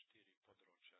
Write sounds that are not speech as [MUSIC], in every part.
štiri področja.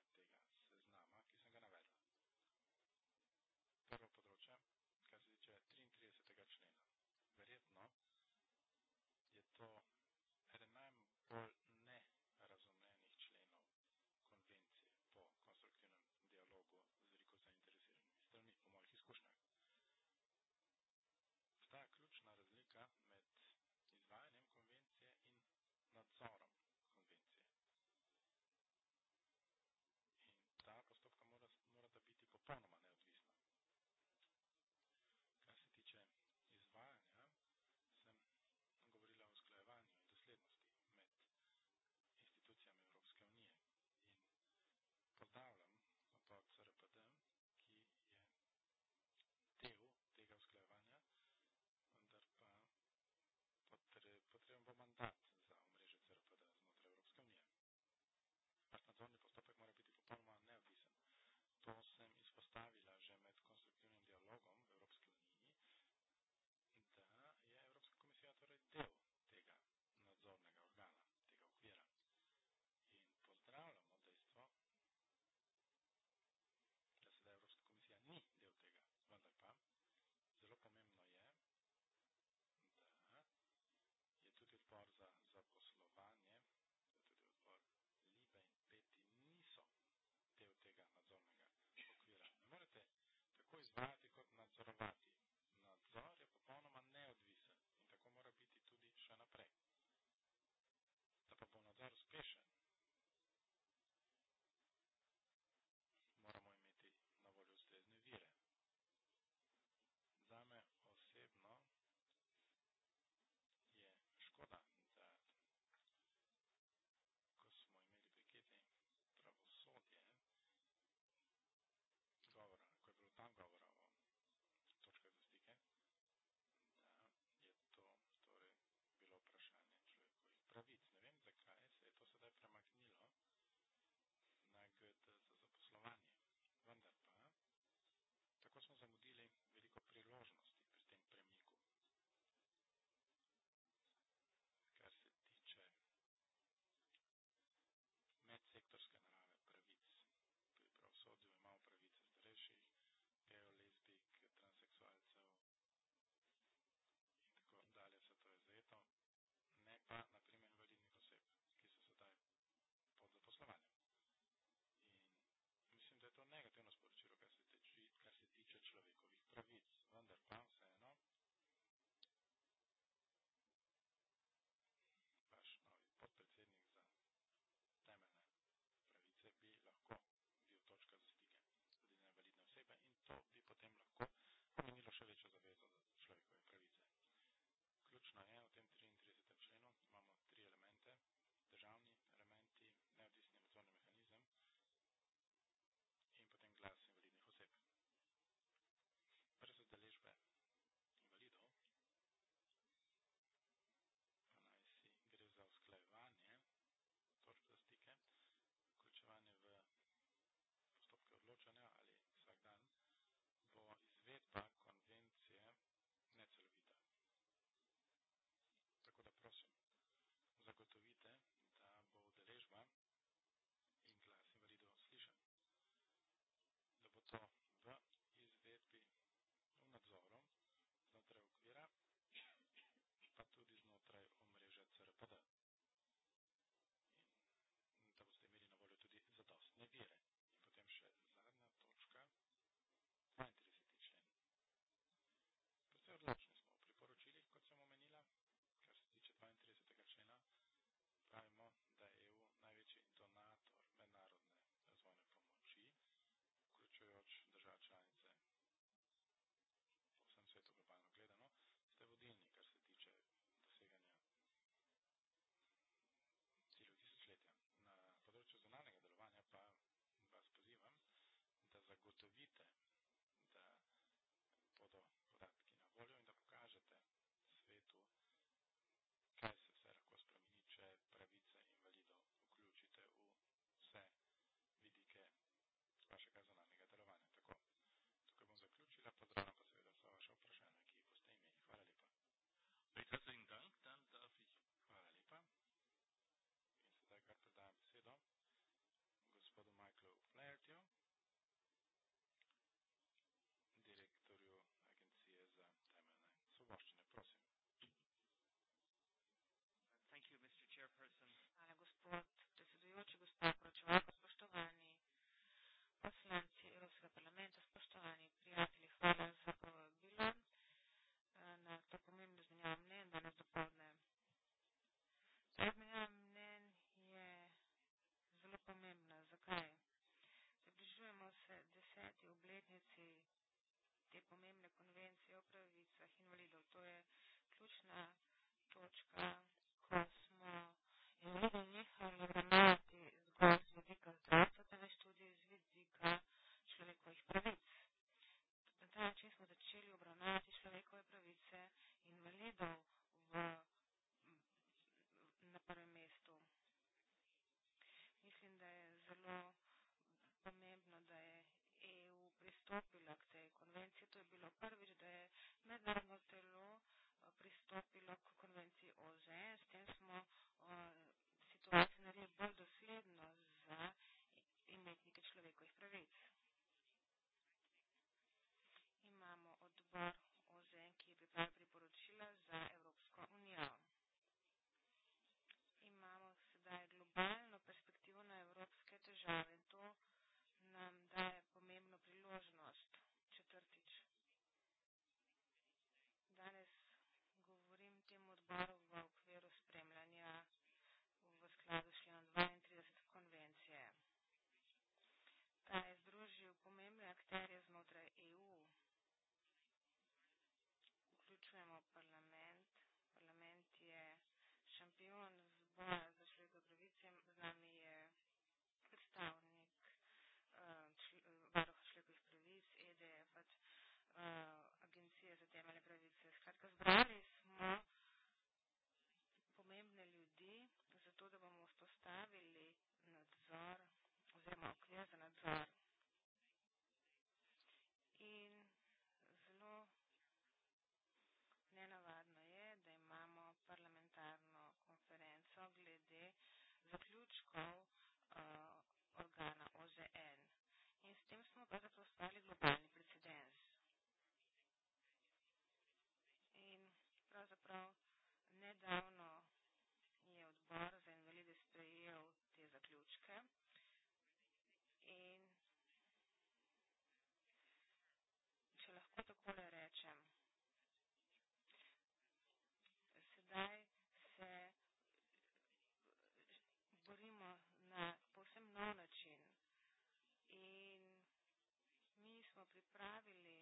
pripravili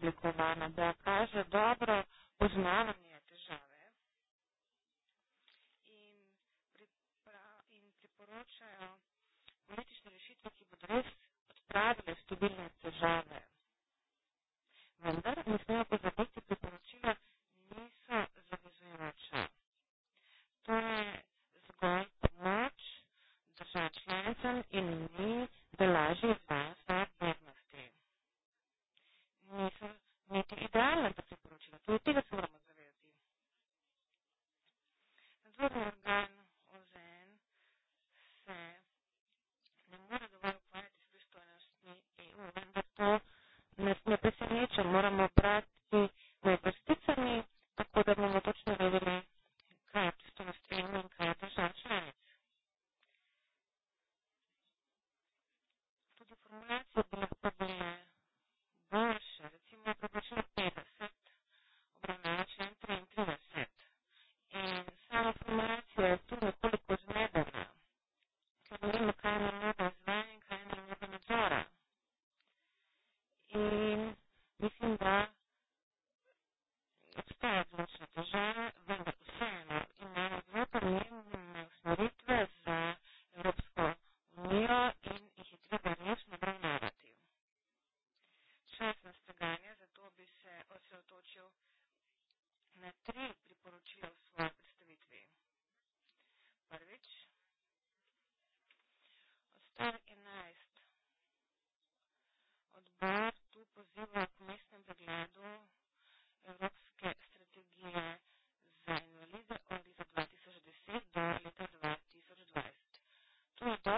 oblikovana, da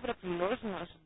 dobra priložnost,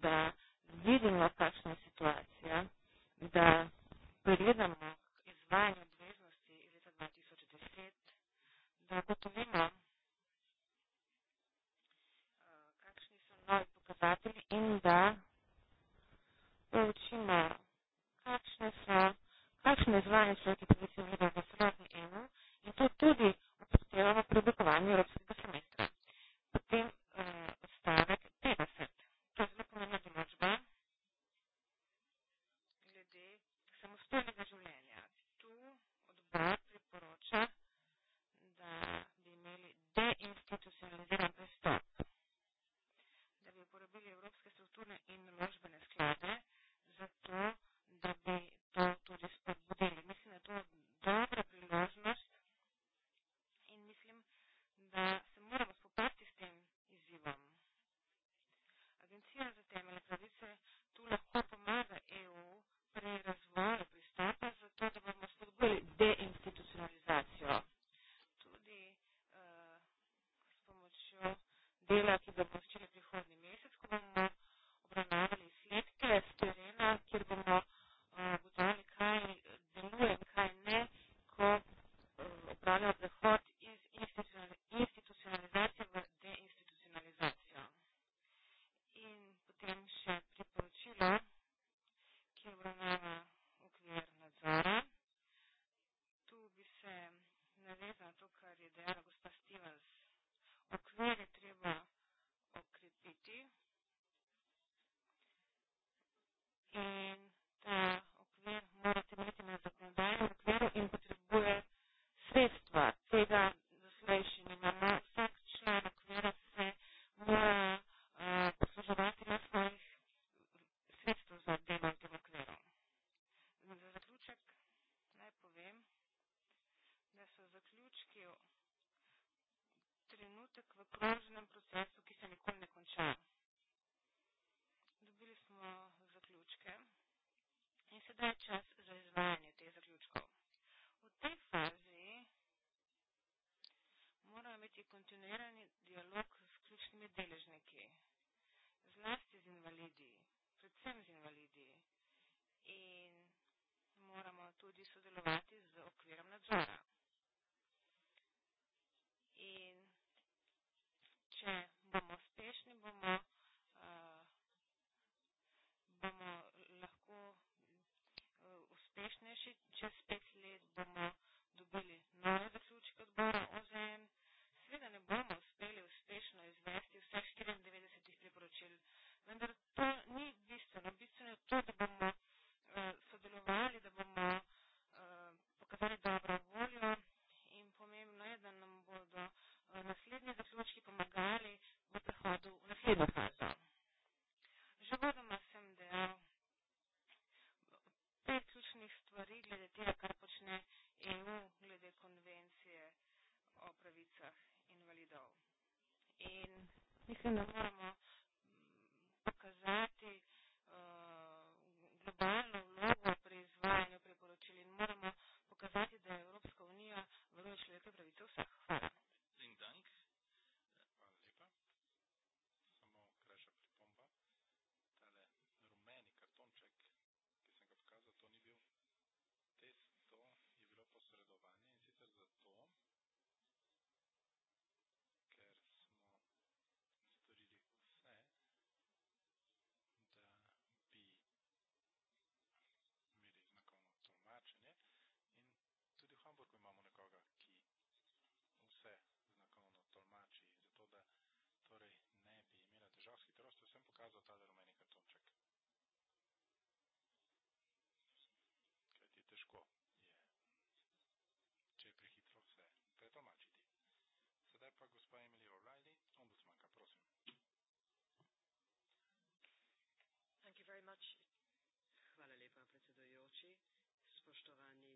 Genau.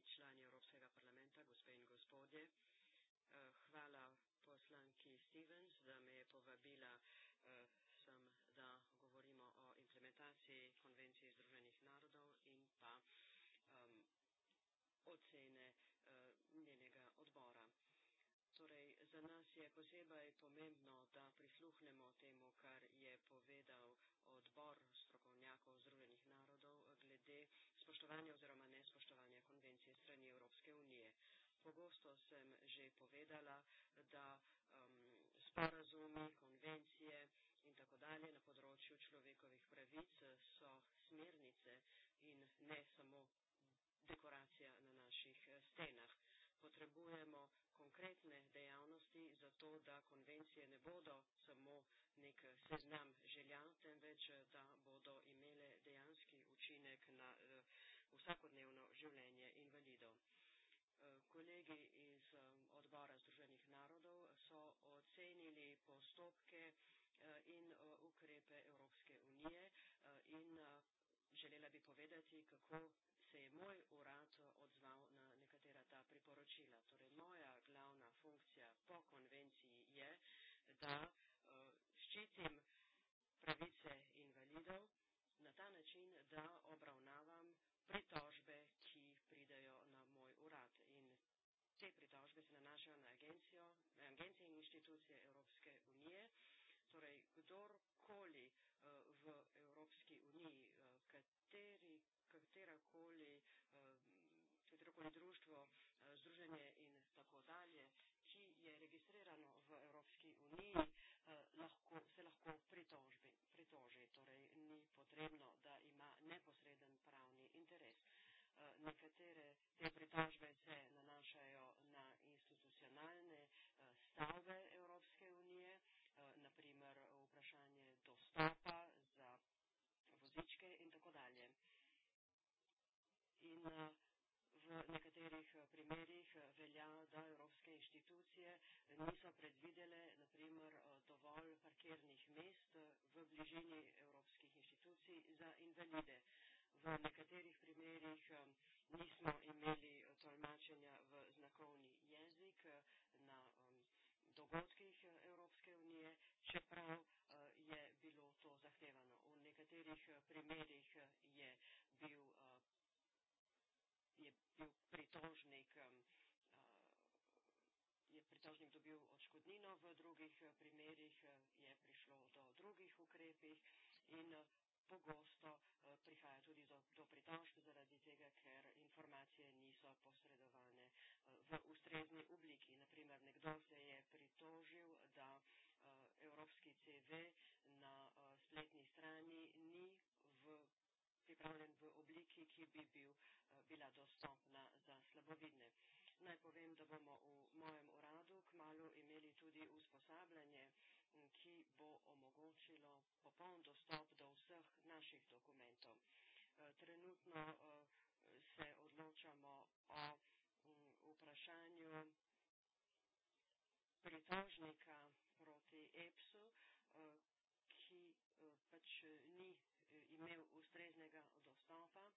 člani Evropskega parlamenta, gospe in gospodje. Eh, hvala poslanki Stevens, da me je povabila eh, sem, da govorimo o implementaciji konvencije Združenih narodov in pa um, ocene uh, njenega odbora. Torej, za nas je posebej pomembno, da prisluhnemo temu, kar je povedal odbor strokovnjakov Združenih narodov glede spoštovanja oziroma nespoštovanja strani Evropske unije. Pogosto sem že povedala, da um, sporazumi, konvencije in tako dalje na področju človekovih pravic so smernice in ne samo dekoracija na naših eh, stenah. Potrebujemo konkretne dejavnosti za to, da konvencije ne bodo samo nek eh, seznam želja, temveč eh, da bodo imele dejanski učinek na eh, vsakodnevno življenje invalidov. E, kolegi iz e, odbora Združenih narodov so ocenili postopke e, in ukrepe Evropske unije in želela bi povedati, kako se je moj urad odzval na nekatera ta priporočila. Torej, moja glavna funkcija po konvenciji je, da ščitim pravice invalidov na ta način, da obravnavam pritožbe, ki pridejo na moj urad. In te pritožbe se nanašajo na agencijo, na agencije in inštitucije Evropske unije. Torej, kdorkoli eh, v Evropski uniji, eh, kateri, katerakoli, eh, katerakoli društvo, združenje in tako dalje, ki je registrirano v Evropski uniji, lahko, se lahko pritožbi, pritoži. Torej, ni potrebno, da ima interes. Eh, nekatere te pritožbe se nanašajo na institucionalne eh, stave Evropske unije, eh, naprimer vprašanje dostopa za vozičke in tako dalje. In v nekaterih primerjih velja, da evropske inštitucije niso predvidele naprimer dovolj parkirnih mest v bližini evropskih inštitucij za invalide v nekaterih primerih eh, nismo imeli eh, tolmačenja v znakovni jezik eh, na dogodkih Evropske unije, čeprav je bilo to zahtevano. V nekaterih primerih je bil, je bil pritožnik je pritožnik dobil odškodnino, v drugih primerih je prišlo do drugih ukrepih in pogosto eh, prihaja tudi do, do pritožb zaradi tega, ker informacije niso posredovane eh, v ustrezni obliki. Naprimer, nekdo se je pritožil, da eh, Evropski CV na spletni strani ni v pripravljen v obliki, ki bi bil, bila dostopna za slabovidne. Naj povem, da bomo v mojem uradu kmalo imeli tudi usposabljanje uh, ki bo omogočilo popoln dostop do vseh naših dokumentov. E, trenutno e, se odločamo o vprašanju pritožnika proti EPS-u, e, ki pač ni imel ustreznega dostopa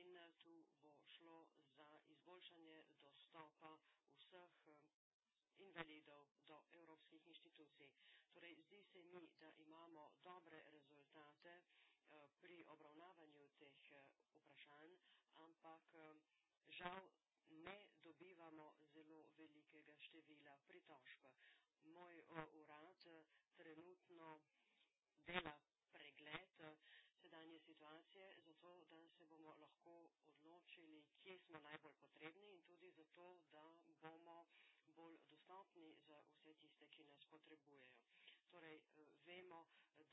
in tu bo šlo za izboljšanje dostopa vseh invalidov Torej, zdi se mi, da imamo dobre rezultate eh, pri obravnavanju teh eh, vprašanj, ampak eh, žal ne dobivamo zelo velikega števila pritožb. Moj urad trenutno dela pregled sedanje situacije, zato da se bomo lahko odločili, kje smo najbolj potrebni in tudi zato, da bomo bolj dostopni za vse tiste, ki nas potrebujejo. Torej, eh, vemo,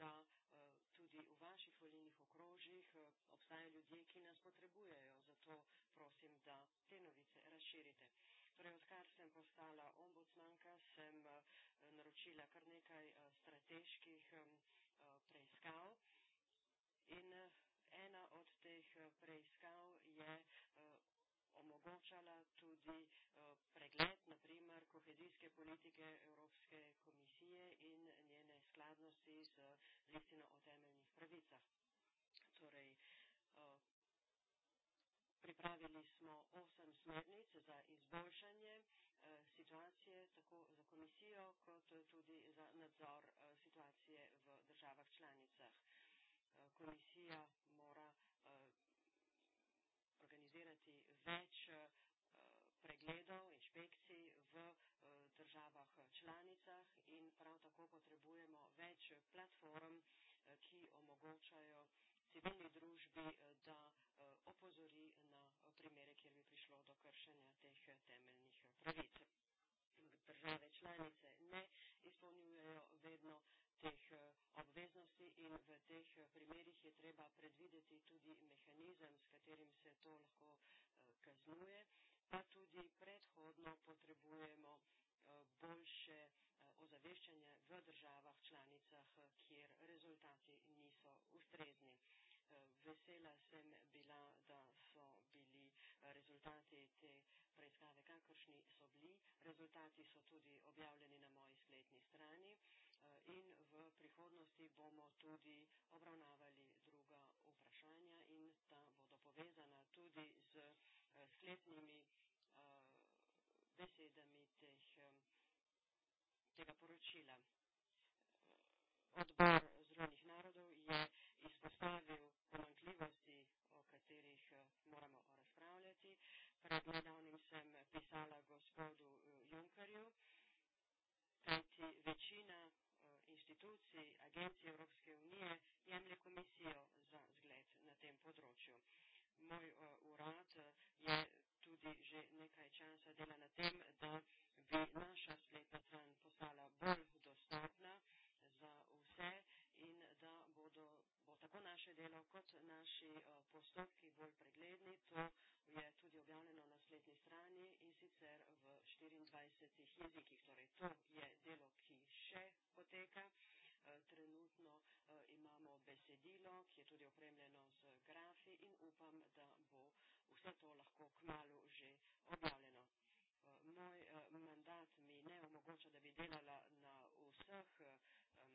da eh, tudi v vaših volilnih okrožjih eh, obstajajo ljudje, ki nas potrebujejo, zato prosim, da te novice razširite. Torej, odkar sem postala ombudsmanka, sem naročila kar nekaj strateških preiskav in ena od teh preiskav je omogočala tudi uh, kohezijske politike Evropske komisije in njene skladnosti z listino o temeljnih pravicah. Torej, eh, pripravili smo osem smernic za izboljšanje eh, situacije tako za komisijo, kot tudi za nadzor eh, situacije v državah članicah. Komisija članicah in prav tako potrebujemo več platform, eh, ki omogočajo civilni družbi, eh, da eh, opozori na primere, kjer bi prišlo do kršenja teh temeljnih pravic. Države članice ne izpolnjujejo vedno teh obveznosti in v teh primerih je treba predvideti tudi mehanizem, s katerim se to lahko kaznuje, pa tudi predhodno potrebujemo boljše eh, ozaveščanje v državah, članicah, eh, kjer rezultati niso ustrezni. Eh, vesela sem bila, da so bili rezultati te preiskave, kakršni so bili. Rezultati so tudi objavljeni na moji spletni strani in v prihodnosti bomo tudi obravnavali druga vprašanja in ta bodo povezana tudi z spletnimi besedami teh tega poročila. Odbor zrovnih narodov je izpostavil pomankljivosti, o katerih eh, moramo razpravljati. Pred nedavnim sem pisala gospodu eh, Junkarju, kajti večina eh, inštitucij, agencije Evropske unije jemlje komisijo za zgled na tem področju. Moj urad je tudi že nekaj časa dela na tem, da bi naša slepa cen postala bolj dostopna za vse in da bodo, bo tako naše delo kot naši postopki bolj pregledni. To je tudi objavljeno na sletni strani in sicer v 24 jezikih. Torej, to je delo, ki še poteka. E, trenutno e, imamo besedilo, ki je tudi opremljeno z grafi in upam, da bo vse to lahko kmalo že objavljeno mogoče, da bi delala na vseh um,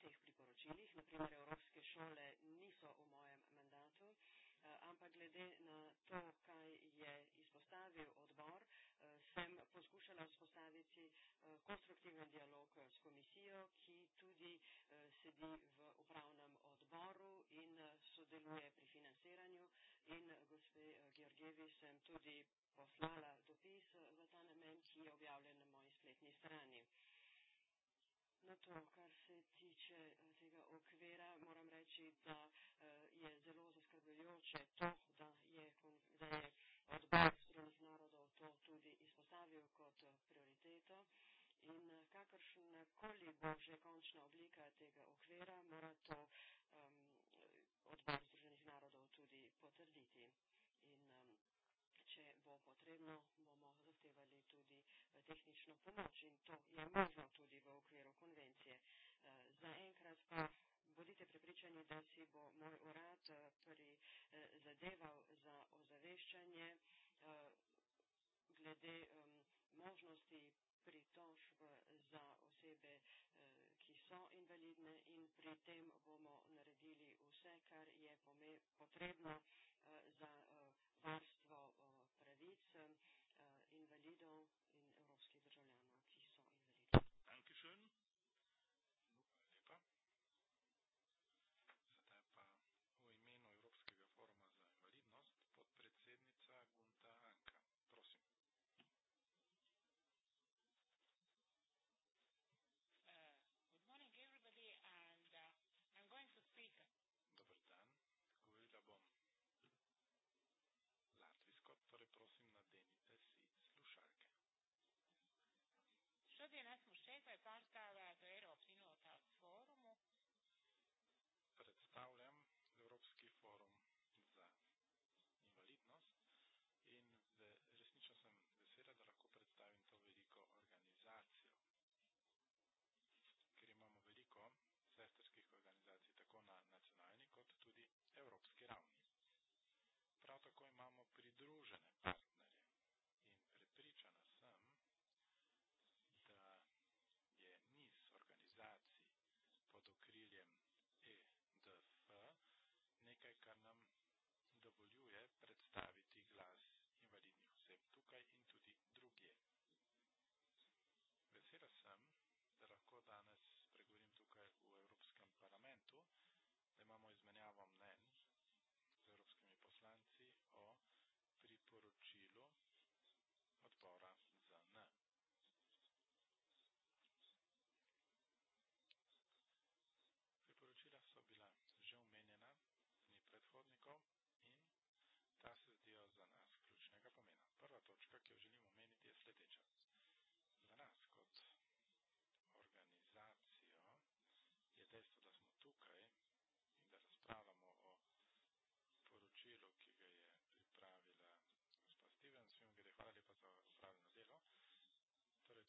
teh priporočilih. Naprimer, evropske šole niso v mojem mandatu, e, ampak glede na to, kaj je izpostavil odbor, e, sem poskušala vzpostaviti e, konstruktiven dialog s komisijo, ki tudi sedi v upravnem odboru in sodeluje pri financiranju. In gospe Georgievi sem tudi poslala dopis v ta namen, ki je objavljen na moji spletni strani. Na to, kar se tiče eh, tega okvira, moram reči, da eh, je zelo zaskrbljujoče to, da je, da je odbor Združenih narodov to tudi izpostavil kot eh, prioriteto. In kakršna koli bo že končna oblika tega okvira, mora to um, odbor bo potrebno, bomo zahtevali tudi eh, tehnično pomoč in to je možno tudi v okviru konvencije. Eh, za enkrat pa bodite prepričani, da si bo moj urad eh, prizadeval za ozaveščanje glede možnosti pritožb za osebe, ki so invalidne in pri tem bomo naredili vse, kar je potrebno. Bandito dovoljuje predstaviti.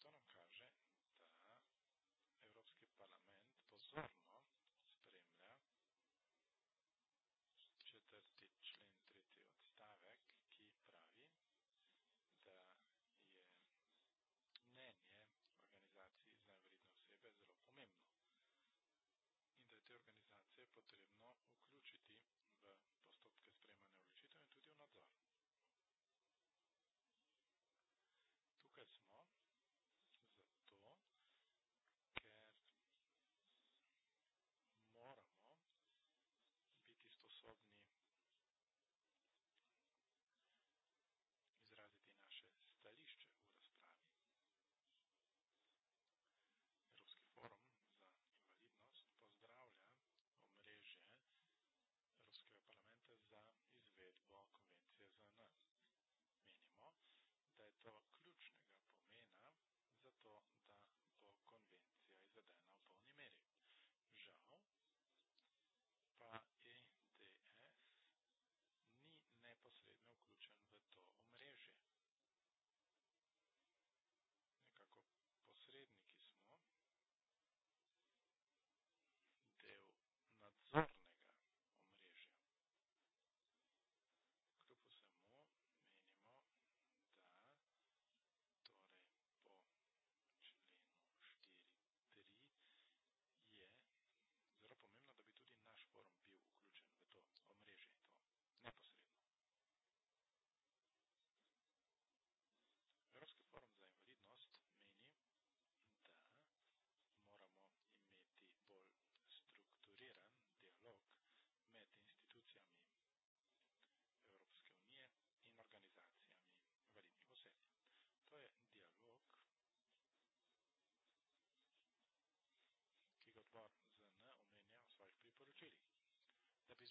to nam kaže, da Evropski parlament pozorno spremlja četrti člen tretji odstavek, ki pravi, da je mnenje organizacij za vredno osebe zelo pomembno in da je te organizacije potrebno vključiti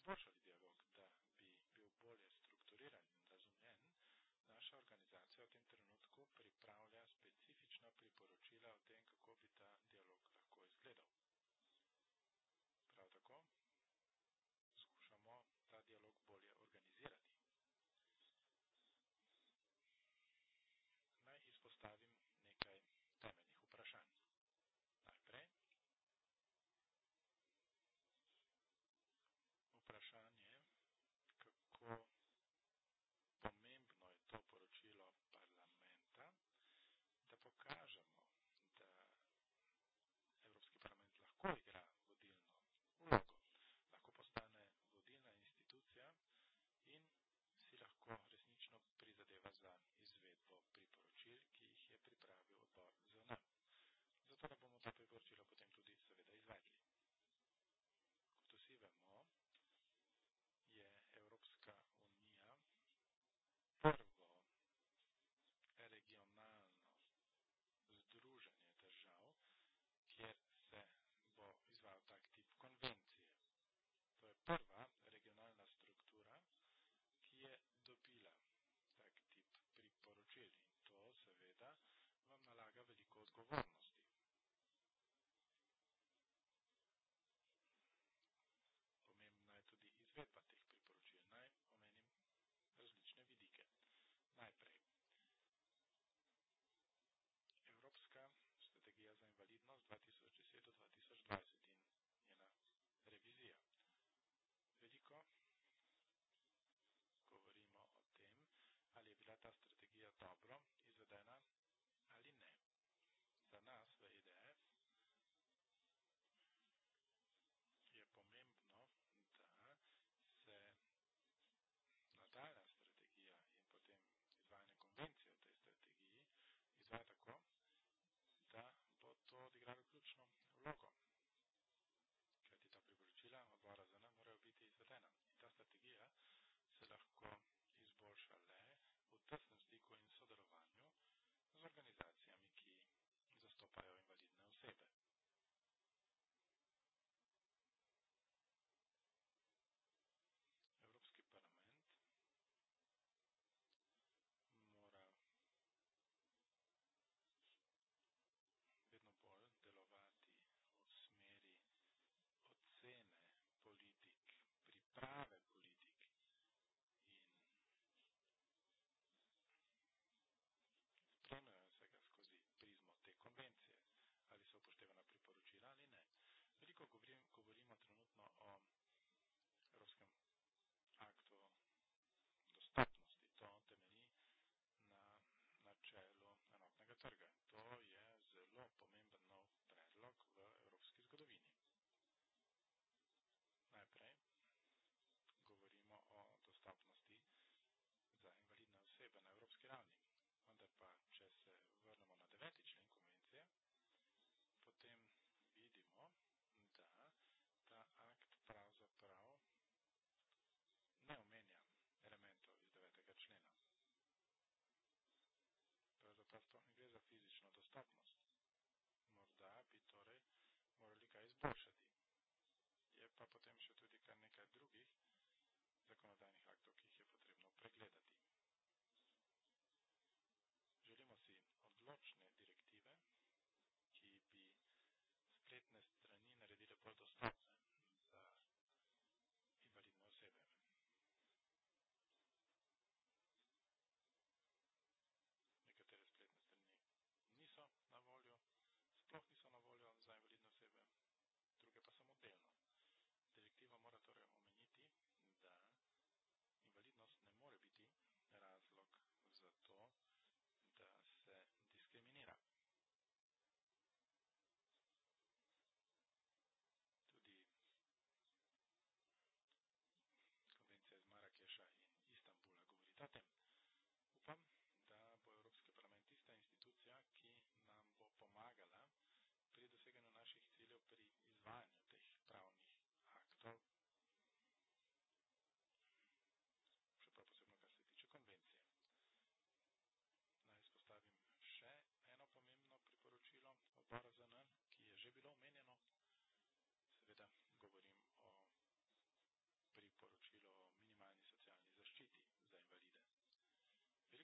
slišali. odgovorno. to ne gre za fizično dostopnost. Morda bi torej morali kaj izboljšati. Je pa potem še tudi kar nekaj drugih zakonodajnih aktov, ki jih je potrebno pregledati.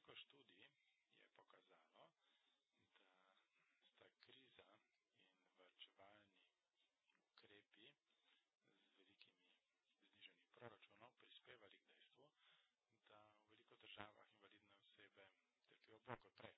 Veliko študij je pokazalo, da sta kriza in varčevalni ukrepi z velikimi zniženji proračunov prispevali k dejstvu, da v veliko državah invalidne osebe trpijo bolj kot prej.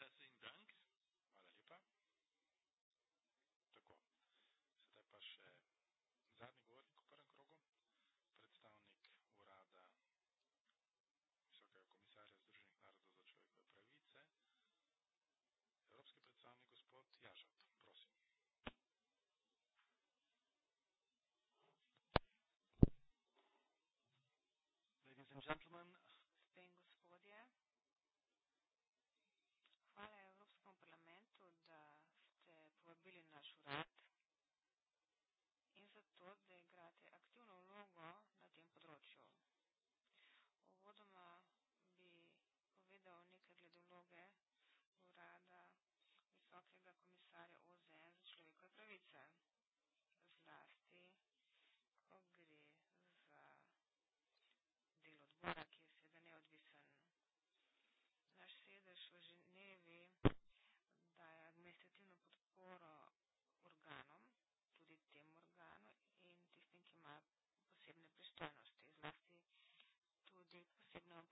herzlichen Dank. Hvala lepa. Tako. Sedaj pa še zadnji govornik v prvem krogu, predstavnik urada Visokega komisarja Združenih narodov za človekove pravice, evropski predstavnik gospod Jažat. Prosim. Ladies and gentlemen,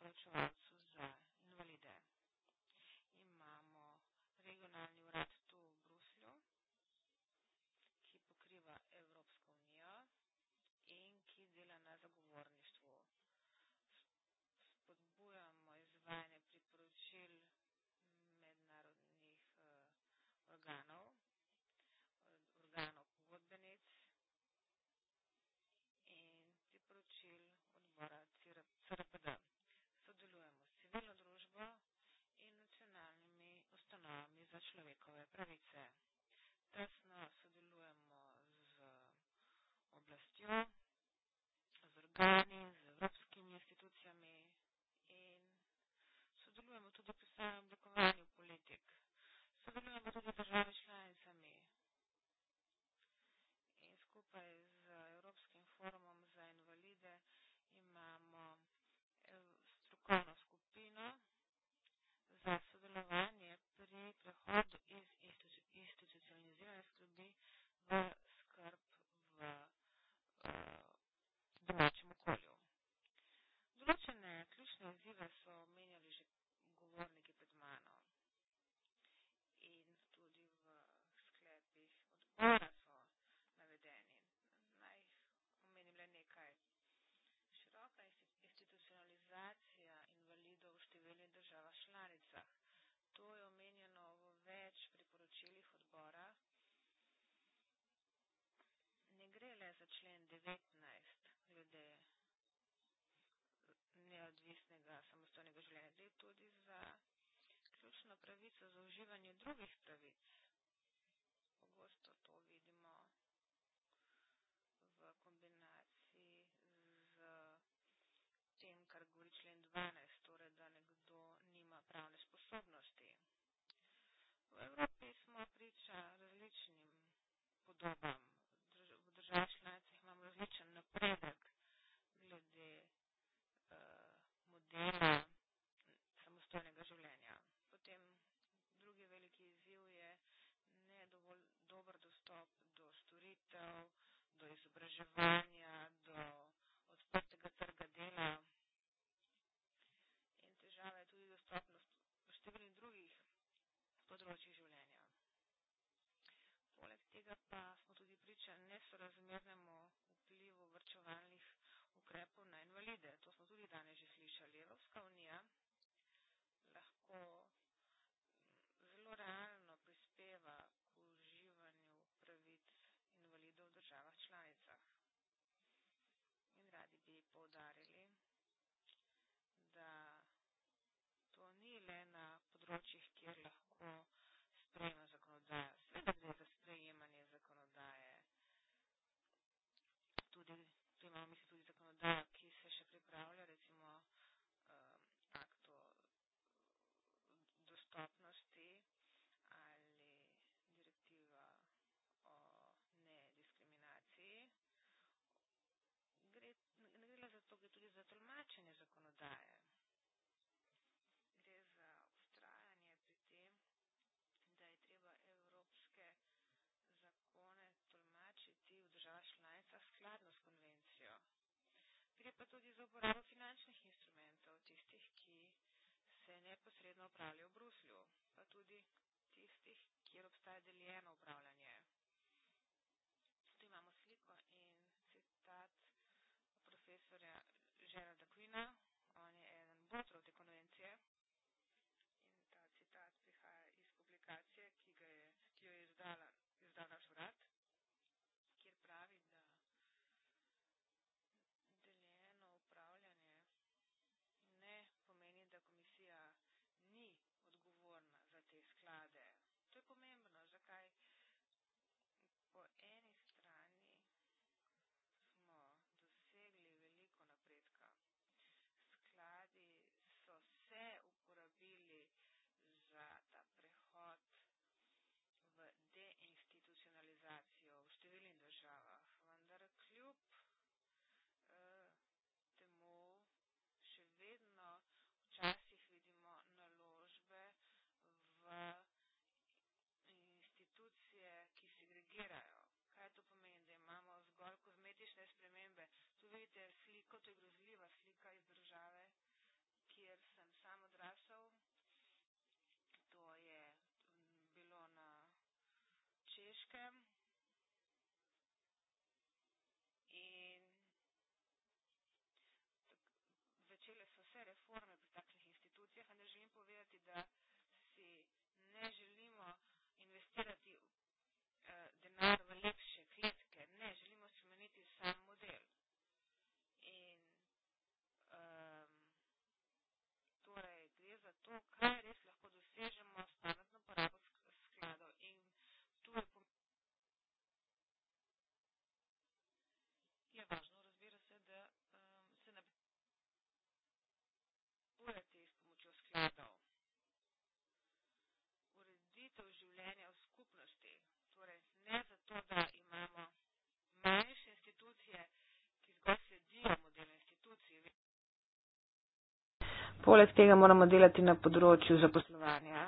vprašanje. človekove pravice. Tesno sodelujemo z oblastjo, z organi, z evropskimi institucijami in sodelujemo tudi pri samem oblikovanju politik. Sodelujemo tudi z državami. kar so omenjali že govorniki pred mano. In tudi v sklepih odbora so navedeni. Naj jih omenim le nekaj. Široka institucionalizacija invalidov v številnih državah članicah. To je omenjeno v več priporočilih odbora. Ne gre le za člen 19. dodatno pravico za uživanje drugih pravic. Pogosto to vidimo v kombinaciji z tem, kar govori člen 12, torej da nekdo nima pravne sposobnosti. V Evropi smo priča različnim podobam. V državah članicah imamo različen napredek glede uh, modela izobraževanja do odprtega trga dela in težava je tudi dostopnost v številnih drugih področjih življenja. Poleg tega pa smo tudi priča nesorazmernemu vplivu vrčevalnih ukrepov na invalide. To smo tudi danes že slišali. Evropska unija poudarili, da to ni le na področjih tudi z uporabo finančnih instrumentov, tistih, ki se neposredno upravljajo v Bruslju, pa tudi tistih, kjer obstaja deljeno upravljanje. grozljiva slika iz države, Poleg tega moramo delati na področju zaposlovanja.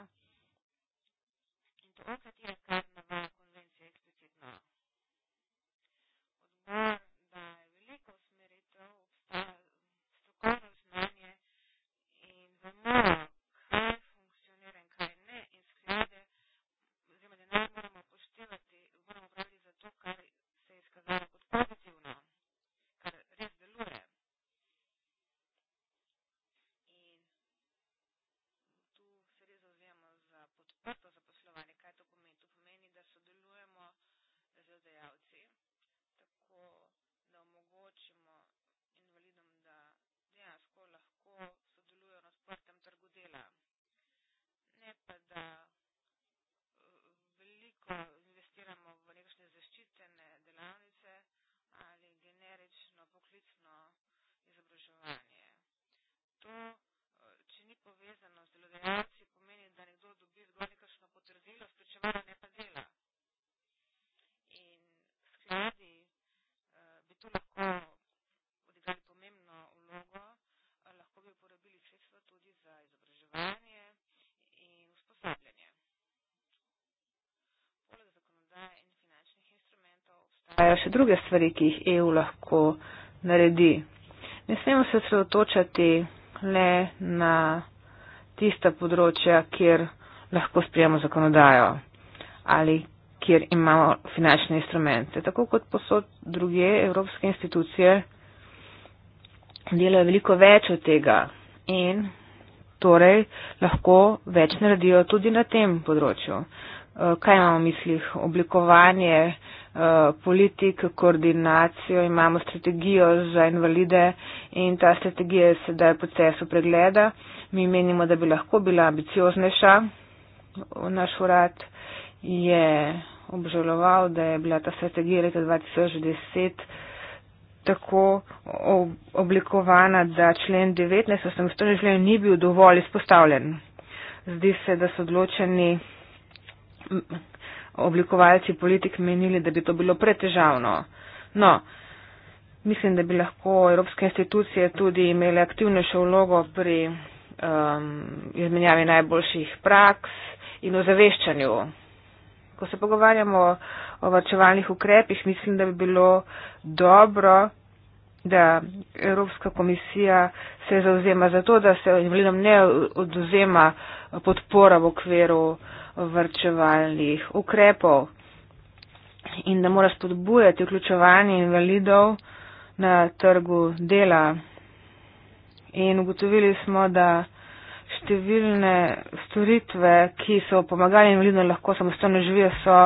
druge stvari, ki jih EU lahko naredi. Ne smemo se sredotočati le na tista področja, kjer lahko sprijemo zakonodajo ali kjer imamo finančne instrumente. Tako kot posod druge evropske institucije delajo veliko več od tega in torej lahko več naredijo tudi na tem področju. Eh, kaj imamo v mislih? Oblikovanje uh, Eh, politik, koordinacijo, imamo strategijo za invalide in ta strategija je sedaj v procesu pregleda. Mi menimo, da bi lahko bila ambiciozneša. Naš urad je obžaloval, da je bila ta strategija leta 2010 tako oblikovana, da člen 19, osamostojni člen, ni bil dovolj izpostavljen. Zdi se, da so odločeni oblikovalci politik menili, da bi to bilo pretežavno. No, mislim, da bi lahko evropske institucije tudi imele aktivnejšo vlogo pri um, izmenjavi najboljših praks in o zaveščanju. Ko se pogovarjamo o vrčevalnih ukrepih, mislim, da bi bilo dobro, da Evropska komisija se zauzema za to, da se invalidom ne oduzema podpora v okviru uh, vrčevalnih ukrepov in da mora spodbujati vključevanje invalidov na trgu dela. In ugotovili smo, da številne storitve, ki so pomagali invalidom lahko samostojno živijo, so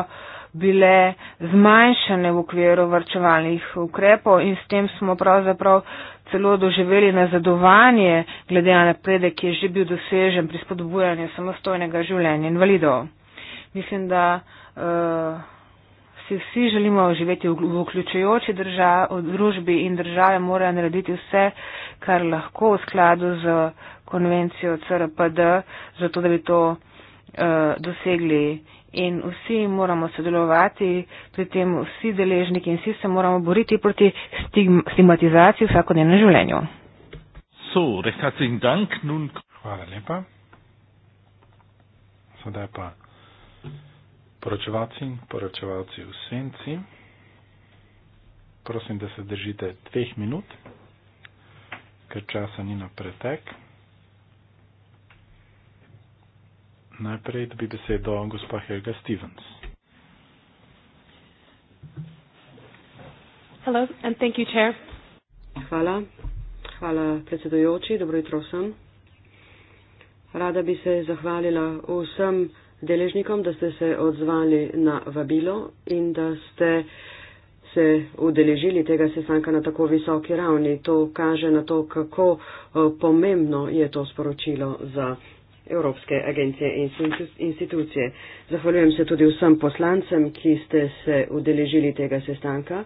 bile zmanjšane v okviru vrčevalnih ukrepov in s tem smo pravzaprav celo doživeli nazadovanje glede na napredek, ki je že bil dosežen pri spodbujanju samostojnega življenja invalidov. Mislim, da uh, si vsi želimo živeti v, v vključujoči državi, družbi in države morajo narediti vse, kar lahko v skladu z konvencijo CRPD, zato da bi to uh, dosegli in vsi moramo sodelovati pri tem, vsi deležniki in vsi se moramo boriti proti stigmatizaciji vsakodnevnem življenju. So, dank, nun... Hvala lepa. Sedaj pa poročevalci in poročevalci v senci. Prosim, da se držite dveh minut, ker časa ni na pretek. Najprej dobi besedo gospa Helga Stevens. Hello and thank you, chair. Hvala. Hvala, predsedujoči. Dobro jutro vsem. Rada bi se zahvalila vsem deležnikom, da ste se odzvali na vabilo in da ste se udeležili tega sestanka na tako visoki ravni. To kaže na to, kako eh, pomembno je to sporočilo za Evropske agencije in institucije. Zahvaljujem se tudi vsem poslancem, ki ste se udeležili tega sestanka.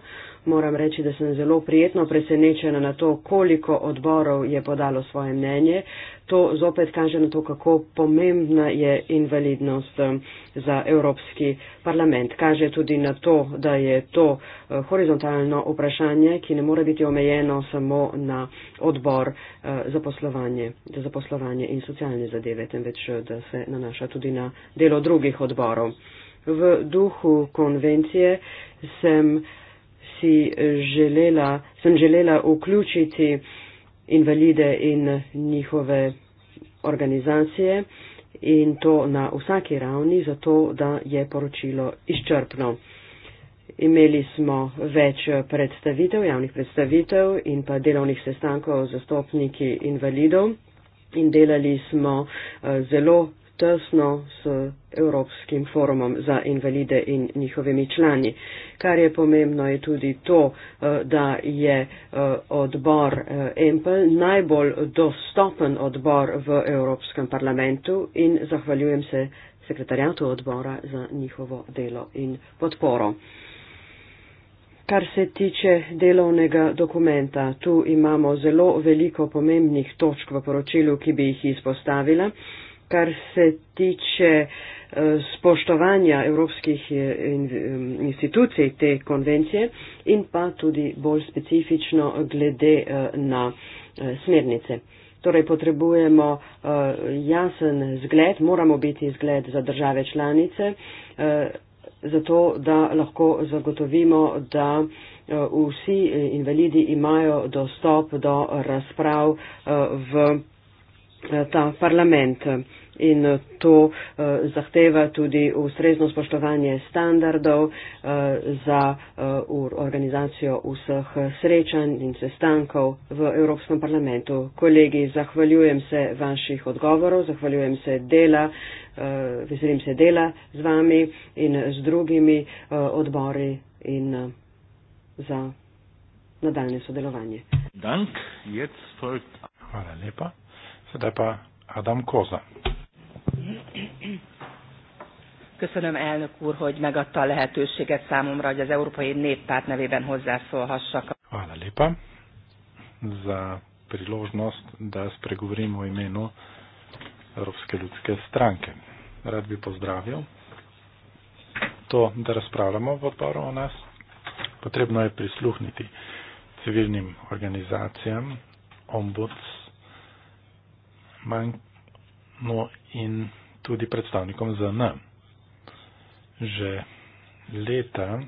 Moram reči, da sem zelo prijetno presenečena na to, koliko odborov je podalo svoje mnenje. To zopet kaže na to, kako pomembna je invalidnost eh, za Evropski parlament. Kaže tudi na to, da je to eh, horizontalno vprašanje, ki ne more biti omejeno samo na odbor eh, za poslovanje, za zaposlovanje in socialne zadeve, temveč da se nanaša tudi na delo drugih odborov. V duhu konvencije sem si želela, sem želela vključiti invalide in njihove organizacije in to na vsaki ravni, zato da je poročilo izčrpno. Imeli smo več predstavitev, javnih predstavitev in pa delovnih sestankov z zastopniki invalidov in delali smo eh, zelo tesno s Evropskim forumom za invalide in njihovimi člani. Kar je pomembno je tudi to, eh, da je eh, odbor eh, EMPL najbolj dostopen odbor v Evropskem parlamentu in zahvaljujem se sekretarjatu odbora za njihovo delo in podporo. Kar se tiče delovnega dokumenta, tu imamo zelo veliko pomembnih točk v poročilu, ki bi jih izpostavila kar se tiče eh, spoštovanja evropskih eh, institucij te konvencije in pa tudi bolj specifično glede eh, na smernice. Torej potrebujemo jasen zgled, moramo biti zgled za države članice, zato da lahko zagotovimo, da vsi invalidi imajo dostop do razprav v. Eh, ta parlament. In eh, to uh, zahteva tudi ustrezno spoštovanje standardov uh, za uh, organizacijo vseh srečanj in sestankov v Evropskem parlamentu. Kolegi, zahvaljujem se vaših odgovorov, zahvaljujem se dela, uh, veselim se dela z vami in z drugimi uh, odbori in uh, za nadaljne sodelovanje. Dank, jetzt folgt. Hvala lepa. Sedaj pa Adam Koza. Köszönöm, elnök úr, hogy megadta a lehetőséget számomra, hogy az Európai Néppárt nevében hozzászólhassak. Hála lépa za priložnost, da spregovorim o imenu Európske ľudské stránke. Rád by pozdravil to, da razpravljamo v odboru o nas. Potrebno je prisluhniti civilnim organizacijam, ombuds, manj no in tudi predstavnikom ZN. Že leta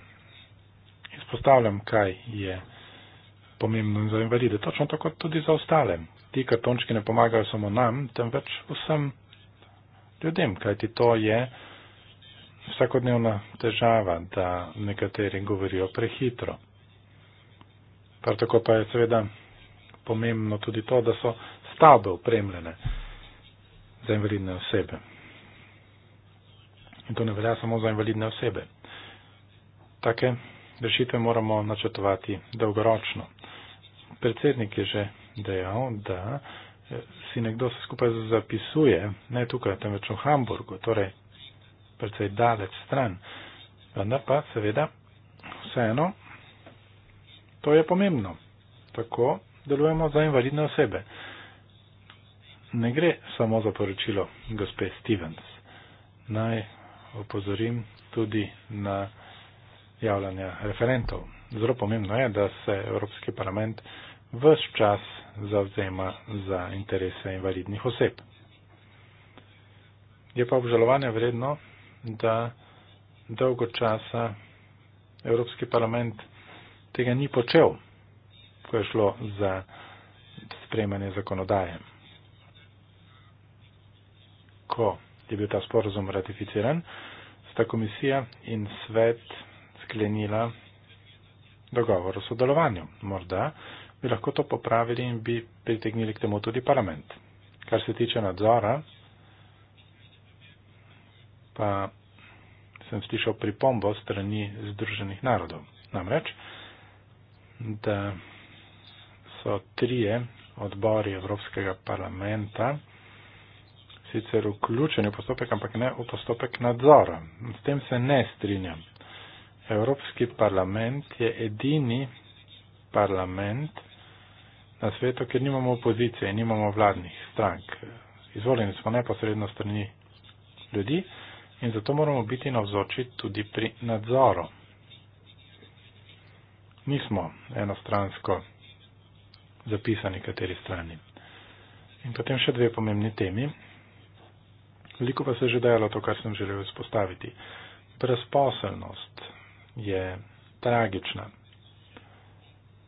izpostavljam, kaj je pomembno za invalide, točno tako tudi za ostale. Ti kartončki ne pomagajo samo nam, temveč vsem ljudem, kajti to je vsakodnevna težava, da nekateri govorijo prehitro. Prav tako pa je seveda pomembno tudi to, da so stavbe opremljene za invalidne osebe. In to ne velja samo za invalidne osebe. Take rešitve moramo načrtovati dolgoročno. Predsednik je že dejal, da eh, si nekdo se skupaj zapisuje, ne tukaj, temveč v Hamburgu, torej predvsej daleč stran. Vendar pa seveda vseeno to je pomembno. Tako delujemo za invalidne osebe ne gre samo za poročilo gospe Stevens. Naj opozorim tudi na javljanje referentov. Zelo pomembno je, da se Evropski parlament vse čas zavzema za interese invalidnih oseb. Je pa obžalovanje vredno, da dolgo časa Evropski parlament tega ni počel, ko je šlo za sprejmanje zakonodaje ko je bil ta sporozum ratificiran, sta komisija in svet sklenila dogovor o sodelovanju. Morda bi lahko to popravili in bi pritegnili k temu tudi parlament. Kar se tiče nadzora, pa sem slišal pripombo strani Združenih narodov. Namreč, da so trije odbori Evropskega parlamenta sicer vključeni v postopek, ampak ne v postopek nadzora. S tem se ne strinjam. Evropski parlament je edini parlament na svetu, kjer nimamo opozicije, nimamo vladnih strank. Izvoljeni smo neposredno strani ljudi in zato moramo biti navzoči tudi pri nadzoru. Nismo enostransko zapisani kateri strani. In potem še dve pomembni temi veliko pa se je že dajalo to, kar sem želel izpostaviti. Brezposelnost je tragična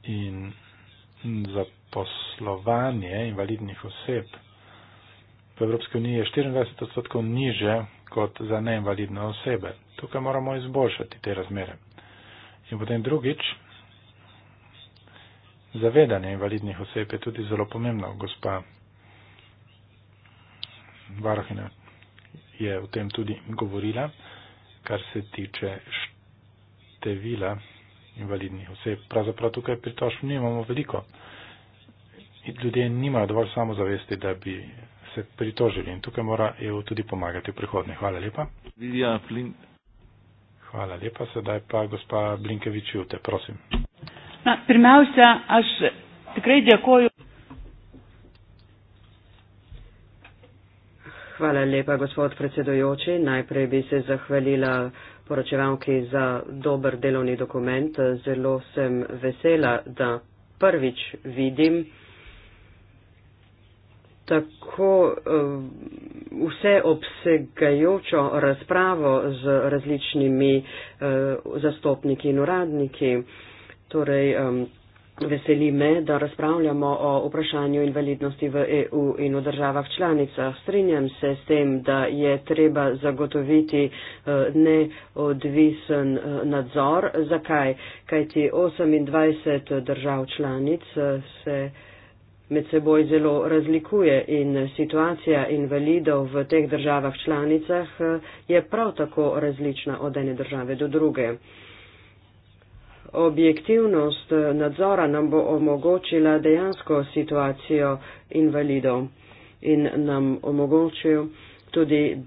in za poslovanje invalidnih oseb v Evropski uniji je 24 odstotkov niže kot za neinvalidne osebe. Tukaj moramo izboljšati te razmere. In potem drugič, zavedanje invalidnih oseb je tudi zelo pomembno, gospa varohina je o tem tudi govorila, kar se tiče števila invalidnih oseb. Pravzaprav tukaj pritošb nimamo veliko. Ljudje nimajo dovolj samozavesti, da bi se pritožili in tukaj mora EU tudi pomagati v prihodnje. Hvala lepa. Hvala lepa. Sedaj pa gospa Blinkevič, jute, prosim. Na, Hvala lepa, gospod predsedojoči. Najprej bi se zahvalila poročevalki za dober delovni dokument. Zelo sem vesela, da prvič vidim tako eh, vseobsegajočo razpravo z različnimi eh, zastopniki in uradniki. Torej, Veseli me, da razpravljamo o vprašanju invalidnosti v EU in v državah članicah. Strinjam se s tem, da je treba zagotoviti eh, neodvisen eh, nadzor. Zakaj? Kajti 28 držav članic eh, se med seboj zelo razlikuje in situacija invalidov v teh državah članicah je prav tako različna od ene države do druge objektivnost nadzora nam bo omogočila dejansko situacijo invalidov in nam omogočil tudi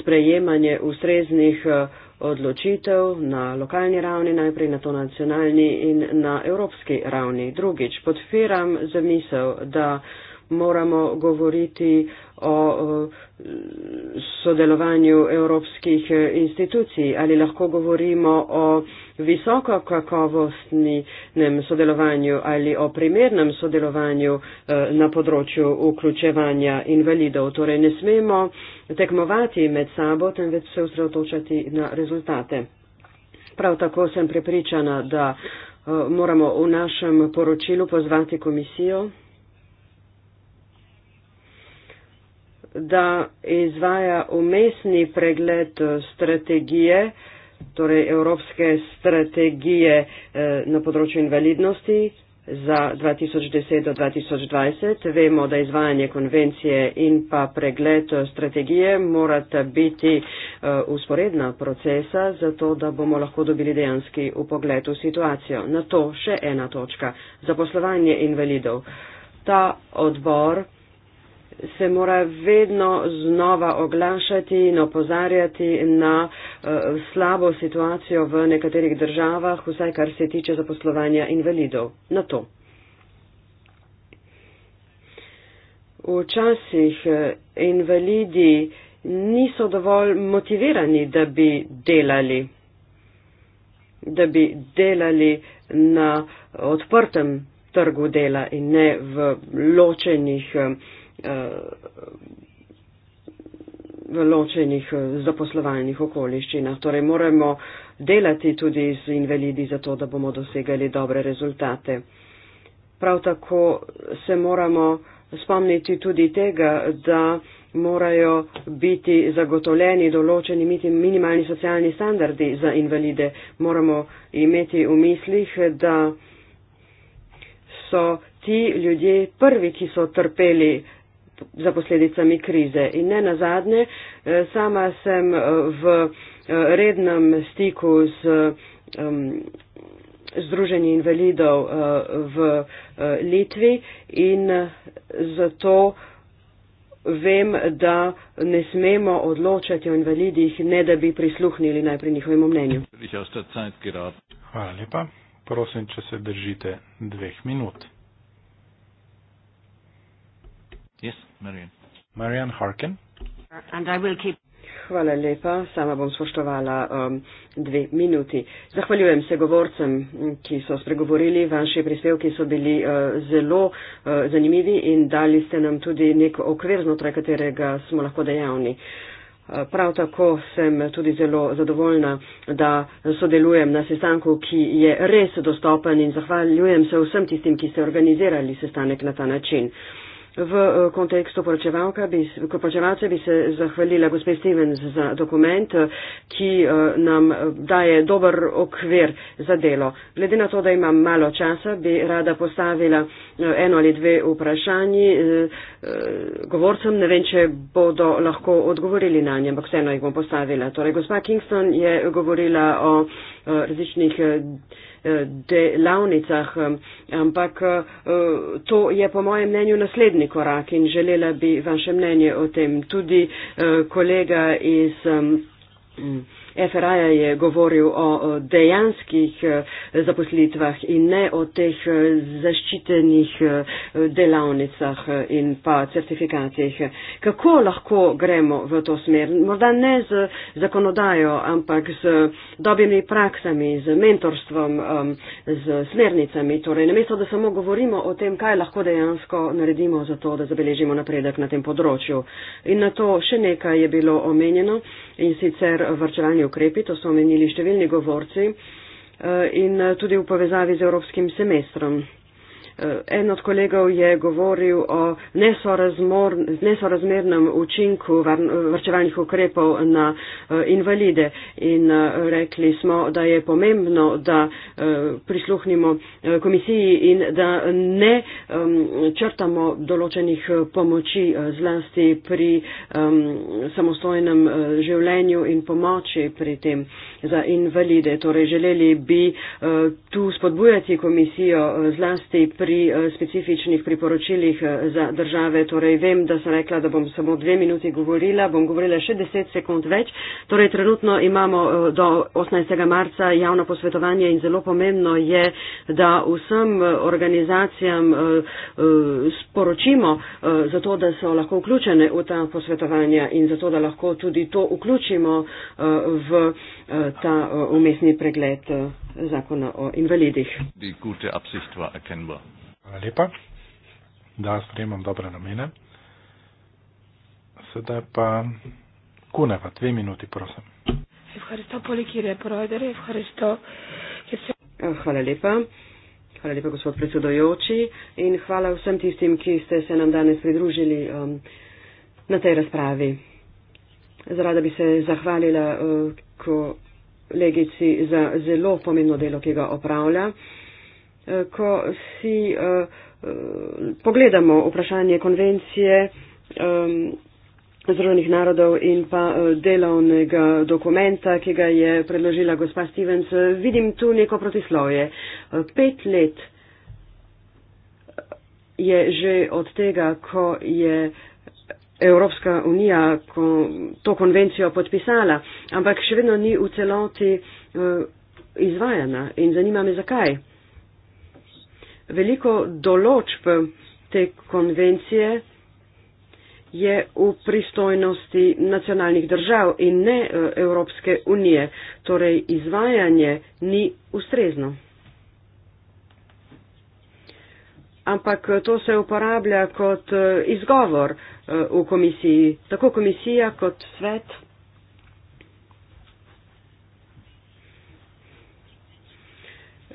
sprejemanje ustreznih eh, odločitev na lokalni ravni, najprej na to nacionalni in na evropski ravni. Drugič, podpiram zamisel, da uh, moramo govoriti o eh, sodelovanju evropskih eh, institucij ali lahko govorimo o visoko kakovostnem sodelovanju ali o primernem sodelovanju eh, na področju vključevanja invalidov. Torej ne smemo tekmovati med sabo, temveč se osredotočati na rezultate. Prav tako sem prepričana, da moramo v našem poročilu pozvati komisijo da izvaja umestni pregled eh, strategije, torej evropske strategije eh, na področju invalidnosti za 2010 do 2020. Vemo, da izvajanje konvencije in pa pregled eh, strategije morata biti usporedna procesa, zato da bomo lahko dobili dejanski upogled v situacijo. Na to še ena točka. Zaposlovanje invalidov. Ta odbor se mora vedno znova oglašati in opozarjati na uh, slabo situacijo v nekaterih državah, vsaj kar se tiče zaposlovanja invalidov. Na to. Včasih eh, invalidi niso dovolj motivirani, da bi delali, da bi delali na odprtem trgu dela in ne v ločenih uh, v eh, ločenih eh, zaposlovalnih okoliščinah. Torej moramo delati tudi z invalidi za to, da bomo dosegali dobre rezultate. Prav tako se moramo spomniti tudi tega, da morajo biti zagotovljeni določeni minimalni socialni standardi za invalide. Moramo imeti v mislih, da so ti ljudje prvi, ki so trpeli uh, za posledicami krize. In ne nazadnje, eh, sama sem eh, v eh, rednem stiku z um, Združenji invalidov uh, v uh, Litvi in zato vem, da ne smemo odločati o invalidih, ne da bi prisluhnili najprej njihovemu mnenju. Hvala lepa. Prosim, če se držite dveh minut. Marian. Marian Harkin. And I will keep... Hvala lepa, sama bom spoštovala um, dve minuti. Zahvaljujem se govorcem, ki so spregovorili, vaši prispevki so bili uh, zelo uh, zanimivi in dali ste nam tudi nek okvir, znotraj katerega smo lahko dejavni. Uh, prav tako sem tudi zelo zadovoljna, da sodelujem na sestanku, ki je res dostopen in zahvaljujem se vsem tistim, ki ste organizirali sestanek na ta način. Uh, V eh, kontekstu poročevalka bi, poročevalce bi se zahvalila gospe Stevens za dokument, eh, ki eh, nam daje dober okvir za delo. Glede na to, da imam malo časa, bi rada postavila eno ali dve vprašanji govorcem. Ne vem, če bodo lahko odgovorili na njem, ampak vseeno jih bom postavila. Torej, gospa Kingston je govorila o različnih delavnicah, eh, ampak eh, to je po mojem mnenju naslednji korak in želela bi vaše mnenje o tem. Tudi eh, kolega iz. FRA je govoril o dejanskih eh, zaposlitvah in ne o teh eh, zaščitenih eh, delavnicah in pa certifikacijah. Kako lahko gremo v to smer? Morda ne z zakonodajo, ampak z dobrimi praksami, z mentorstvom, z smernicami. Torej, namesto, da samo govorimo o tem, kaj lahko dejansko naredimo za to, da zabeležimo napredek na tem področju. In na to še nekaj je bilo omenjeno in sicer vrčevanje ukrepi, to so omenili številni govorci eh, in eh, tudi v povezavi z evropskim semestrom. Eh, en od kolegov je govoril o nesorazmernem učinku vrčevalnih ukrepov na eh, invalide in eh, rekli smo, da je pomembno, da prisluhnimo komisiji in da ne črtamo določenih pomoči zlasti pri samostojnem življenju in pomoči pri tem za invalide. Torej, želeli bi tu spodbujati komisijo zlasti pri pri eh, specifičnih priporočilih eh, za države. Torej, vem, da sem rekla, da bom samo dve minuti govorila, bom govorila še deset sekund več. Torej, trenutno imamo eh, do 18. marca javno posvetovanje in zelo pomembno je, da vsem organizacijam sporočimo, zato da so lahko vključene v ta posvetovanja in zato da lahko tudi to vključimo v ta umestni pregled zakona o invalidih. Die gute Absicht war erkennbar. Hvala lepa. Da, sprejemam dobre namene. Sedaj pa kuneva, dve minuti, prosim. Ja, hvala lepa. Hvala lepa, gospod predsedojoči in hvala vsem tistim, ki ste se nam danes pridružili um, na tej razpravi. Zrada bi se zahvalila uh, kolegici za zelo pomembno delo, ki ga opravlja. Uh, ko si eh, pogledamo vprašanje konvencije Združenih narodov in pa eh, delovnega dokumenta, ki ga je predložila gospa Stevens, vidim tu neko protislovje. Eh, pet let je že od tega, ko je. Evropska unija to konvencijo podpisala, ampak še vedno ni v celoti izvajana. In zanima me, zakaj? veliko določb te konvencije je v pristojnosti nacionalnih držav in ne eh, Evropske unije, torej izvajanje ni ustrezno. Ampak eh, to se uporablja kot eh, izgovor v komisiji, tako komisija kot svet.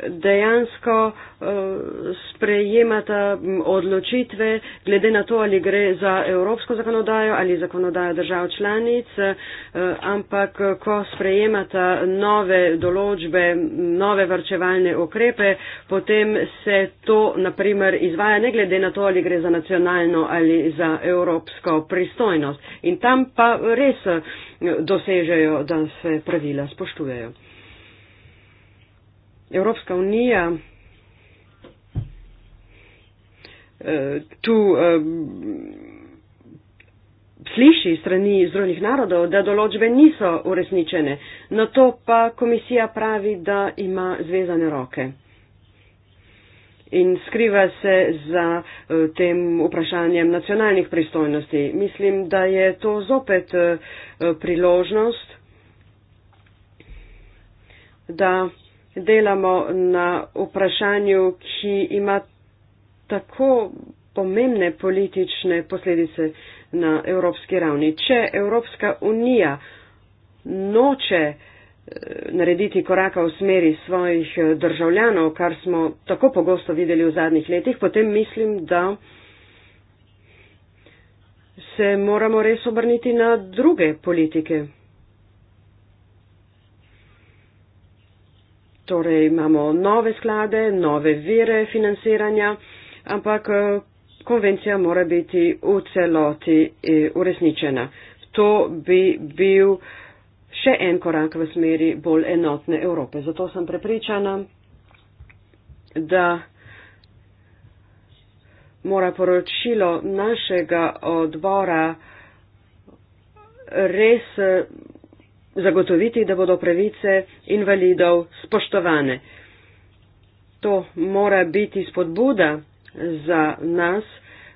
dejansko eh, sprejemata odločitve glede na to, ali gre za evropsko zakonodajo ali zakonodajo držav članic, eh, ampak eh, ko sprejemata nove določbe, nove varčevalne okrepe, potem se to naprimer izvaja ne glede na to, ali gre za nacionalno ali za evropsko pristojnost. In tam pa res dosežejo, da se pravila spoštujejo. Evropska unija eh, tu eh, sliši strani zdrojnih narodov, da določbe niso uresničene, na to pa komisija pravi, da ima zvezane roke. In skriva se za uh, tem vprašanjem nacionalnih pristojnosti. Mislim, da je to zopet uh, priložnost, da delamo na vprašanju, ki ima tako pomembne politične posledice na evropski ravni. Če Evropska unija noče eh, narediti koraka v smeri svojih eh, državljanov, kar smo tako pogosto videli v zadnjih letih, potem mislim, da se moramo res obrniti na druge politike. Torej imamo nove sklade, nove vire financiranja, ampak eh, konvencija mora biti v celoti eh, uresničena. To bi bil še en korak v smeri bolj enotne Evrope. Zato sem prepričana, da mora poročilo našega odbora res eh, zagotoviti, da bodo pravice invalidov spoštovane. To mora biti spodbuda za nas,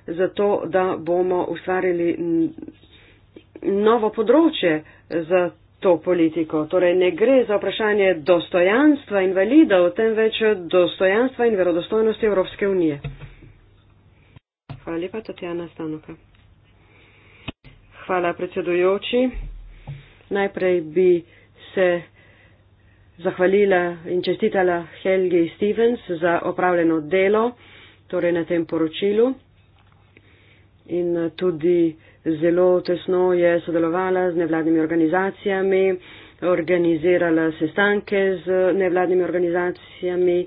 zato da bomo ustvarili novo področje za to politiko. Torej ne gre za vprašanje dostojanstva invalidov, temveč dostojanstva in verodostojnosti Evropske unije. Hvala lepa, Tatjana Stanoka. Hvala predsedujoči. Najprej bi se zahvalila in čestitala Helgi Stevens za opravljeno delo, torej na tem poročilu. In tudi zelo tesno je sodelovala z nevladnimi organizacijami, organizirala sestanke z nevladnimi organizacijami.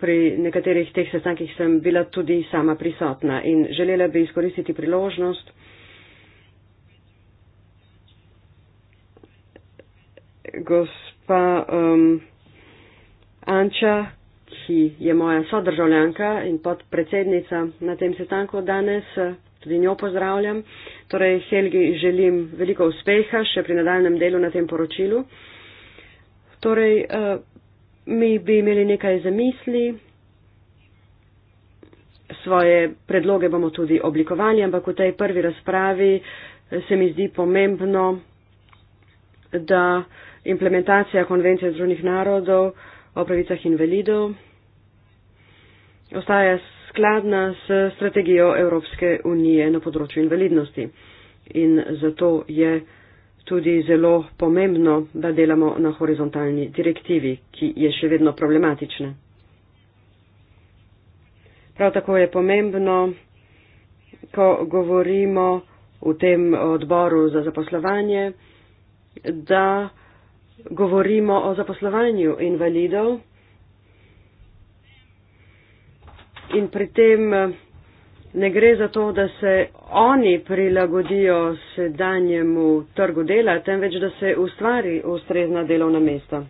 Pri nekaterih teh sestankih sem bila tudi sama prisotna in želela bi izkoristiti priložnost gospa um, Anča, ki je moja sodržavljanka in podpredsednica na tem sestanku danes, tudi njo pozdravljam. Torej, Helgi, želim veliko uspeha še pri nadaljem delu na tem poročilu. Torej, uh, mi bi imeli nekaj zamisli, svoje predloge bomo tudi oblikovali, ampak v tej prvi razpravi se mi zdi pomembno, da uh, implementacija konvencije zrunih narodov o pravicah invalidov ostaja skladna s strategijo Evropske unije na področju invalidnosti. In zato je tudi zelo pomembno, da delamo na horizontalni direktivi, ki je še vedno problematična. Prav tako je pomembno, ko govorimo v tem odboru za zaposlovanje, da govorimo o zaposlovanju invalidov in pri tem eh, ne gre za to, da se oni prilagodijo sedanjemu trgu dela, temveč da se ustvari ustrezna delovna mesta.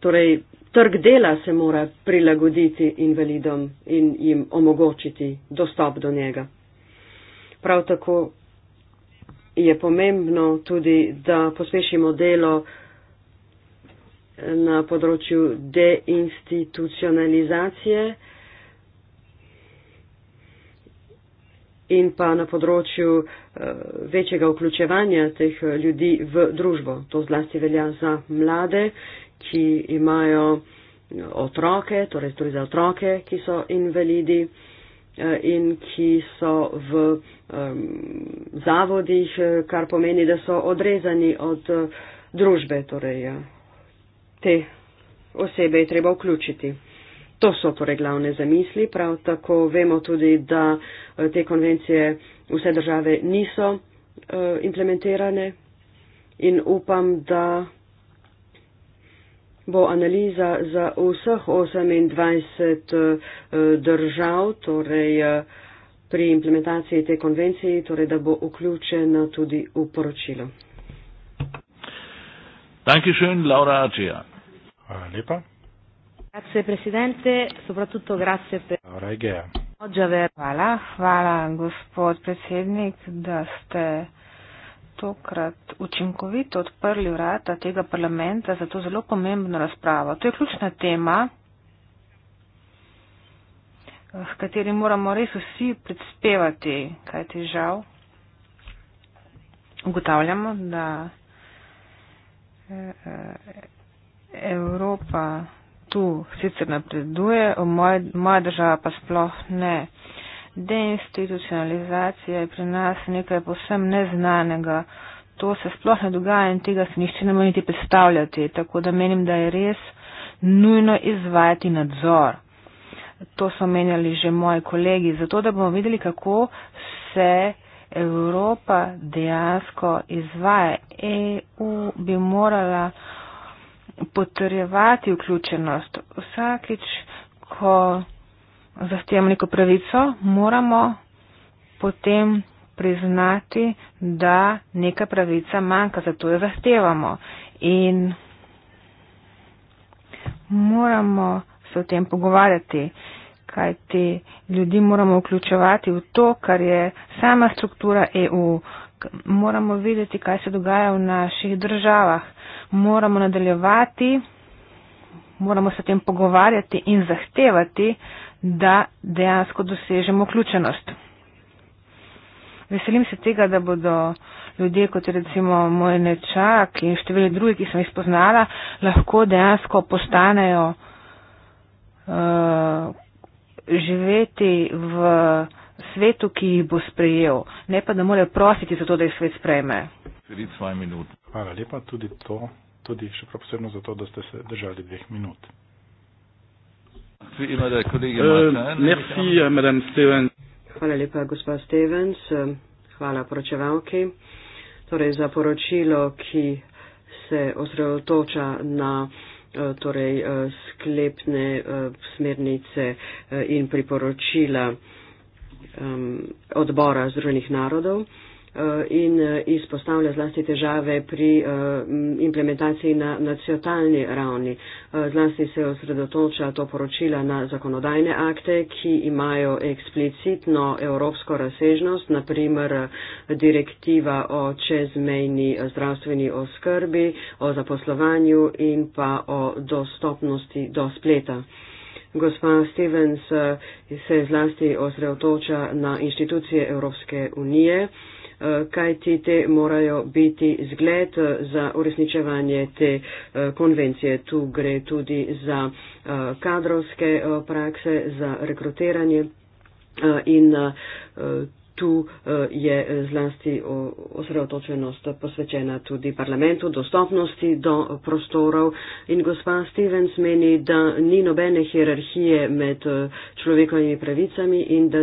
Torej, trg dela se mora prilagoditi invalidom in jim omogočiti dostop do njega. Prav tako je pomembno tudi, da pospešimo delo na področju deinstitucionalizacije in pa na področju eh, večjega vključevanja teh eh, ljudi v družbo. To zlasti velja za mlade, ki imajo eh, otroke, torej tudi za otroke, ki so invalidi. Eh, in ki so v um, zavodih, eh, kar pomeni, da so odrezani od uh, družbe. Torej, te osebe je treba vključiti. To so torej glavne zamisli. Prav tako vemo tudi, da te konvencije vse države niso uh, implementirane in upam, da bo analiza za vseh 28 eh, držav, torej eh, pri implementaciji te konvencije, torej da bo vključena tudi v poročilo. Dankeschön, Laura Agia. Hvala lepa. Grazie, presidente, soprattutto grazie per... Laura Agia. Hvala, hvala, gospod predsednik, da ste tokrat učinkovito odprli vrata tega parlamenta za to zelo pomembno razpravo. To je ključna tema, s kateri moramo res vsi predspevati, kaj ti žal. Ugotavljamo, da eh, eh, Evropa tu sicer napreduje, moja, moja država pa sploh ne deinstitucionalizacija je pri nas nekaj posem neznanega. To se sploh ne dogaja in tega se nišče ne more niti predstavljati. Tako da menim, da je res nujno izvajati nadzor. To so menjali že moji kolegi, zato da bomo videli, kako se Evropa dejansko izvaja. EU bi morala potrjevati vključenost. Vsakič, ko zahtevamo neko pravico, moramo potem priznati, da neka pravica manjka, zato jo zahtevamo. In moramo se o tem pogovarjati, kaj te ljudi moramo vključevati v to, kar je sama struktura EU. Moramo videti, kaj se dogaja v naših državah. Moramo nadaljevati, moramo se o tem pogovarjati in zahtevati, da dejansko dosežemo vključenost. Veselim se tega, da bodo ljudje, kot je recimo moj nečak in številni drugi, ki sem jih spoznala, lahko dejansko postanejo uh, živeti v svetu, ki jih bo sprejel, ne pa da morajo prositi za to, da jih svet sprejme. Hvala lepa tudi to, tudi še prav posebno za to, da ste se držali dveh minut. Eh, merci, Madame Stevens. Hvala lepa, gospa Stevens. Hvala poročevalki. Torej, za poročilo, ki se osredotoča na eh, torej, eh, sklepne smernice in priporočila ehm, odbora Združenih narodov. Eh, in eh, izpostavlja zlasti težave pri eh, implementaciji na nacionalni ravni. Zlasti se osredotoča to poročila na zakonodajne akte, ki imajo eksplicitno evropsko razsežnost, naprimer direktiva o čezmejni zdravstveni oskrbi, o zaposlovanju in pa o dostopnosti do spleta. Gospa Stevens se zlasti osredotoča na inštitucije Evropske unije. Eh, kaj ti te morajo biti zgled eh, za uresničevanje te eh, konvencije. Tu gre tudi za kadrovske prakse, za rekrutiranje in Tu eh, je eh, zlasti osredotočenost posvečena tudi parlamentu, dostopnosti do prostorov in gospa Stevens meni, da ni nobene hierarhije med eh, človekovimi pravicami in da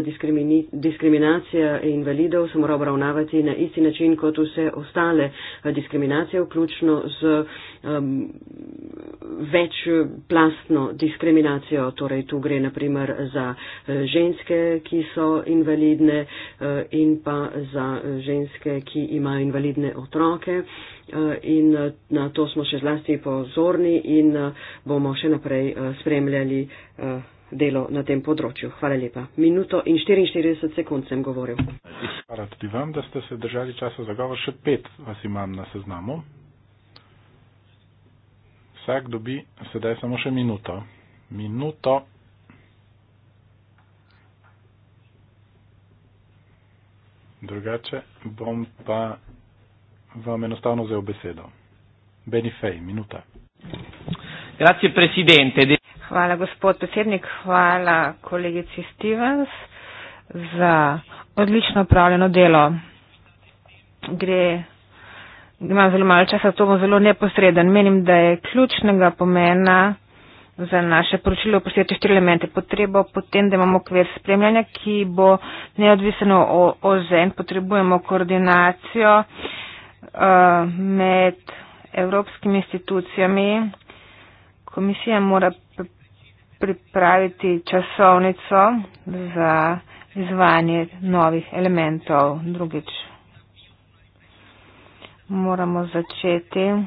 diskriminacija invalidov se mora obravnavati na isti način kot vse ostale diskriminacije, vključno z um, večplastno diskriminacijo. Torej, tu gre naprimer za ženske, ki so invalidne. Eh, in pa za ženske, ki imajo invalidne otroke. Eh, in eh, na to smo še zlasti pozorni in bomo še naprej spremljali delo na tem področju. Hvala lepa. Minuto in 44 sekund sem govoril. Hvala tudi vam, da ste se držali časa za govor. Še pet vas imam na seznamu. Vsak dobi sedaj samo še minuto. Minuto. drugače bom pa vam enostavno vzel besedo. Benifej, minuta. Grazie, presidente. Hvala, gospod predsednik. Hvala, kolegici Stevens, za odlično upravljeno delo. Gre, imam zelo malo časa, to bom zelo neposreden. Menim, da je ključnega pomena, za naše poročilo upoštevati štiri elemente. Potrebo potem, da imamo okvir spremljanja, ki bo neodvisno ozen, potrebujemo koordinacijo uh, med evropskimi institucijami. Komisija mora pripraviti časovnico za izvajanje novih elementov. Drugič, moramo začeti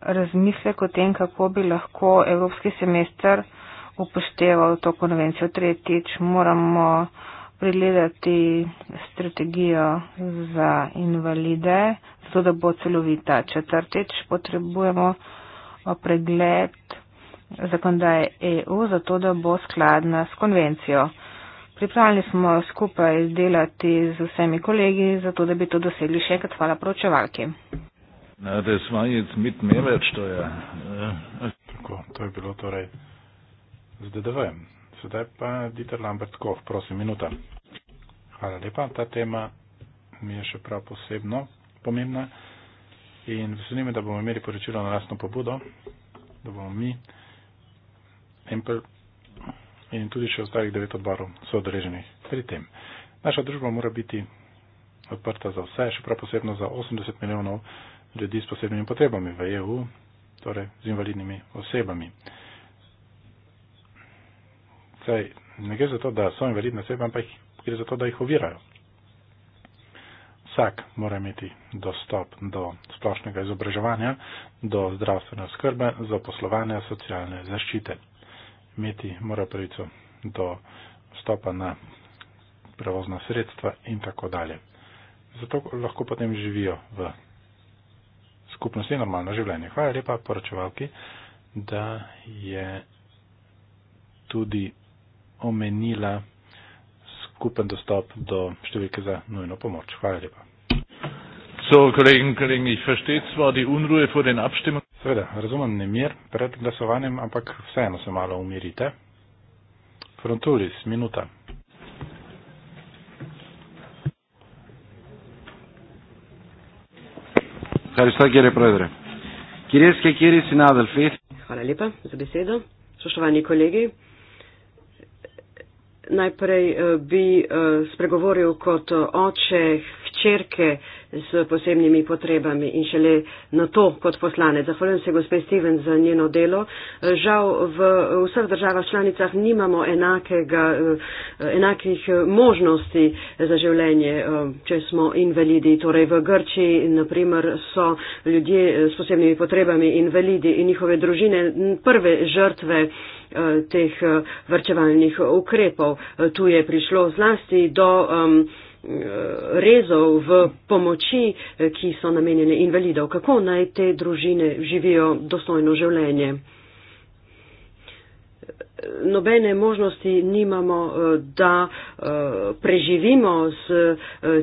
razmislek o tem, kako bi lahko evropski semester upošteval to konvencijo. Tretjič moramo pregledati strategijo za invalide, zato da bo celovita. Četrtič potrebujemo pregled zakonodaje EU, zato da bo skladna s konvencijo. Pripravljeni smo skupaj delati z vsemi kolegi, zato da bi to dosegli še enkrat. Hvala poročevalki. Na, das war jetzt mit Mehrwertsteuer. Ja. Tako, to je bilo torej z DDV. Sedaj pa Dieter Lambert Koch, prosim, minuta. Hvala lepa, ta tema mi je še prav posebno pomembna in veseli me, da bomo imeli poročilo na lastno pobudo, da bomo mi, Empel in tudi še ostalih devet odborov so odreženi pri tem. Naša družba mora biti odprta za vse, še prav posebno za 80 milijonov ljudi s posebnimi potrebami v EU, torej z invalidnimi osebami. Saj ne gre za to, da so invalidne osebe, ampak gre za to, da jih ovirajo. Vsak mora imeti dostop do splošnega izobraževanja, do zdravstvene skrbe, do poslovanja, socialne zaščite. Imeti mora pravico do vstopa na prevozna sredstva in tako dalje. Zato lahko potem živijo v skupnosti normalno življenje. Hvala lepa poročevalki, da je tudi omenila skupen dostop do številke za nujno pomoč. Hvala lepa. So, kolegin, kolegin, unruje Seveda, razumem nemir pred glasovanjem, ampak vseeno se malo umirite. Frontulis, minuta. Ευχαριστώ κύριε Πρόεδρε. Κυρίε και κύριοι συνάδελφοι. Χαρά λίπα за беседу. Слушавани колеги, najprej eh, bi eh, spregovoril kot eh, oče hčerke s posebnimi potrebami in šele na to kot poslanec. Zahvaljujem se gospe Steven za njeno delo. Žal v vseh državah članicah nimamo enakega, eh, enakih eh, možnosti za življenje, eh, če smo invalidi. Torej v Grčiji naprimer so ljudje s posebnimi potrebami invalidi in njihove družine prve žrtve teh vrčevalnih ukrepov. Tu je prišlo zlasti do um, Eh, rezov v pomoči, eh, ki so namenjene invalidov, kako naj te družine živijo dostojno življenje nobene možnosti nimamo, eh, da eh, preživimo s eh,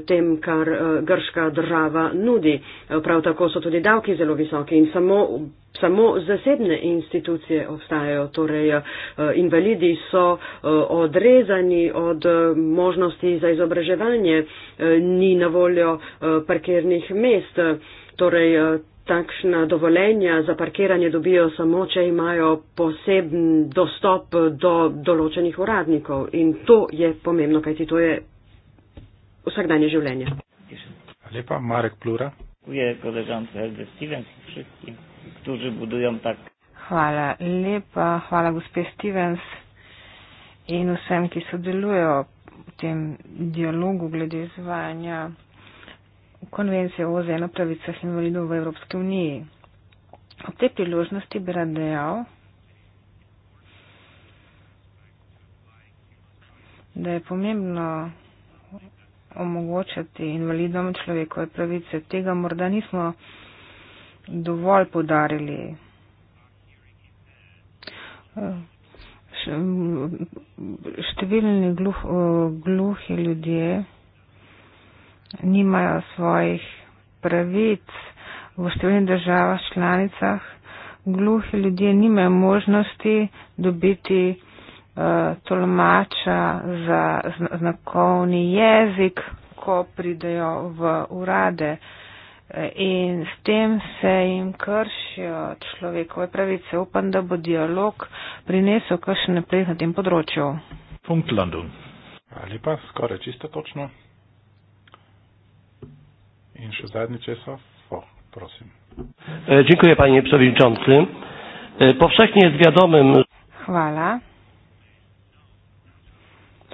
tem, kar grška država nudi. Prav tako so tudi davki zelo visoki in samo, samo zasebne institucije obstajajo. Torej, invalidi so odrezani od možnosti za izobraževanje, ni na voljo parkirnih mest. Torej, takšna dovoljenja za parkiranje dobijo samo, če imajo poseben dostop do določenih uradnikov. In to je pomembno, kajti to je vsakdanje življenje. Lepa, Marek Plura. Hvala lepa, hvala gospe Stevens in vsem, ki sodelujo v tem dialogu glede izvajanja konvencije o ZN e pravicah invalidov v Evropski uniji. Ob tej priložnosti bi rad dejal, da je pomembno omogočati invalidom človekove pravice. Tega morda nismo dovolj podarili. Številni gluh, gluhi ljudje nimajo svojih pravic v številnih državah članicah. Gluhi ljudje nimajo možnosti dobiti uh, tolmača za znakovni jezik, ko pridejo v urade. In s tem se jim kršijo človekove pravice. Upam, da bo dialog prinesel kakšen napredek na tem področju. Funklandu. Hvala lepa, skoraj čisto točno. In še zadnji Czesław Foch, prosim. E, dziękuję panie przewodniczący. E, powszechnie jest wiadomym... Chwala.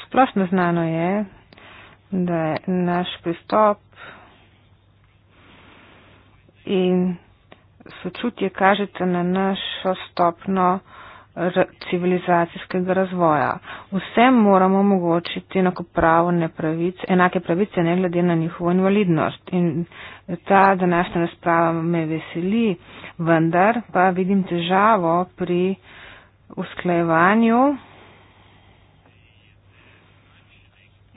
Sprośne znano je, że nasz Krystop i soczucie każe to na naszą stopno civilizacijskega razvoja. Vsem moramo omogočiti enakopravne pravice, enake pravice, ne glede na njihovo invalidnost. In ta današnja razprava me veseli, vendar pa vidim težavo pri usklajevanju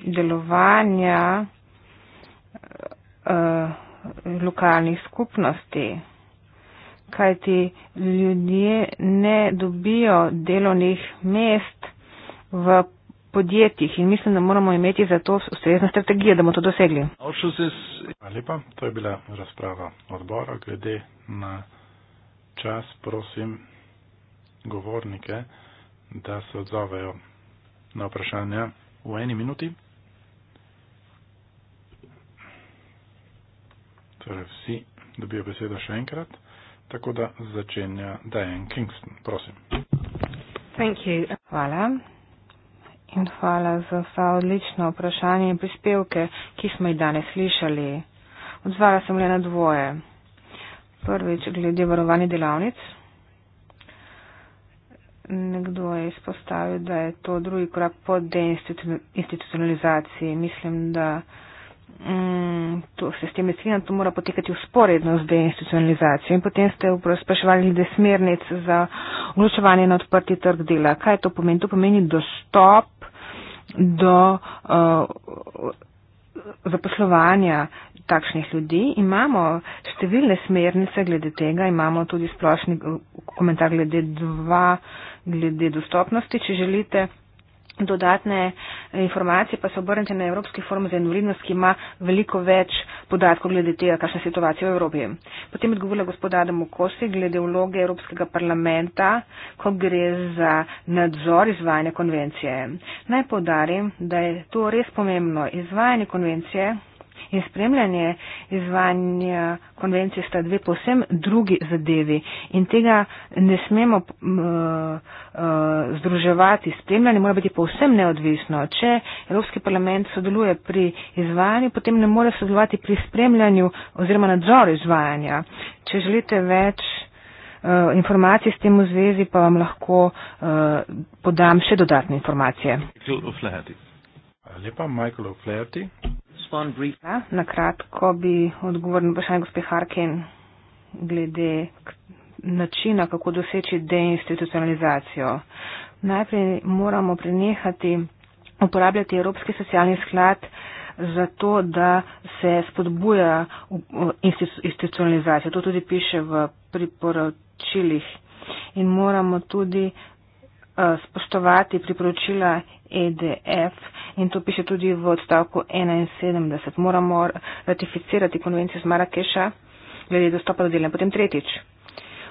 delovanja uh, lokalnih skupnosti kajti ljudje ne dobijo delovnih mest v podjetjih in mislim, da moramo imeti za to ustrezne strategije, da bomo to dosegli. Hvala lepa, to je bila razprava odbora. Glede na čas, prosim govornike, da se odzovejo na vprašanja v eni minuti. Torej vsi dobijo besedo še enkrat. Tako da začenja Diane Kingston. Prosim. Thank you. Hvala. In hvala za vsa odlična vprašanja in prispevke, ki smo jih danes slišali. Odzvala sem le na dvoje. Prvič, glede varovanja delavnic. Nekdo je izpostavil, da je to drugi korak po deinstitucionalizaciji. Mislim, da mm, to se s tem ne strinjam, to mora potekati usporedno z deinstitucionalizacijo. In potem ste vpraševali glede smernic za vključevanje na odprti trg dela. Kaj to pomeni? To pomeni dostop do uh, zaposlovanja takšnih ljudi. Imamo številne smernice glede tega, imamo tudi splošni komentar glede dva, glede dostopnosti, če želite dodatne informacije, pa se obrnite na Evropski forum za invalidnost, ki ima veliko več podatkov glede tega, kakšna je situacija v Evropi. Potem je odgovorila gospoda Adam Okosi glede vloge Evropskega parlamenta, ko gre za nadzor izvajanja konvencije. Naj povdarim, da je to res pomembno. Izvajanje konvencije in spremljanje izvanja konvencije sta dve posem drugi zadevi in tega ne smemo uh, uh, združevati. Spremljanje mora biti povsem neodvisno. Če Evropski parlament sodeluje pri izvajanju, potem ne more sodelovati pri spremljanju oziroma nadzoru izvajanja. Če želite več uh, informacij s tem v zvezi, pa vam lahko uh, podam še dodatne informacije. Lepa, Michael O'Flaherty. Ja, na kratko bi odgovor na vprašanje gospe Harkin glede načina, kako doseči deinstitucionalizacijo. Najprej moramo prenehati uporabljati Evropski socialni sklad za to, da se spodbuja institucionalizacija. To tudi piše v priporočilih. In moramo tudi eh, spoštovati priporočila EDF in to piše tudi v odstavku 71. Moramo ratificirati konvencijo z Marakeša glede dostopa do delne. Potem tretjič.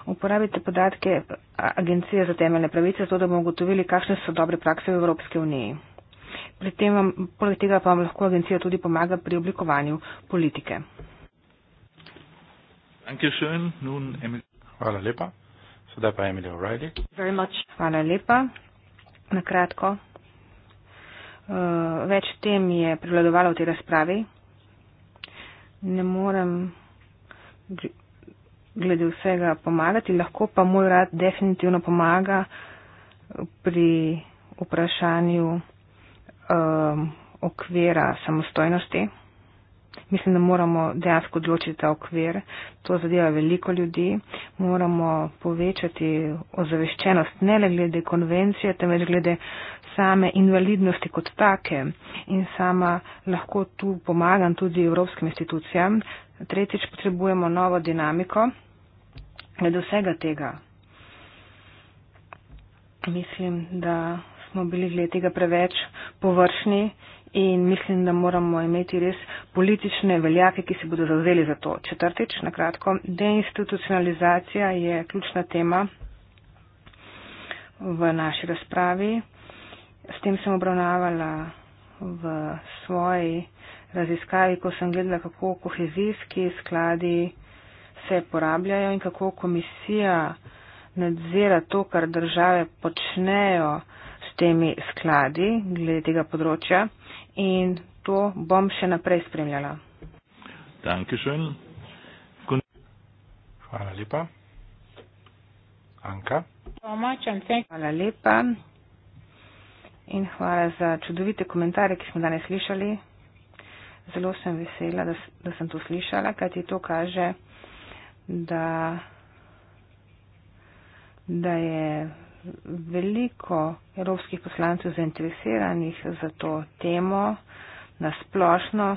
Uporabite podatke Agencije za temeljne pravice, zato da bomo ugotovili, kakšne so dobre prakse v Evropske uniji. Pri tem vam, poleg tega pa vam lahko agencija tudi pomaga pri oblikovanju politike. Hvala lepa. Sedaj pa Emilija O'Reilly. Hvala lepa. Na kratko uh, več tem je prevladovalo v tej razpravi. Ne morem glede vsega pomagati, lahko pa moj rad definitivno pomaga pri vprašanju um, okvira samostojnosti. Mislim, da moramo dejansko odločiti ta okvir. To zadeva veliko ljudi. Moramo povečati ozaveščenost ne le glede konvencije, temveč glede uh, same invalidnosti kot take in sama lahko tu pomagam tudi evropskim institucijam. Tretjič potrebujemo novo dinamiko glede vsega tega. Mislim, da smo bili glede tega preveč površni in mislim, da moramo imeti res politične veljake, ki se bodo zavzeli za to. Četrtič, na kratko, deinstitucionalizacija je ključna tema v naši razpravi. S tem sem obravnavala v svoji raziskavi, ko sem gledala, kako kohezijski skladi se porabljajo in kako komisija nadzira to, kar države počnejo s temi skladi glede tega področja in to bom še naprej spremljala. Hvala lepa. Anka. Hvala lepa in hvala za čudovite komentarje, ki smo danes slišali. Zelo sem vesela, da, da sem to slišala, kajti to kaže, da, da je veliko evropskih poslancev zainteresiranih za to temo na splošno,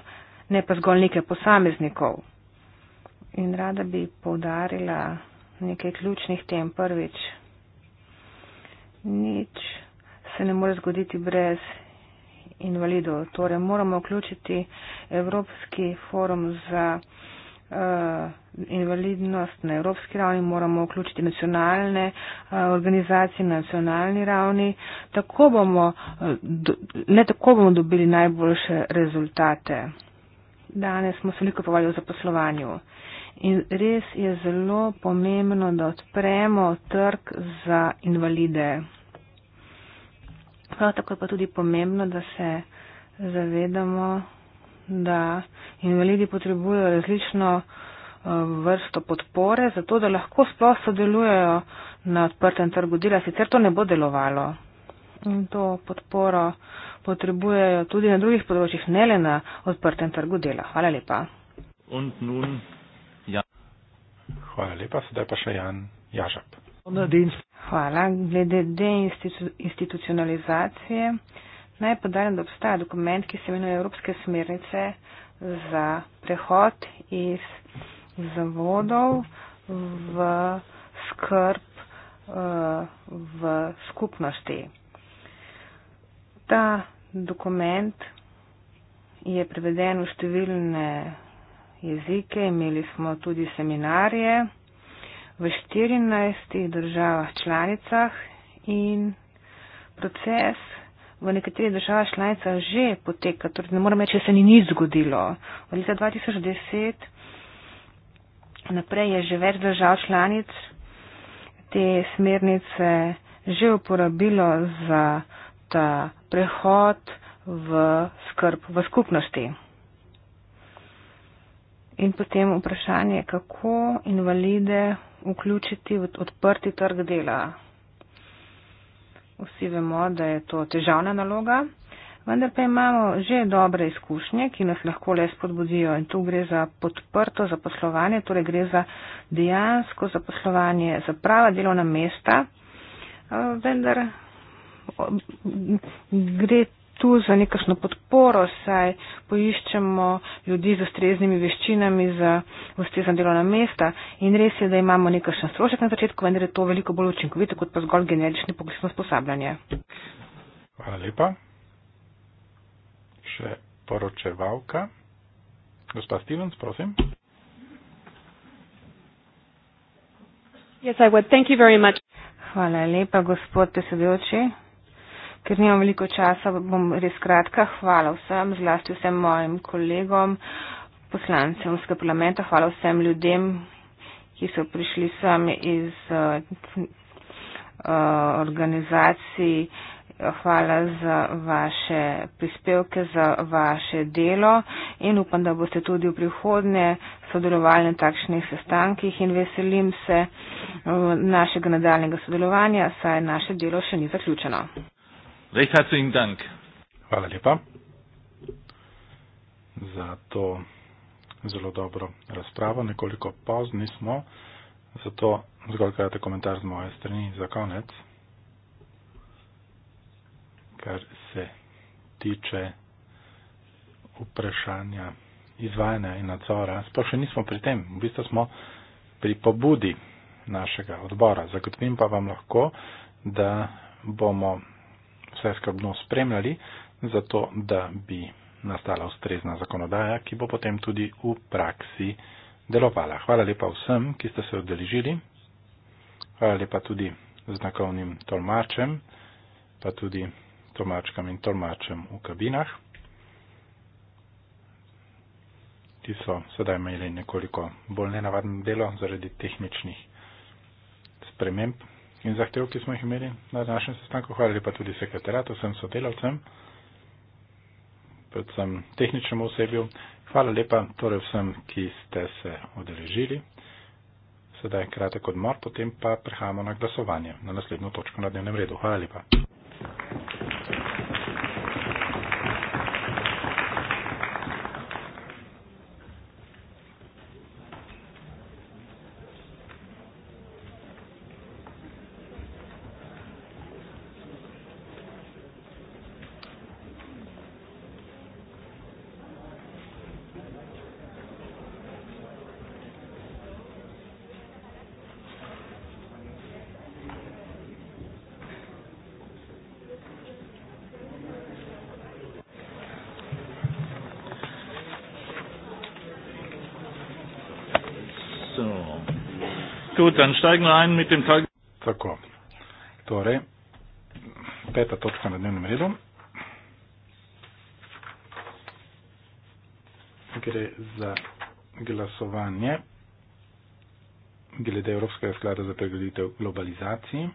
ne pa zgolj nekaj posameznikov. In rada bi poudarila nekaj ključnih tem prvič. Nič se ne more zgoditi brez invalidov. Torej moramo vključiti Evropski forum za uh, invalidnost na evropski ravni, moramo vključiti nacionalne uh, organizacije na nacionalni ravni. Tako bomo, eh, do, ne tako bomo dobili najboljše rezultate. Danes smo se veliko povali o zaposlovanju. In res je zelo pomembno, da odpremo trg za invalide. Prav tako je pa tudi pomembno, da se zavedamo, da invalidi potrebujejo različno eh, vrsto podpore, zato da lahko sploh sodelujejo na odprtem trgu dela, sicer to ne bo delovalo. In to podporo potrebujejo tudi na drugih področjih, ne le na odprtem trgu dela. Hvala lepa. Hvala lepa, sedaj pa še Jan Jažab na dienst. Hvala. Glede deinstitucionalizacije, naj podarim, da obstaja dokument, ki se imenuje Evropske smernice za prehod iz zavodov v skrb eh, v skupnosti. Ta dokument je preveden v številne jezike, imeli smo tudi seminarije v 14 državah članicah in proces v nekaterih državah članicah že poteka, torej ne moram reči, da se ni nič zgodilo. Od leta 2010 naprej je že več držav članic te smernice že uporabilo za ta prehod v skrb v skupnosti. In potem vprašanje, kako invalide vključiti v odprti trg dela. Vsi vemo, da je to težavna naloga, vendar pa imamo že dobre izkušnje, ki nas lahko le spodbudijo. In tu gre za podprto zaposlovanje, torej gre za dejansko zaposlovanje, za prava delovna mesta, vendar gre tu za nekakšno podporo, saj poiščemo ljudi z ustreznimi veščinami za ustrezna delovna mesta in res je, da imamo nekakšen strošek na začetku, vendar je to veliko bolj učinkovito kot pa zgolj generično poklicno usposabljanje. Hvala lepa. Še poročevalka. Gospa Stevens, prosim. Yes, Hvala lepa, gospod predsedujoči ker nimam veliko časa, bom res kratka. Hvala vsem, zlasti vsem mojim kolegom, poslancem Evropskega parlamenta, hvala vsem ljudem, ki so prišli sem iz eh, eh, organizacij. Hvala za vaše prispevke, za vaše delo in upam, da boste tudi v prihodnje sodelovali na takšnih sestankih in veselim se eh, našega nadaljnega sodelovanja, saj naše delo še ni zaključeno. Recht herzlichen Dank. Hvala lepa za to zelo dobro razpravo. Nekoliko pozni smo, zato zgolj kratek komentar z moje strani za konec, kar se tiče vprašanja izvajanja in nadzora. Sploh še nismo pri tem, v bistvu smo pri pobudi našega odbora. Zagotovim pa vam lahko, da bomo carsko gno spremljali, zato da bi nastala ustrezna zakonodaja, ki bo potem tudi v praksi delovala. Hvala lepa vsem, ki ste se odeležili. Hvala lepa tudi znakovnim tolmačem, pa tudi tolmačkam in tolmačem v kabinah, ki so sedaj imeli nekoliko bolj nenavadno delo zaradi tehničnih sprememb in zahtev, ki smo jih imeli na našem sestanku. Hvala lepa tudi sekretaratu, vsem sodelavcem, predvsem tehničnemu osebju. Hvala lepa torej vsem, ki ste se odeležili. Sedaj je kratek odmor, potem pa prehajamo na glasovanje na naslednjo točko na dnevnem redu. Hvala lepa. Dukan, Štajgno, Ajn mit dem Tag. Tako. Torej, peta točka na dnevnem redu. Gre za glasovanje glede Evropskega sklada za pregleditev globalizaciji.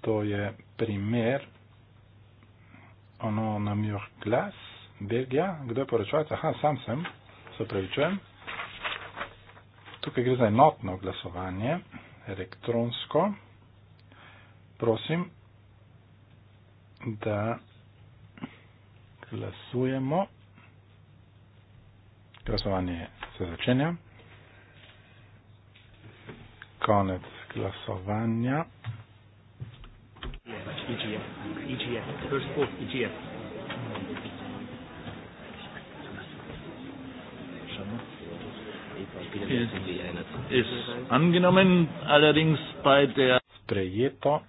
To je primer ono na Mjörg Glas, Belgija. Kdo je poročevalec? Aha, sam sem, se opravičujem tukaj gre za enotno glasovanje, elektronsko. Prosim, da glasujemo. Glasovanje se začenja. Konec glasovanja. Yeah, EGF. EGF. E first e ist angenommen, allerdings bei der Sprejeto,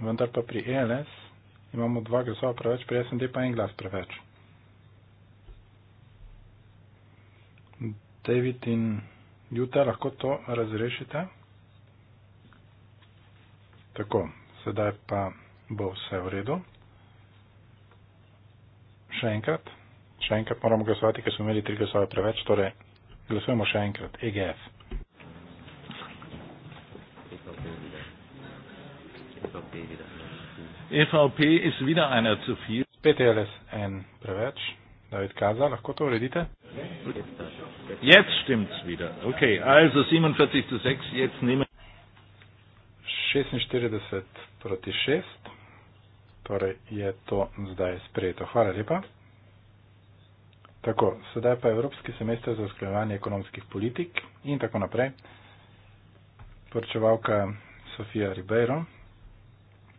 vendar pa pri ELS imamo dva glasova preveč, pri SND pa en glas preveč. David in Juta lahko to razrešite. Tako, sedaj pa bo vse v redu. Še enkrat, še enkrat moramo glasovati, ker smo imeli tri glasove preveč, torej glasujemo še enkrat. EGF. EVP ist wieder einer zu viel. Spet je res en preveč. David Kaza, lahko to uredite? Jetzt stimmt's wieder. Okay, also 47 zu 6, jetzt nehmen 46 proti 6. Torej je to zdaj sprejeto. Hvala lepa. Tako, sedaj pa Evropski semester za usklajevanje ekonomskih politik in tako naprej. Porčevalka Sofija Ribeiro.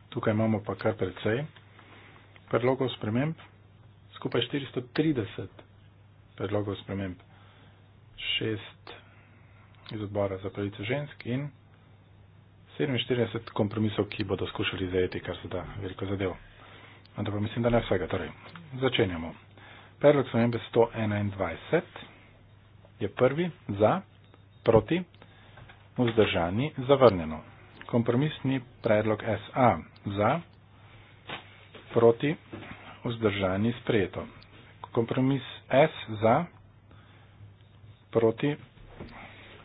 Tukaj imamo pa kar precej predlogov sprememb, skupaj 430 predlogov sprememb, šest iz odbora za pravice žensk in 47 kompromisov, ki bodo skušali zajeti kar se da veliko zadev. Ampak mislim, da ne vsega. Torej, začenjamo. Predlog sprememb 121 je prvi za, proti, vzdržani, zavrnjeno kompromisni predlog SA za, proti, vzdržani, sprejeto. Kompromis S za, proti,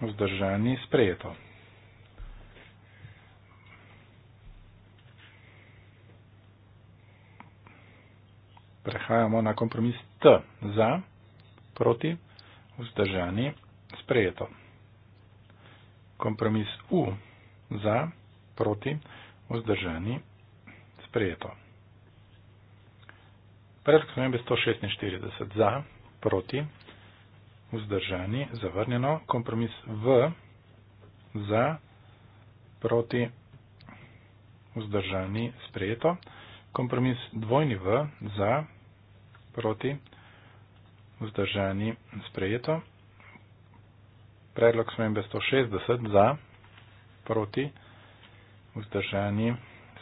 vzdržani, sprejeto. Prehajamo na kompromis T za, proti, vzdržani, sprejeto. Kompromis U za, proti, vzdržani, sprejeto. Kompromis U za, proti, vzdržani, sprejeto. Predlog spremembe 146 za, proti, vzdržani, zavrnjeno, kompromis v, za, proti, vzdržani, sprejeto, kompromis dvojni v, za, proti, vzdržani, sprejeto, predlog spremembe 160 za, proti, proti, vzdržani,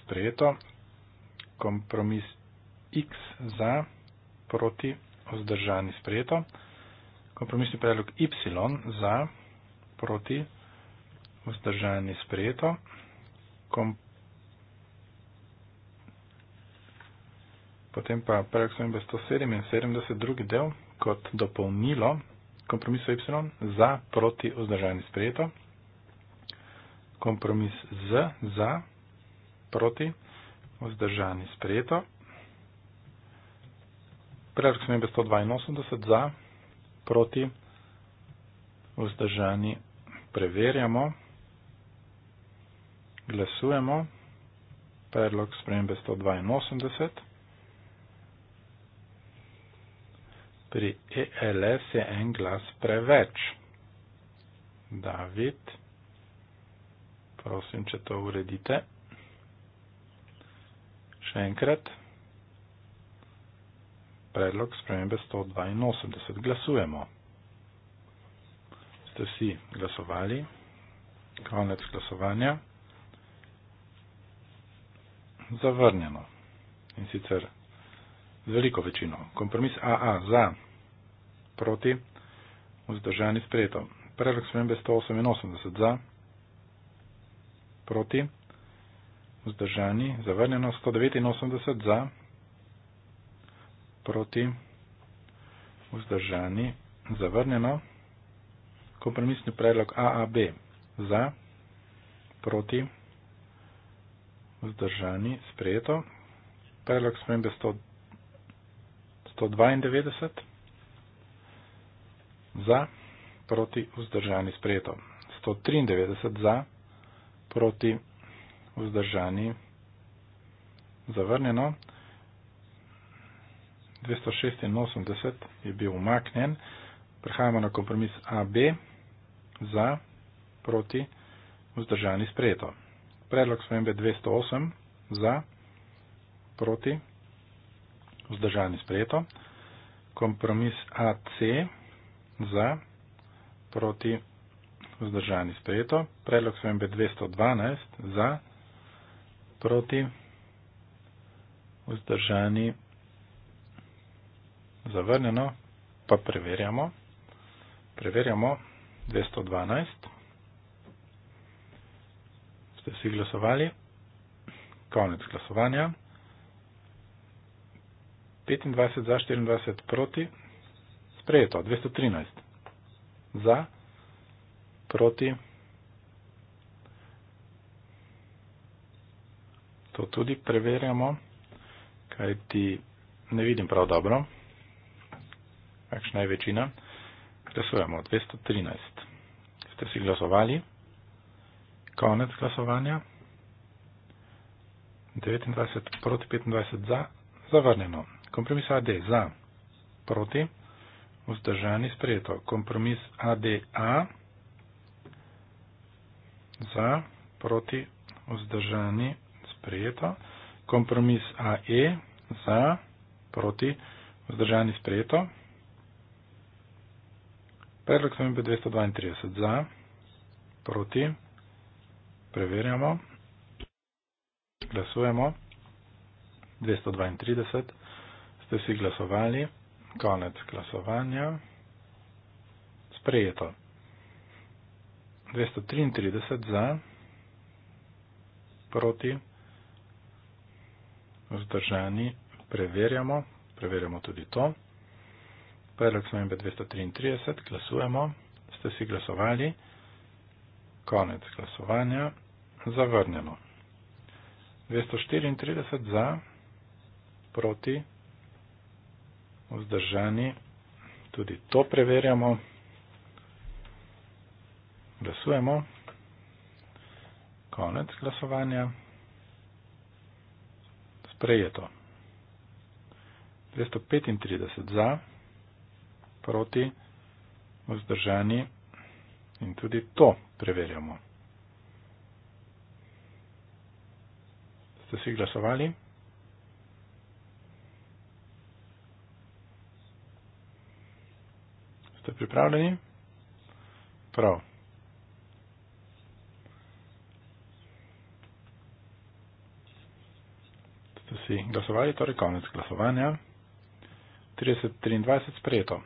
sprejeto, kompromis X za, proti, vzdržani, sprejeto, kompromisni predlog Y za, proti, vzdržani, sprejeto, potem pa predlog svojim 177, drugi del, kot dopolnilo, kompromiso Y za, proti, vzdržani, sprejeto, kompromis z, za, proti, vzdržani, sprejeto. Predlog spremembe 182 za, proti, vzdržani, preverjamo, glasujemo. Predlog spremembe 182. Pri ELS je en glas preveč. David prosim, če to uredite. Še enkrat. Predlog spremembe 182. Glasujemo. Ste vsi glasovali? Konec glasovanja. Zavrnjeno. In sicer z veliko večino. Kompromis AA za, proti, vzdržani sprejeto. Predlog spremembe 188 za proti, vzdržani, zavrnjeno 189 za, proti, vzdržani, zavrnjeno, kompromisni predlog AAB za, proti, vzdržani, sprejeto, predlog spremembe 192 za, proti, vzdržani, sprejeto, 193 za, proti vzdržani. Zavrnjeno. 286 je bil umaknjen. Prehajamo na kompromis AB za proti vzdržani sprejeto. Predlog spremembe 208 za proti vzdržani sprejeto. Kompromis AC za proti vzdržani sprejeto vzdržani sprejeto. Predlog sem 212 za, proti, vzdržani, zavrnjeno, pa preverjamo. Preverjamo 212. Ste vsi glasovali? Konec glasovanja. 25 za, 24 proti. Sprejeto. 213 za proti. To tudi preverjamo, kaj ti ne vidim prav dobro. Kakšna je večina? Glasujemo 213. Ste si glasovali? Konec glasovanja. 29 proti 25 za. Zavrnjeno. Kompromis AD za. Proti. Vzdržani sprejeto. Kompromis ADA za, proti, vzdržani, sprejeto. Kompromis AE za, proti, vzdržani, sprejeto. Predlog sem imel 232 za, proti, preverjamo, glasujemo, 232, ste si glasovali, konec glasovanja, sprejeto. 233 za, proti, vzdržani, preverjamo, preverjamo tudi to. Predlog smo imeli 233, glasujemo, ste si glasovali, konec glasovanja, zavrnjeno. 234 za, proti, vzdržani, tudi to preverjamo. Glasujemo. Konec glasovanja. Sprejeto. 235 za, proti, vzdržani in tudi to preverjamo. Ste si glasovali? Ste pripravljeni? Prav. vsi glasovali, torej konec glasovanja. 30-23 sprejeto.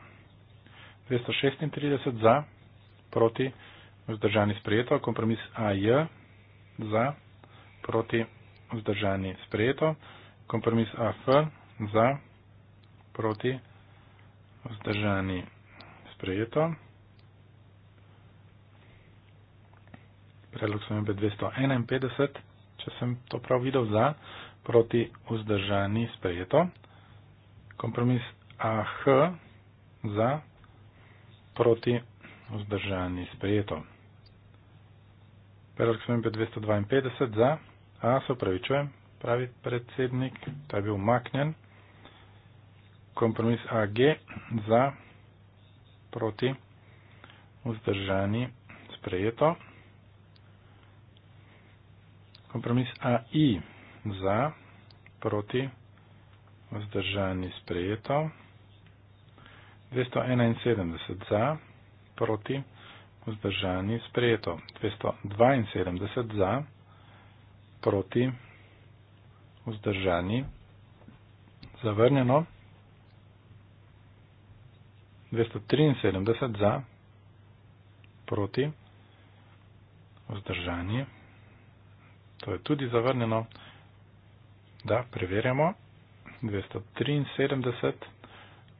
236 za, proti, vzdržani sprejeto. Kompromis AJ za, proti, vzdržani sprejeto. Kompromis AF za, proti, vzdržani sprejeto. Predlog so imeli 251, če sem to prav videl, za proti vzdržani sprejeto. Kompromis AH za proti vzdržani sprejeto. Predlog smem 252 za. A se upravičujem, pravi predsednik, ta je bil umaknjen. Kompromis AG za proti vzdržani sprejeto. Kompromis AI za, proti, vzdržani, sprejeto. 271 za, proti, vzdržani, sprejeto. 272 za, proti, vzdržani, zavrnjeno. 273 za, proti, vzdržani, to je tudi zavrnjeno. Da, preverjamo. 273.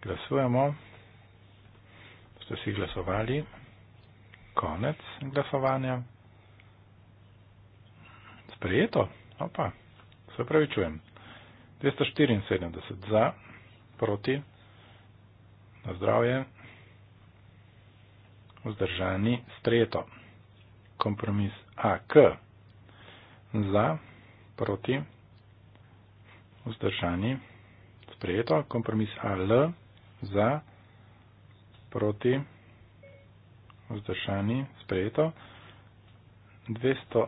Glasujemo. Ste vsi glasovali? Konec glasovanja. Sprejeto. Opa, se pravi, čujem. 274 za, proti, na zdravje, vzdržani, sprejeto. Kompromis AK za, proti, vzdržani. Sprejeto, kompromis AL za, proti, vzdržani, sprejeto, 289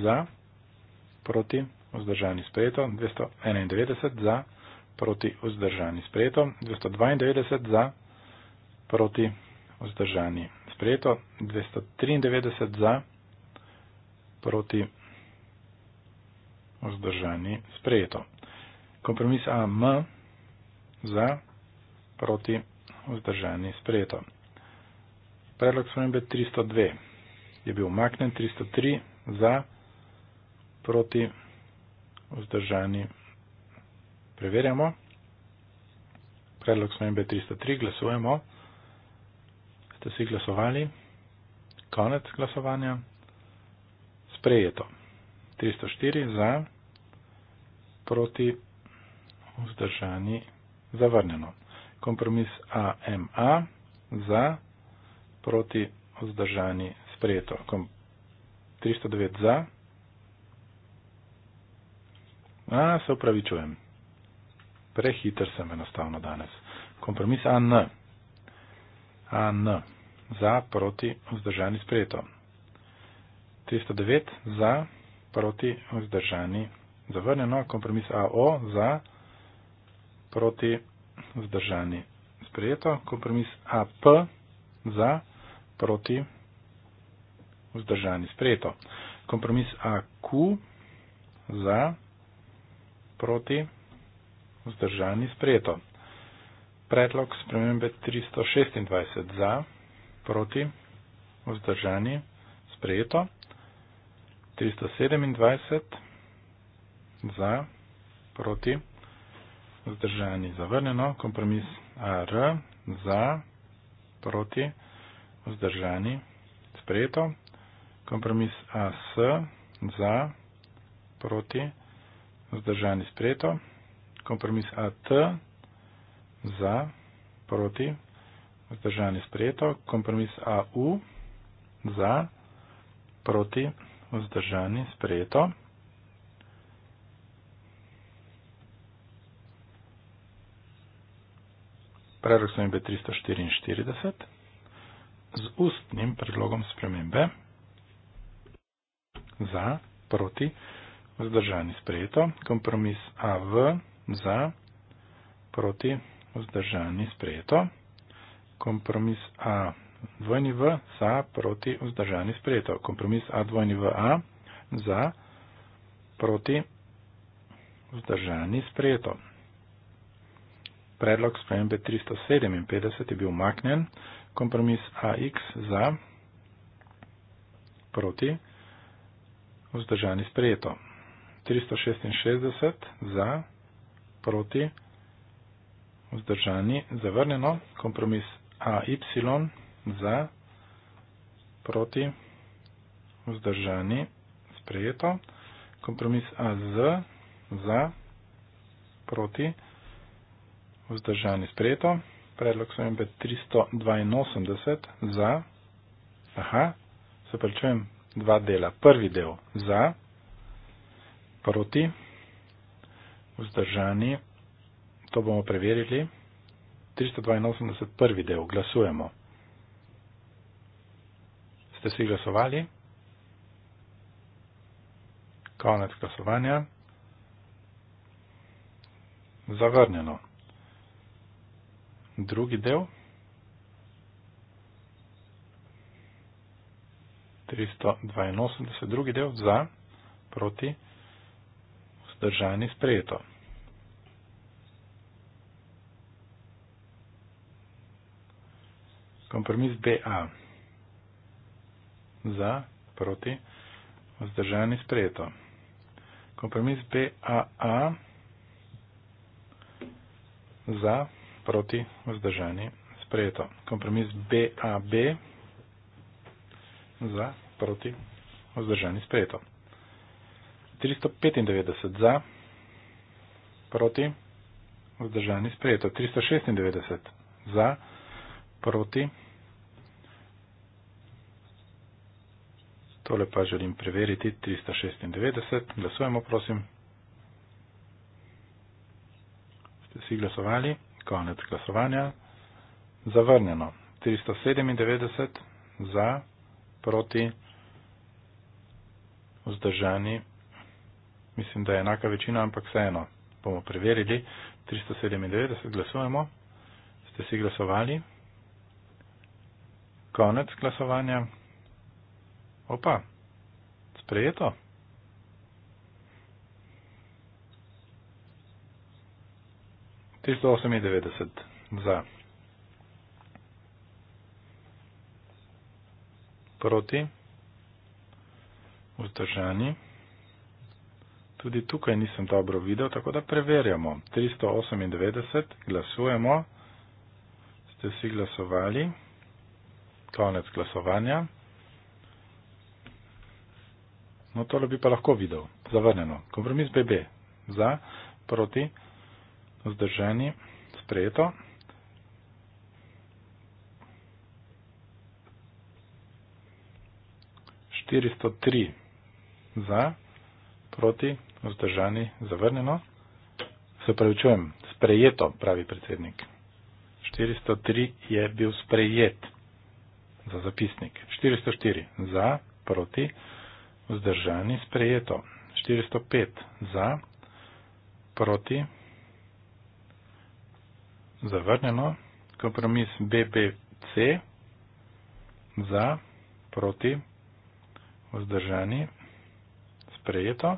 za, proti, vzdržani, sprejeto, 291 za, proti, vzdržani, sprejeto, 292 za, proti, vzdržani, sprejeto, 293 za, proti, vzdržani, sprejeto vzdržani, sprejeto. Kompromis AM za, proti, vzdržani, sprejeto. Predlog spremembe 302 je bil umaknen, 303 za, proti, vzdržani, preverjamo. Predlog spremembe 303 glasujemo. Ste si glasovali? Konec glasovanja. Sprejeto. 304 za, proti vzdržani zavrnjeno. Kompromis AMA za, proti vzdržani sprejeto. Kom 309 za. A, se upravičujem. Prehiter sem enostavno danes. Kompromis AN. AN. Za, proti, vzdržani sprejeto. 309 za proti, vzdržani, zavrnjeno, kompromis AO za, proti, vzdržani, sprejeto, kompromis AP za, proti, vzdržani, sprejeto, kompromis AQ za, proti, vzdržani, sprejeto, predlog spremembe 326 za, proti, vzdržani, sprejeto, 327 za, proti, vzdržani, zavrnjeno, kompromis AR za, proti, vzdržani, sprejeto, kompromis AS za, proti, vzdržani, sprejeto, kompromis AT za, proti, vzdržani, sprejeto, kompromis AU za, proti, vzdržani, sprejeto, vzdržani, sprejeto. Predlog sem imel 344 z ustnim predlogom spremembe za, proti, vzdržani, sprejeto. Kompromis AV za, proti, vzdržani, sprejeto. Kompromis A dvojni v za proti vzdržani sprejeto. Kompromis A dvojni v A za proti vzdržani sprejeto. Predlog spremembe 357 je bil umaknen. Kompromis AX za proti vzdržani sprejeto. 366 za proti vzdržani zavrnjeno. Kompromis AY za, proti, vzdržani, sprejeto, kompromis A z, za, proti, vzdržani, sprejeto, predlog so imbe 382 za, aha, se pričujem dva dela. Prvi del za, proti, vzdržani, to bomo preverili, 382 prvi del, glasujemo. Ste si glasovali? Konec glasovanja. Zavrnjeno. Drugi del. 382. Drugi del za, proti, vzdržani sprejeto. Kompromis BA za, proti, vzdržani sprejeto. Kompromis BAA za, proti, vzdržani sprejeto. Kompromis BAB za, proti, vzdržani sprejeto. 395 za, proti, vzdržani sprejeto. 396 za, proti, vzdržani sprejeto. Tole pa želim preveriti. 396. Glasujemo, prosim. Ste si glasovali? Konec glasovanja. Zavrnjeno. 397 za, proti, vzdržani. Mislim, da je enaka večina, ampak vseeno bomo preverili. 397 glasujemo. Ste si glasovali? Konec glasovanja. Opa, sprejeto. Tisto 98 za. Proti. Vzdržani. Tudi tukaj nisem dobro videl, tako da preverjamo. 398 glasujemo. Ste si glasovali? Konec glasovanja. No, tole bi pa lahko videl. Zavrnjeno. Kompromis BB. Za, proti, vzdržani, sprejeto. Štiristo tri za, proti, vzdržani, zavrnjeno. Se pravi, čujem, sprejeto, pravi predsednik. 403 je bil sprejet za zapisnik. 404 za, proti, vzdržani vzdržani, sprejeto 405 za, proti, zavrnjeno, kompromis BBC za, proti, vzdržani, sprejeto,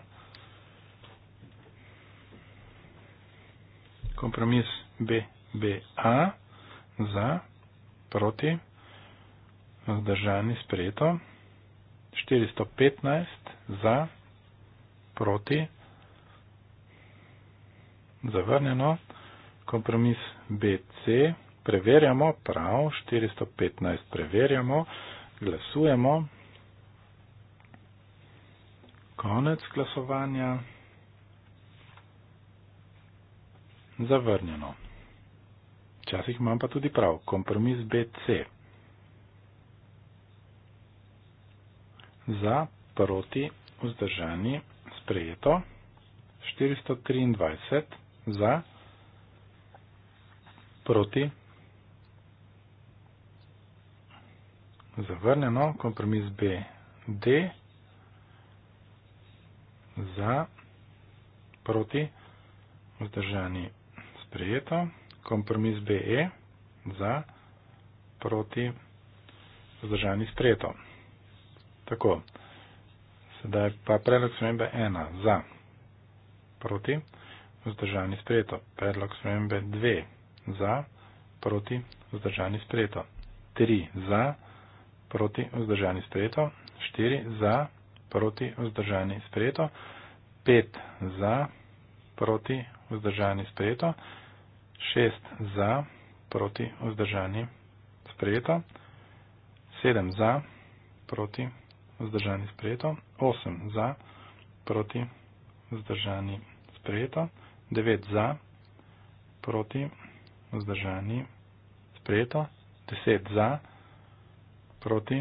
kompromis BBA za, proti, vzdržani, sprejeto, kompromis BBC za, proti, vzdržani, sprejeto, 415 za, proti, zavrnjeno, kompromis BC, preverjamo, prav, 415 preverjamo, glasujemo, konec glasovanja, zavrnjeno. Včasih imam pa tudi prav, kompromis BC. za, proti, vzdržani, sprejeto, 423 za, proti, zavrnjeno, kompromis B, D, za, proti, vzdržani, sprejeto, kompromis B, E, za, proti, vzdržani, sprejeto. Tako. Sedaj pa predlog smembe 1 za, proti, vzdržani sprejeto. Predlog smembe 2 za, proti, vzdržani sprejeto. 3 za, proti, vzdržani sprejeto. 4 za, proti, vzdržani sprejeto. 5 za, proti, vzdržani sprejeto. 6 za, proti, vzdržani sprejeto. 7 za, proti, vzdržani sprejeto vzdržani sprejeto, 8 za, proti, vzdržani sprejeto, 9 za, proti, vzdržani sprejeto, 10 za, proti,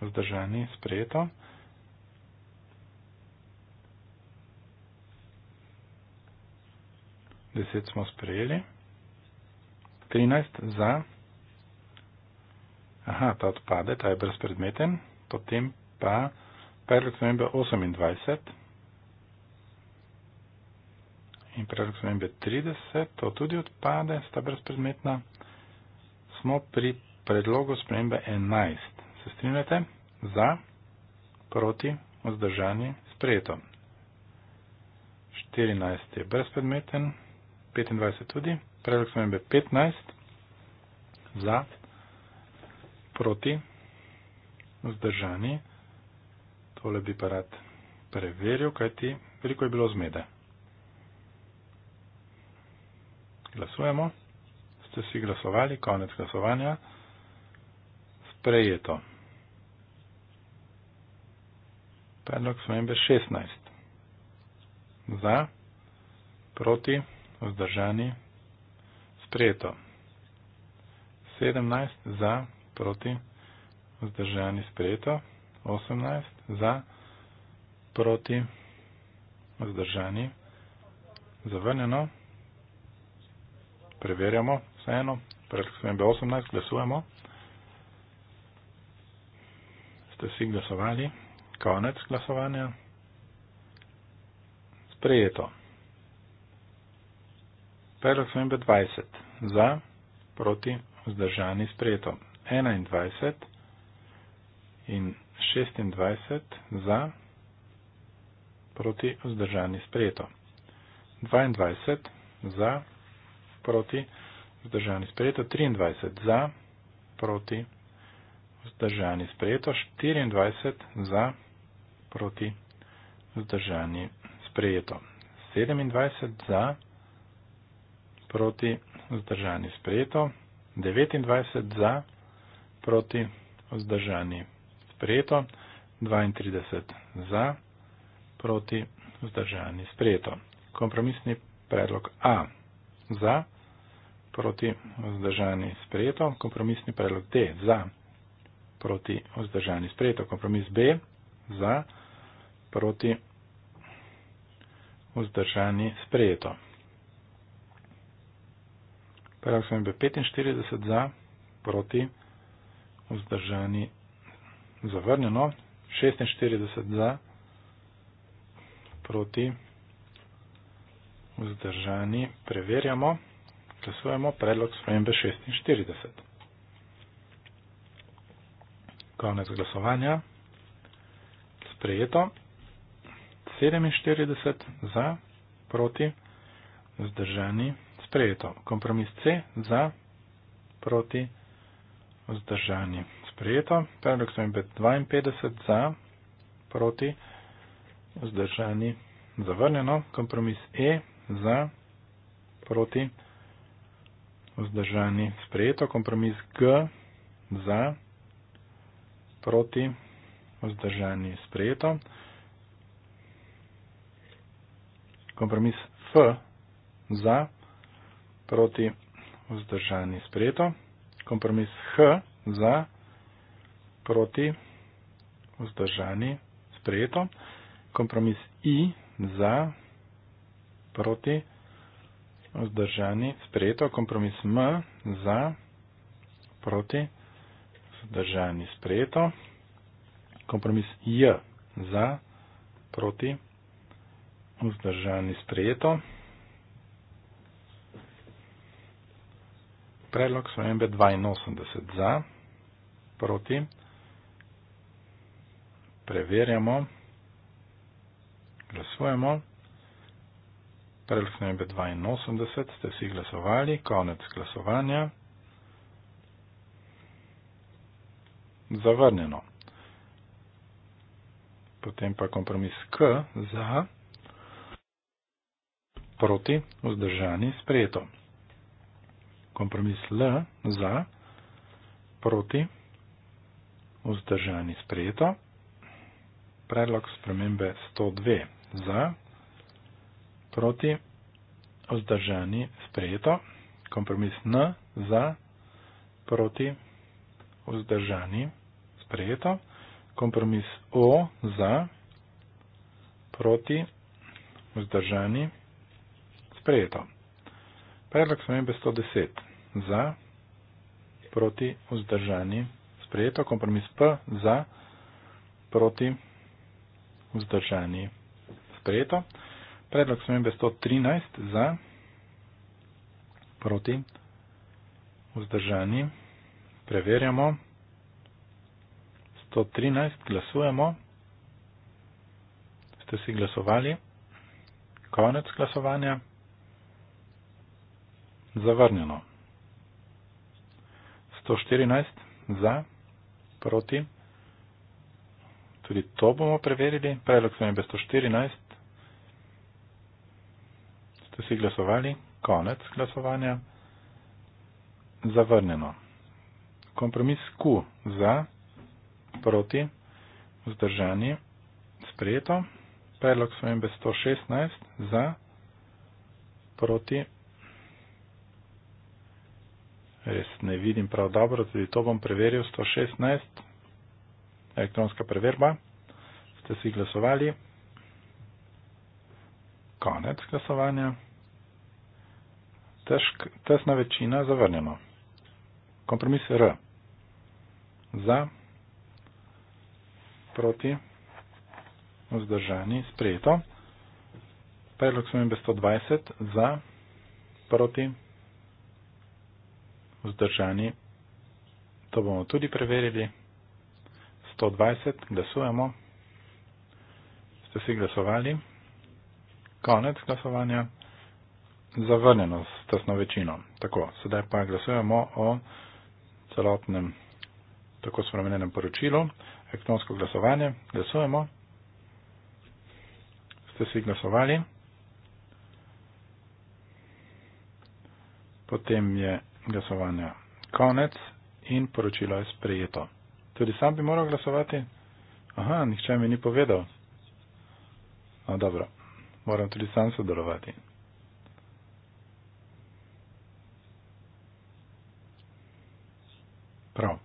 vzdržani sprejeto, 10 smo sprejeli, 13 za, aha, ta odpade, ta je brezpredmeten, potem pa 1. november 28 in 1. november 30, to tudi odpade, sta brezpredmetna, smo pri predlogu spremembe 11. Se strinjate? Za, proti, vzdržanje, sprejeto. 14 je brezpredmeten, 25 tudi, predlog spremembe 15, za, proti, vzdržanje, tole bi pa rad preveril, kajti veliko je bilo zmede. Glasujemo. Ste vsi glasovali? Konec glasovanja. Sprejeto. Predlog spremembe 16. Za, proti, vzdržani, sprejeto. 17 za, proti, vzdržani, sprejeto. 18 za, proti, vzdržani, zavrnjeno, preverjamo, vseeno, predlog spremembe 18, glasujemo. Ste vsi glasovali, konec glasovanja, sprejeto. Predlog spremembe 20 za, proti, vzdržani, sprejeto. 21 in 21. 26 za, proti vzdržani sprejeto. 22 za, proti vzdržani sprejeto. 23 za, proti vzdržani sprejeto. 24 za, proti vzdržani sprejeto. 27 za, proti vzdržani sprejeto. 29 za, proti vzdržani sprejeto sprejeto, 32 za, proti vzdržani sprejeto. Kompromisni predlog A za, proti vzdržani sprejeto, kompromisni predlog D za, proti vzdržani sprejeto, kompromis B za, proti vzdržani sprejeto. Predlog sem B 45 za, proti vzdržani sprejeto zavrnjeno, 46 za, proti, vzdržani, preverjamo, glasujemo, predlog spremembe 46. Konec glasovanja, sprejeto, 47 za, proti, vzdržani, sprejeto, kompromis C za, proti, vzdržani, sprejeto sprejeto. Predlog sem imel 52 za, proti, vzdržani, zavrnjeno. Kompromis E za, proti, vzdržani, sprejeto. Kompromis G za, proti, vzdržani, sprejeto. Kompromis F za, proti, vzdržani, sprejeto. Kompromis H za, proti, vzdržani, sprejeto proti, vzdržani, sprejeto. Kompromis I za, proti, vzdržani, sprejeto. Kompromis M za, proti, vzdržani, sprejeto. Kompromis J za, proti, vzdržani, sprejeto. Predlog so MB82 za, proti, vzdržani, sprejeto preverjamo, glasujemo. Prelk na EB82 ste vsi glasovali, konec glasovanja. Zavrnjeno. Potem pa kompromis K za, proti, vzdržani, sprejeto. Kompromis L za, proti, vzdržani, sprejeto predlog spremembe 102 za, proti, vzdržani, sprejeto, kompromis N za, proti, vzdržani, sprejeto, kompromis O za, proti, vzdržani, sprejeto. Predlog spremembe 110 za, proti, vzdržani, sprejeto, kompromis P za, proti, vzdržani, sprejeto, vzdržani. Sprejeto. Predlog smembe 113 za proti vzdržani. Preverjamo. 113 glasujemo. Ste si glasovali? Konec glasovanja. Zavrnjeno. 114 za proti vzdržani. Tudi to bomo preverili. Predlog sem je 114. Ste si glasovali? Konec glasovanja. Zavrnjeno. Kompromis Q za, proti, vzdržani, sprejeto. Predlog sem je 116 za, proti. Res ne vidim prav dobro, tudi to bom preveril. 116 elektronska preverba. Ste si glasovali? Konec glasovanja. Težk, tesna večina, zavrnjeno. Kompromis R. Za, proti, vzdržani, sprejeto. Predlog smo imeli 120, za, proti, vzdržani. To bomo tudi preverili. 120, glasujemo. Ste si glasovali? Konec glasovanja. Zavrnjeno s tesno večino. Tako, sedaj pa glasujemo o celotnem tako spremenjenem poročilu. Elektronsko glasovanje. Glasujemo. Ste si glasovali? Potem je glasovanja konec in poročilo je sprejeto. Tudi sam bi moral glasovati? Aha, nihče mi ni povedal. No dobro, moram tudi sam sodelovati. Prav.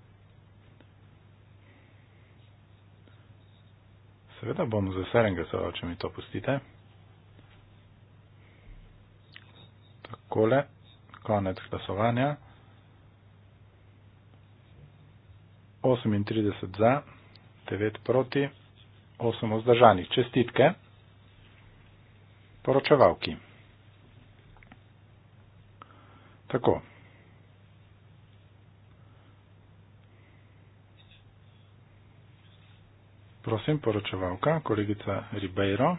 Seveda bom z veseljem glasoval, če mi to pustite. Takole, konec glasovanja. 38 za, 9 proti, 8 vzdržanih. Čestitke poročevalki. Tako. Prosim, poročevalka, kolegica Ribeiro.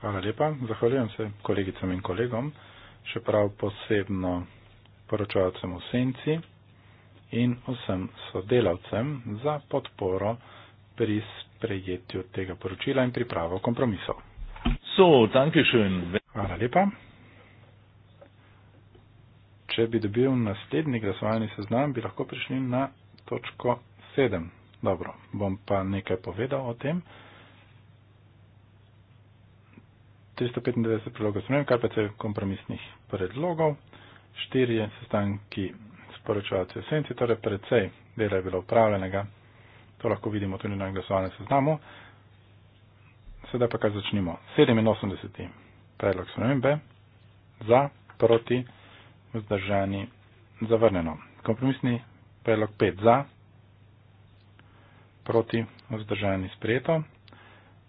Hvala lepa, zahvaljujem se kolegicam in kolegom, še prav posebno poročevalcem v senci in vsem sodelavcem za podporo pri sprejetju tega poročila in pripravo kompromisov. So, Hvala lepa. Če bi dobil naslednji glasovalni seznam, bi lahko prišli na točko 7. Dobro, bom pa nekaj povedal o tem. 395 predlogov sprememb, kar pa je kompromisnih predlogov štirje sestanki s poročevalci v senci, torej precej dela je bilo upravljenega. To lahko vidimo tudi na glasovanem seznamu. Sedaj pa kar začnimo. 87. predlog spremembe za, proti, vzdržani, zavrnjeno. Kompromisni predlog 5 za, proti, vzdržani, sprejeto.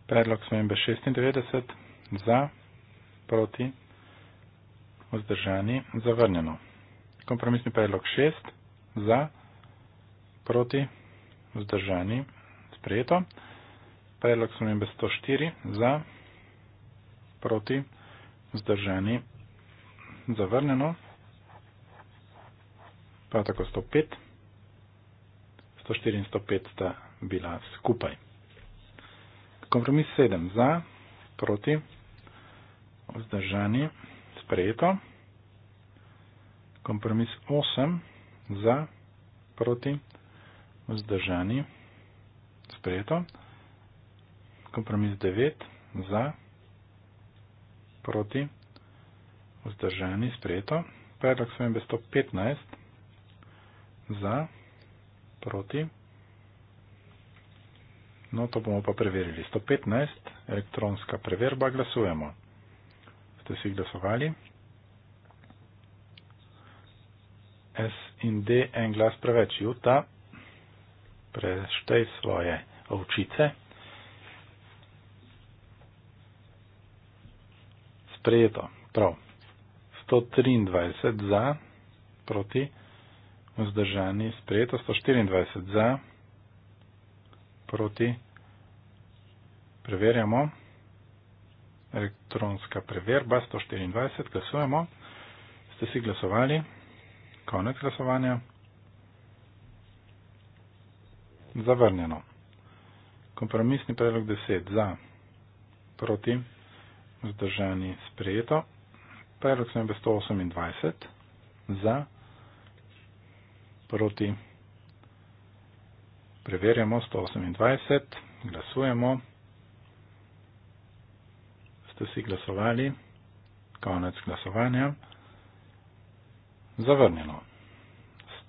Predlog spremembe 96 za, proti, vzdržani, zavrnjeno. Kompromisni predlog 6, za, proti, vzdržani, sprejeto. Predlog spremembe 104, za, proti, vzdržani, zavrnjeno. Prav tako 105, 104 in 105 sta bila skupaj. Kompromis 7, za, proti, vzdržani, zavrnjeno sprejeto. Kompromis 8 za, proti, vzdržani, sprejeto. Kompromis 9 za, proti, vzdržani, sprejeto. Predlog svembe 115 za, proti. No, to bomo pa preverili. 115, elektronska preverba, glasujemo. 115 ste si glasovali. S in D en glas preveč. Juta, preštej svoje ovčice. Sprejeto. Prav. 123 za, proti, vzdržani, sprejeto. 124 za, proti, preverjamo elektronska preverba 124, glasujemo. Ste si glasovali? Konec glasovanja. Zavrnjeno. Kompromisni predlog 10 za, proti, vzdržani sprejeto. Predlog sem 128 za, proti, preverjamo 128, glasujemo ste si glasovali, konec glasovanja, zavrnjeno.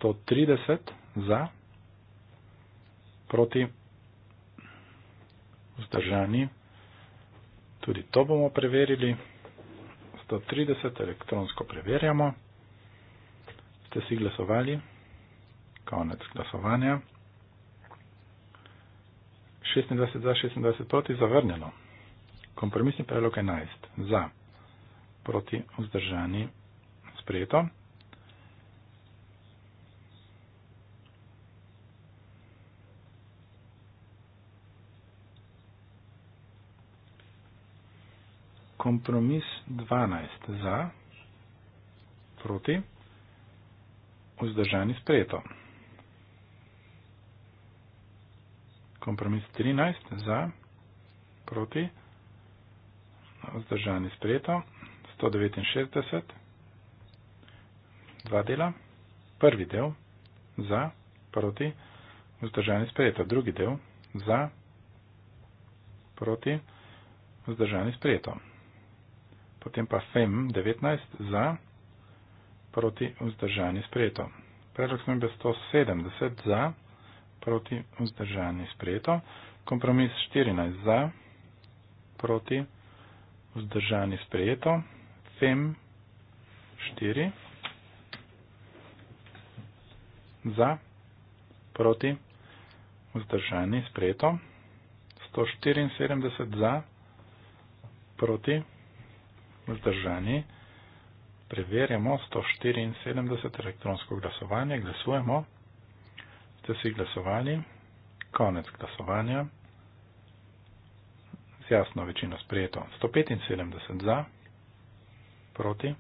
130 za, proti, vzdržani, tudi to bomo preverili. 130 elektronsko preverjamo. Ste si glasovali, konec glasovanja. 26 za, 26 proti, zavrnjeno. Kompromisni predlog 11. Za. Proti. Vzdržani. Sprejeto. Kompromis 12. Za. Proti. Vzdržani. Sprejeto. Kompromis 13. Za. Proti. Vzdržani vzdržani sprejeto. 169. Dva dela. Prvi del za, proti, vzdržani sprejeto. Drugi del za, proti, vzdržani sprejeto. Potem pa FEM 19 za, proti, vzdržani sprejeto. Predlog smo imeli 170 za, proti, vzdržani sprejeto. Kompromis 14 za, proti, vzdržani sprejeto vzdržani sprejeto. Fem, štiri, za, proti, vzdržani sprejeto. 174 za, proti, vzdržani. Preverjamo 174 elektronsko glasovanje. Glasujemo. Ste si glasovali? Konec glasovanja z jasno večino sprejeto. 175 za, proti,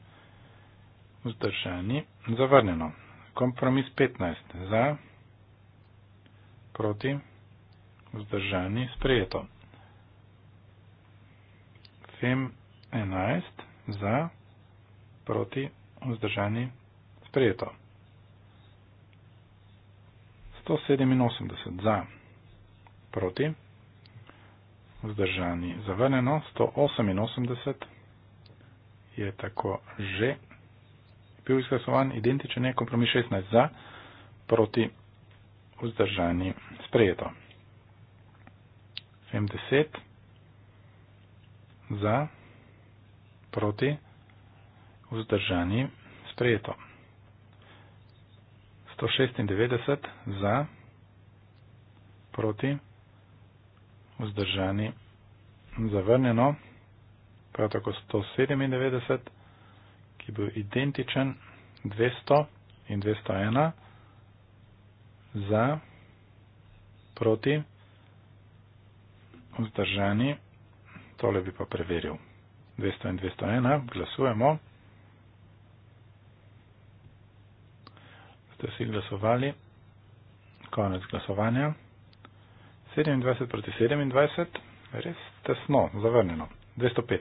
vzdržani, zavrnjeno. Kompromis 15 za, proti, vzdržani, sprejeto. FEM 11 za, proti, vzdržani, sprejeto. 187 za, proti, vzdržani, sprejeto vzdržani. Zavrnjeno 188 je tako že bil izglasovan, identičen je kompromis 16 za, proti vzdržani sprejeto. 70 za, proti vzdržani sprejeto. 196 za, proti vzdržani sprejeto vzdržani, zavrnjeno, prav tako 197, ki je bil identičen 200 in 201 za, proti, vzdržani, tole bi pa preveril. 200 in 201, glasujemo. Ste vsi glasovali? Konec glasovanja. 27 proti 27, res tesno, zavrnjeno. 205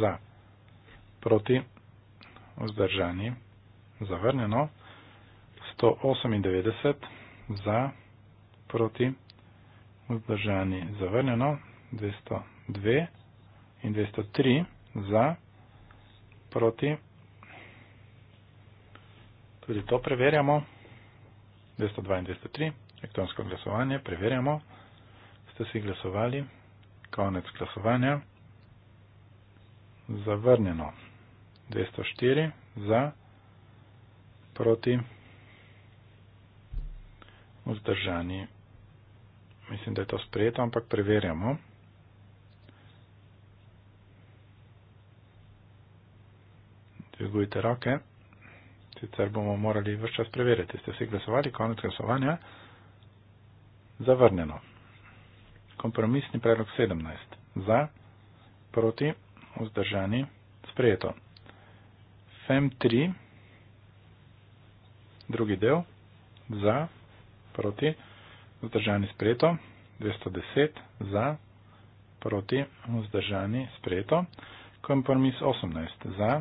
za, proti, vzdržani, zavrnjeno. 198 za, proti, vzdržani, zavrnjeno. 202 in 203 za, proti, tudi to preverjamo. 202 in 203, elektronsko glasovanje, preverjamo ste si glasovali. Konec glasovanja. Zavrnjeno. 204 za, proti, vzdržani. Mislim, da je to sprejeto, ampak preverjamo. Dvigujte roke. Sicer bomo morali vrščas preveriti. Ste vsi glasovali? Konec glasovanja. Zavrnjeno kompromisni predlog 17. Za, proti, vzdržani, sprejeto. FEM 3, drugi del, za, proti, vzdržani, sprejeto. 210, za, proti, vzdržani, sprejeto. Kompromis 18, za,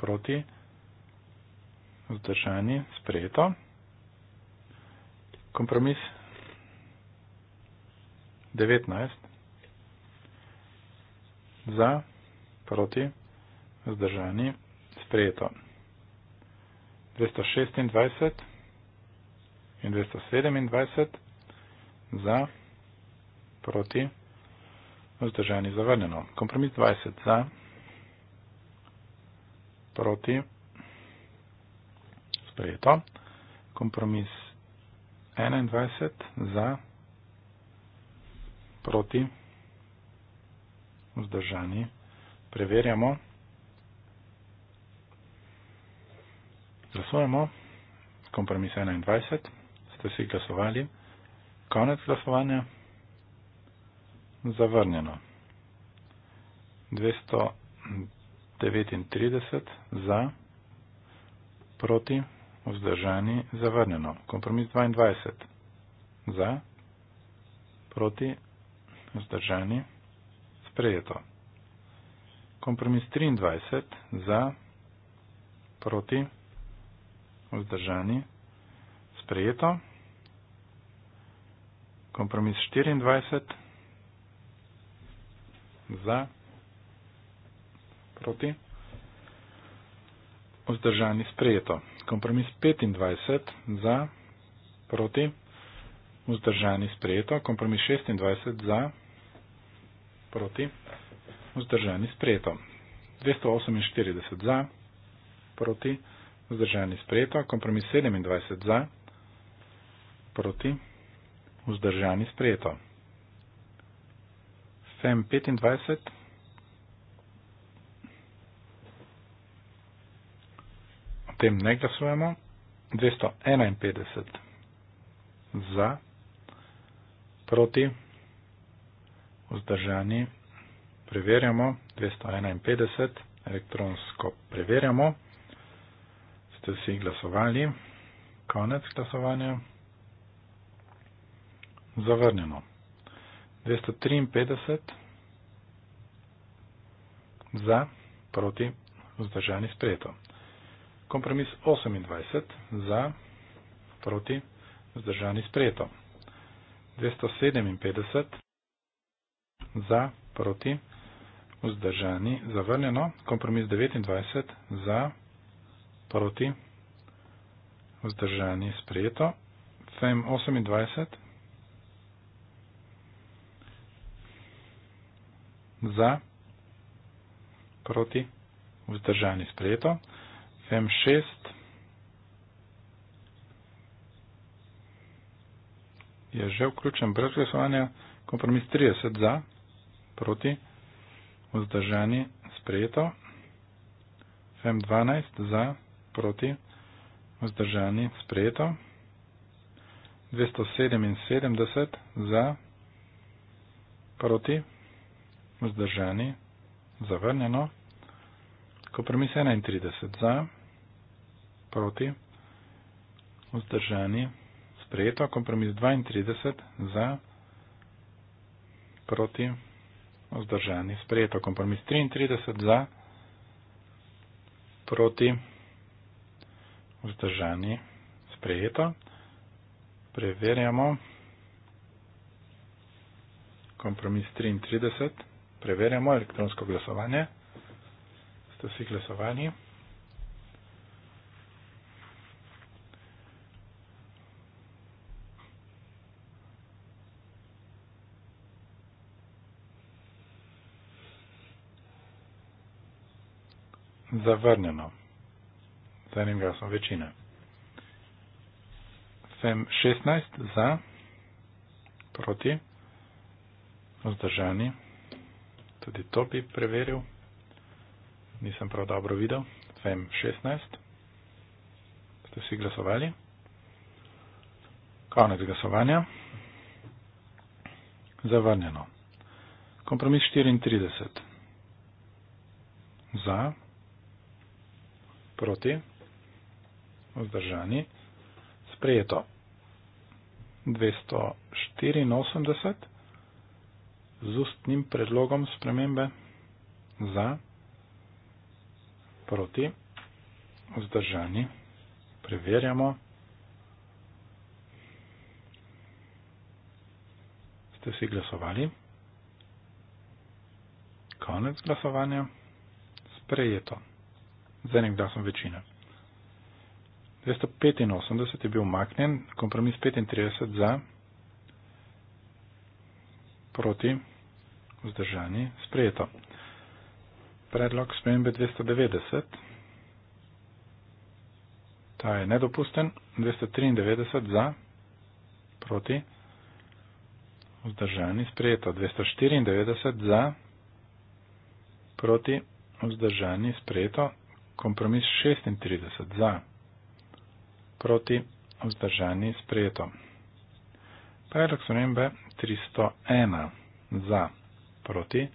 proti, vzdržani, sprejeto. Kompromis 19. Za, proti, vzdržani, sprejeto. 226 in 227. Za, proti, vzdržani, zavrnjeno. Kompromis 20. Za, proti, sprejeto. Kompromis 21. Za, proti, vzdržani, zavrnjeno proti, vzdržani, preverjamo, glasujemo, kompromis 21, ste vsi glasovali, konec glasovanja, zavrnjeno, 239 za, proti, vzdržani, zavrnjeno, kompromis 22, za, proti, vzdržani. Sprejeto. Kompromis 23 za, proti, vzdržani, sprejeto. Kompromis 24 za, proti, vzdržani, sprejeto. Kompromis 25 za, proti, vzdržani, sprejeto. Kompromis 26 za, proti proti, vzdržani sprejeto. 248 za, proti, vzdržani sprejeto. Kompromis 27 za, proti, vzdržani sprejeto. FEM 25. O tem ne glasujemo. 251 za, proti, vzdržani sprejeto vzdržani. Preverjamo 251, elektronsko preverjamo. Ste vsi glasovali? Konec glasovanja. Zavrnjeno. 253 za, proti, vzdržani sprejeto. Kompromis 28 za, proti, vzdržani sprejeto. 257 za, proti, vzdržani, zavrnjeno, kompromis 29, za, proti, vzdržani, sprejeto, FEM 28, za, proti, vzdržani, sprejeto, FEM 6, je že vključen brez glasovanja, kompromis 30 za, proti, vzdržani, sprejeto. FM12 za, proti, vzdržani, sprejeto. 277 za, proti, vzdržani, zavrnjeno. Kompromis 31 za, proti, vzdržani, sprejeto. Kompromis 32 za, proti, vzdržani vzdržani. Sprejeto kompromis 33 za, proti, vzdržani, sprejeto. Preverjamo. Kompromis 33. Preverjamo elektronsko glasovanje. Ste vsi glasovali? zavrnjeno. Z enim glasom večine. Sem 16 za, proti, vzdržani. Tudi to bi preveril. Nisem prav dobro videl. Sem 16. Ste vsi glasovali? Konec glasovanja. Zavrnjeno. Kompromis 34. Za, proti, vzdržani, sprejeto 284 z ustnim predlogom spremembe za, proti, vzdržani, preverjamo. Ste vsi glasovali? Konec glasovanja. Sprejeto z enim glasom večine. 285 je bil umaknjen, kompromis 35 za, proti, vzdržani, sprejeto. Predlog spremembe 290, ta je nedopusten, 293 za, proti, vzdržani, sprejeto. 294 za, proti, vzdržani, sprejeto kompromis 36 za, proti vzdržani sprejeto. Predlog spremembe 301 za, proti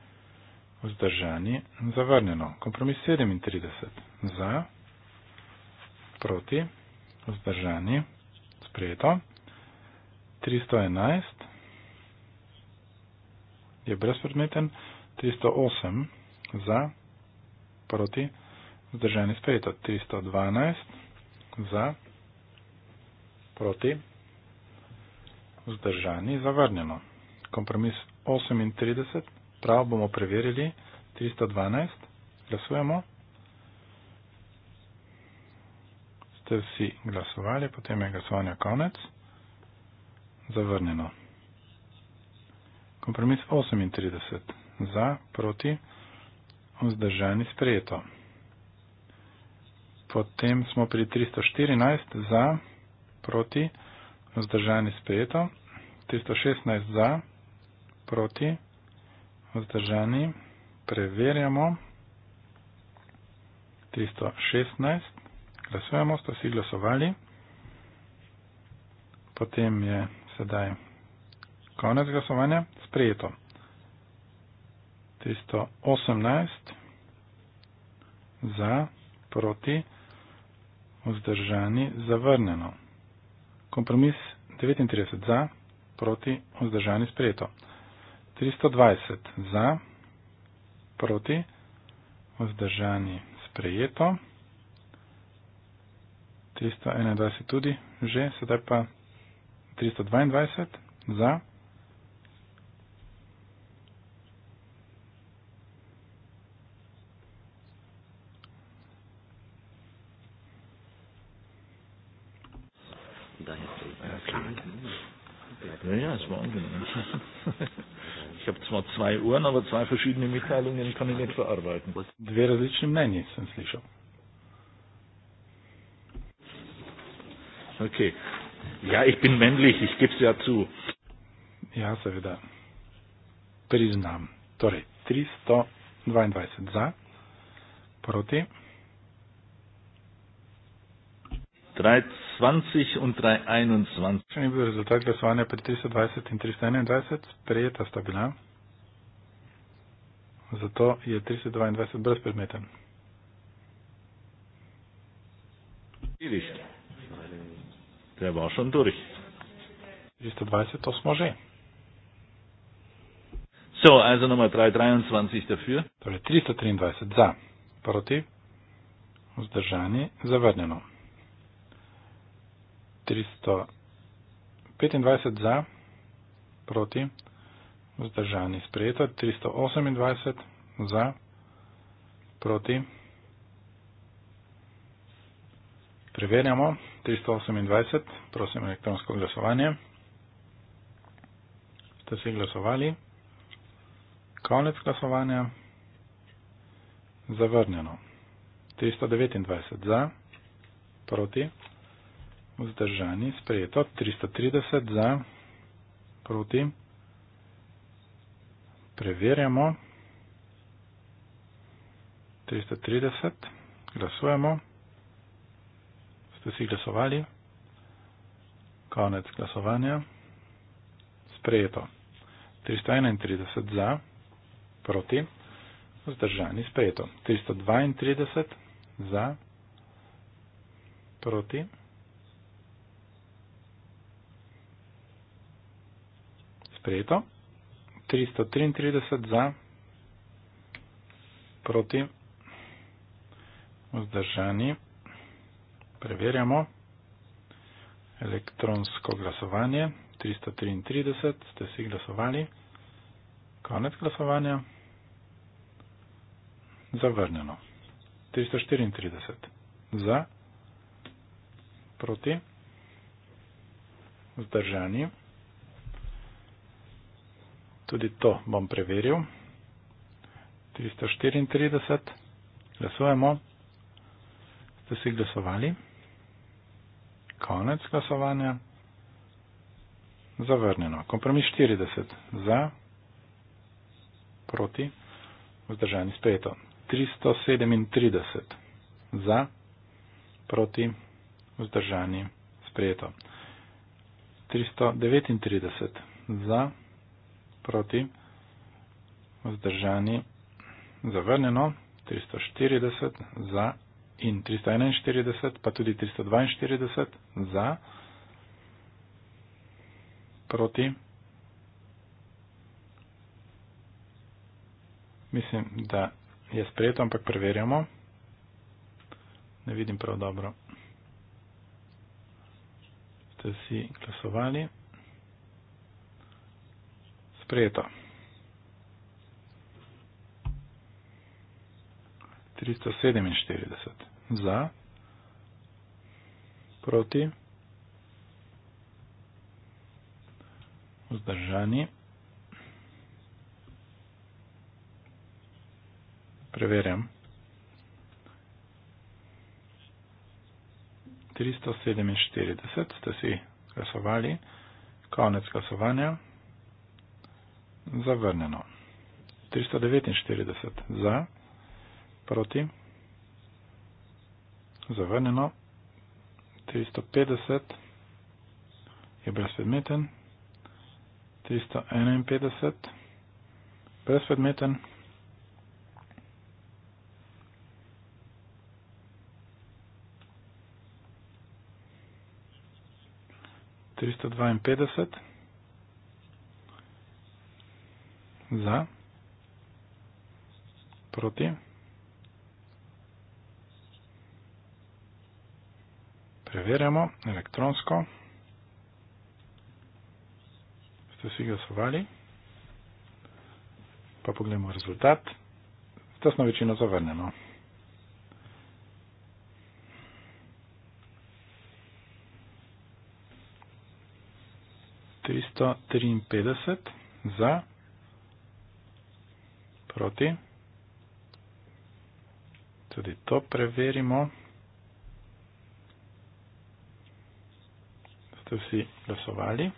vzdržani zavrnjeno. Kompromis 37 za, proti vzdržani sprejeto. 311 je brezpredmeten, 308 za, proti vzdržani sprejeto. Zdržani spet od 312. Za. Proti. Zdržani. Zavrnjeno. Kompromis 38. Prav bomo preverili. 312. Glasujemo. Ste vsi glasovali, potem je glasovanje konec. Zavrnjeno. Kompromis 38. Za, proti, vzdržani sprejeto. Potem smo pri 314 za, proti, vzdržani sprejeto. 316 za, proti, vzdržani. Preverjamo. 316. Glasujemo, ste vsi glasovali. Potem je sedaj konec glasovanja. Sprejeto. 318 za, proti, vzdržani vzdržani, zavrnjeno. Kompromis 39 za, proti, vzdržani, sprejeto. 320 za, proti, vzdržani, sprejeto. 321 tudi že, sedaj pa 322 za. Ja, ja, es war angenehm. [LAUGHS] Ich habe zwar zwei Uhren, aber zwei verschiedene Mitteilungen kann ich nicht verarbeiten. Dve različne mnenje sem slišal. Okay. Ja, ich bin männlich, ich gebe es ja zu. Ja, seveda. Priznam. Torej, 322 za, proti. 13. 20 und 321. Ich habe Resultat glasovanja pri 320 in 321. Sprejeta sta bila. Zato je 322 brezpredmeten. Vidiš. To je vašem durih. 320, to smo že. So, also nochmal 323 dafür. Torej 323 za. Proti. Vzdržani, zavrnjeno. 325 za, proti, vzdržani sprejeto, 328 za, proti. Preverjamo, 328, prosim elektronsko glasovanje. Ste si glasovali? Konec glasovanja. Zavrnjeno. 329 za, proti vzdržani, sprejeto, 330 za, proti, preverjamo, 330, glasujemo, ste si glasovali, konec glasovanja, sprejeto, 331 za, proti, vzdržani, sprejeto, 332 za, proti, sprejeto. 333 za, proti, vzdržani. Preverjamo elektronsko glasovanje. 333 ste si glasovali. Konec glasovanja. Zavrnjeno. 334 za, proti, vzdržani. Tudi to bom preveril. 334. Glasujemo. Ste si glasovali? Konec glasovanja. Zavrnjeno. Kompromis 40. Za. Proti. Vzdržani sprejeto. 337. Za. Proti. Vzdržani sprejeto. 339. Za proti, vzdržani, zavrnjeno, 340 za in 341, pa tudi 342 za, proti. Mislim, da je sprejeto, ampak preverjamo. Ne vidim prav dobro. Ste si glasovali? sprejeta. 347 za, proti, vzdržani, preverjam, 347 ste si glasovali, konec glasovanja. Zavrnjeno. 349 za, proti, zavrnjeno. 350 je brezpredmeten. 351 brezpredmeten. 352 za, proti, preverjamo elektronsko, ste vsi glasovali, pa pogledamo rezultat, tesno večino zavrnemo. Tristo triinpetdeset za proti. Tudi to preverimo. Ste vsi glasovali?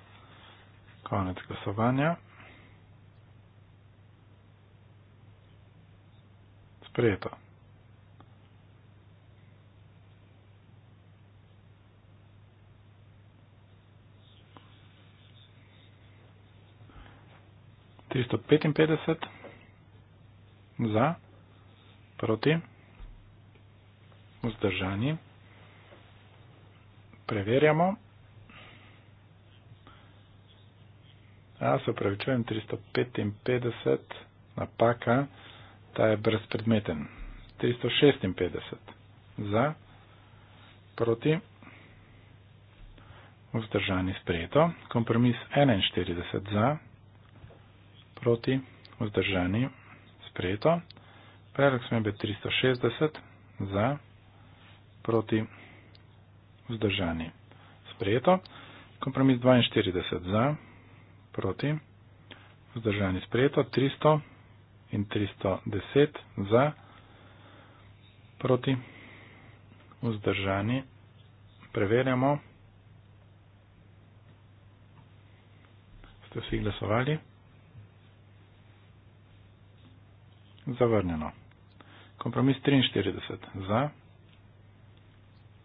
Konec glasovanja. Sprejeto. Tristo petinpetdeset za, proti, vzdržani. Preverjamo. Ja, se upravičujem, 355 napaka, ta je brezpredmeten. 356 za, proti, vzdržani sprejeto. Kompromis 41 za, proti, vzdržani sprejeto sprejeto. Predlog smembe 360 za proti vzdržani. Sprejeto. Kompromis 42 za proti vzdržani. Sprejeto. 300 in 310 za proti vzdržani. Preverjamo. Ste vsi glasovali? Zavrnjeno. Kompromis 43. Za.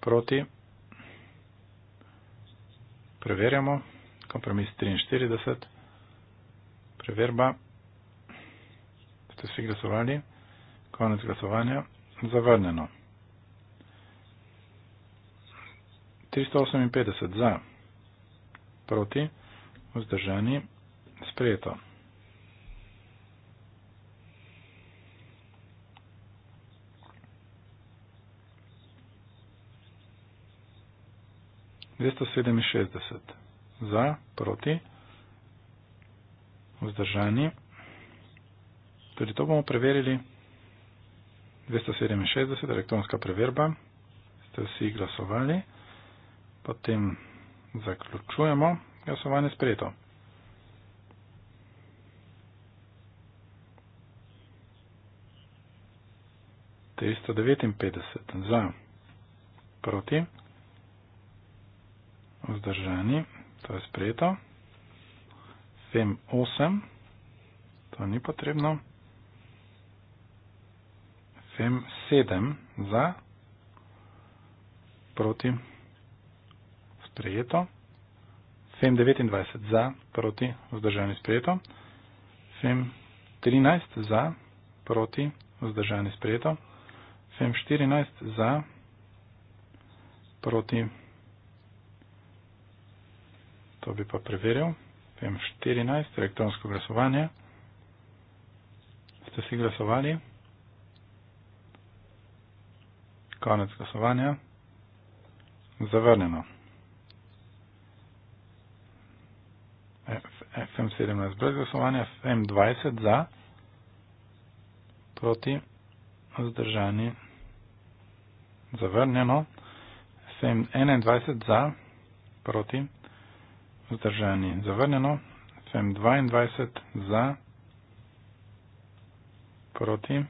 Proti. Preverjamo. Kompromis 43. Preverba. Ste vsi glasovali? Konec glasovanja. Zavrnjeno. 358 za. Proti. Vzdržani. Sprejeto. 267 za, proti, vzdržani. Tudi to bomo preverili. 267, elektronska preverba. Ste vsi glasovali. Potem zaključujemo. Glasovanje sprejeto. 359 za, proti vzdržani, to je sprejeto. Sem 8, to ni potrebno. Sem 7 za, proti, sprejeto. Sem 29 za, proti, vzdržani, sprejeto. Sem 13 za, proti, vzdržani, sprejeto. Sem 14 za, proti, vzdržani, sprejeto to bi pa preveril. Vem 14, elektronsko glasovanje. Ste si glasovali? Konec glasovanja. Zavrnjeno. FM17 brez glasovanja, FM20 za, proti, zdržani, zavrnjeno, FM21 za, proti, zdržani vzdržani, zavrnjeno, sem 22 za, proti,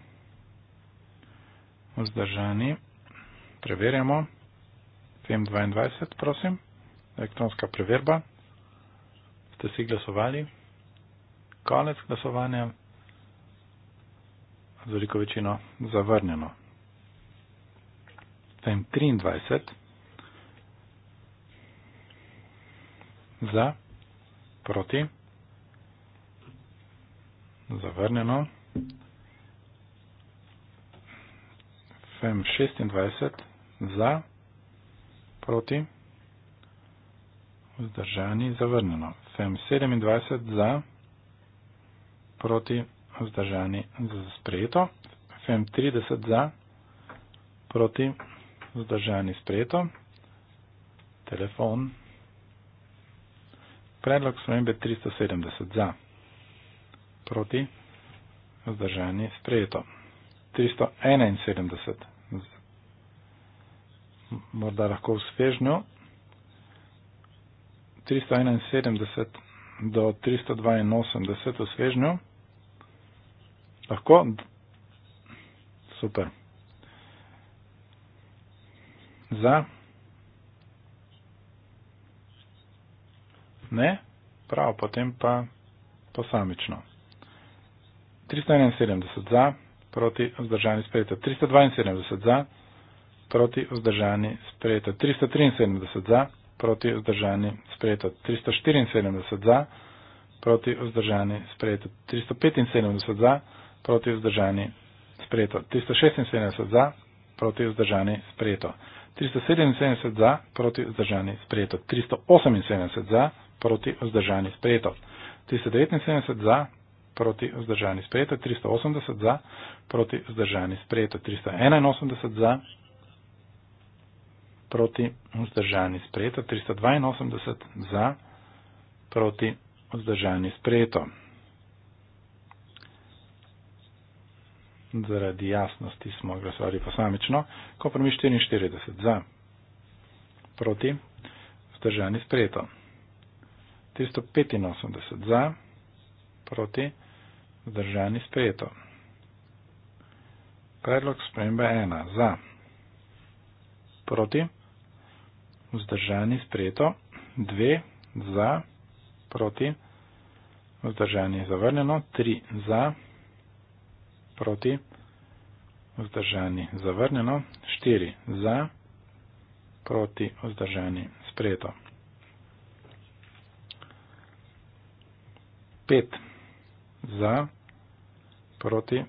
vzdržani, preverjamo, sem 22, prosim, elektronska preverba, ste si glasovali, konec glasovanja, z veliko večino zavrnjeno. Sem 23, Za. Proti. Zavrnjeno. FEM 26. Za. Proti. Vzdržani. Zavrnjeno. FEM 27. Za. Proti. Vzdržani. Za sprejeto. FEM 30. Za. Proti. Vzdržani. Sprejeto. Telefon. Telefon predlog spremembe 370 za, proti, vzdržanje sprejeto. 371, morda lahko uspešno. 371 do 382 v svežnju. Lahko? Super. Za ne, prav, potem pa posamično. 371 za, proti vzdržani sprejeta. 372 za, proti vzdržani sprejeta. 373 za, proti vzdržani sprejeta. 374 za, proti vzdržani sprejeta. 375 za, proti vzdržani sprejeta. 376 za, proti vzdržani sprejeta. 377 za, proti vzdržani sprejeta. 378 za, proti vzdržani sprejeta proti vzdržani sprejeto. 379 za, proti vzdržani sprejeto. 380 za, proti vzdržani sprejeto. 381 za, proti vzdržani sprejeto. 382 za, proti vzdržani sprejeto. Zaradi jasnosti smo glasovali posamično. Koprmi 44 za, proti vzdržani sprejeto. 385 za, proti, zdržani sprejeto. Predlog spremembe 1 za, proti, vzdržani sprejeto, 2 za, proti, vzdržani zavrnjeno, 3 za, proti, vzdržani zavrnjeno, 4 za, proti, vzdržani sprejeto. 5 za, proti,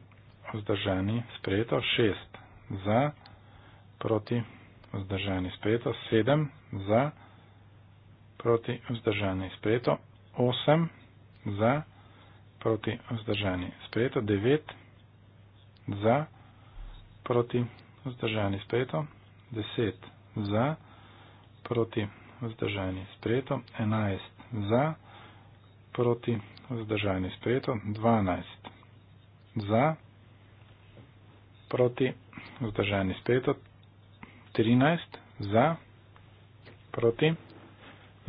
vzdržani, sprejeto, 6 za, proti, vzdržani, sprejeto, 7 za, proti, vzdržani, sprejeto, 8 za, proti, vzdržani, sprejeto, 9 za, proti, vzdržani, sprejeto, 10 za, proti, vzdržani, sprejeto, 11 za, proti, vzdržanje sprejeto, 12 za, proti, vzdržanje sprejeto, 13 za, proti,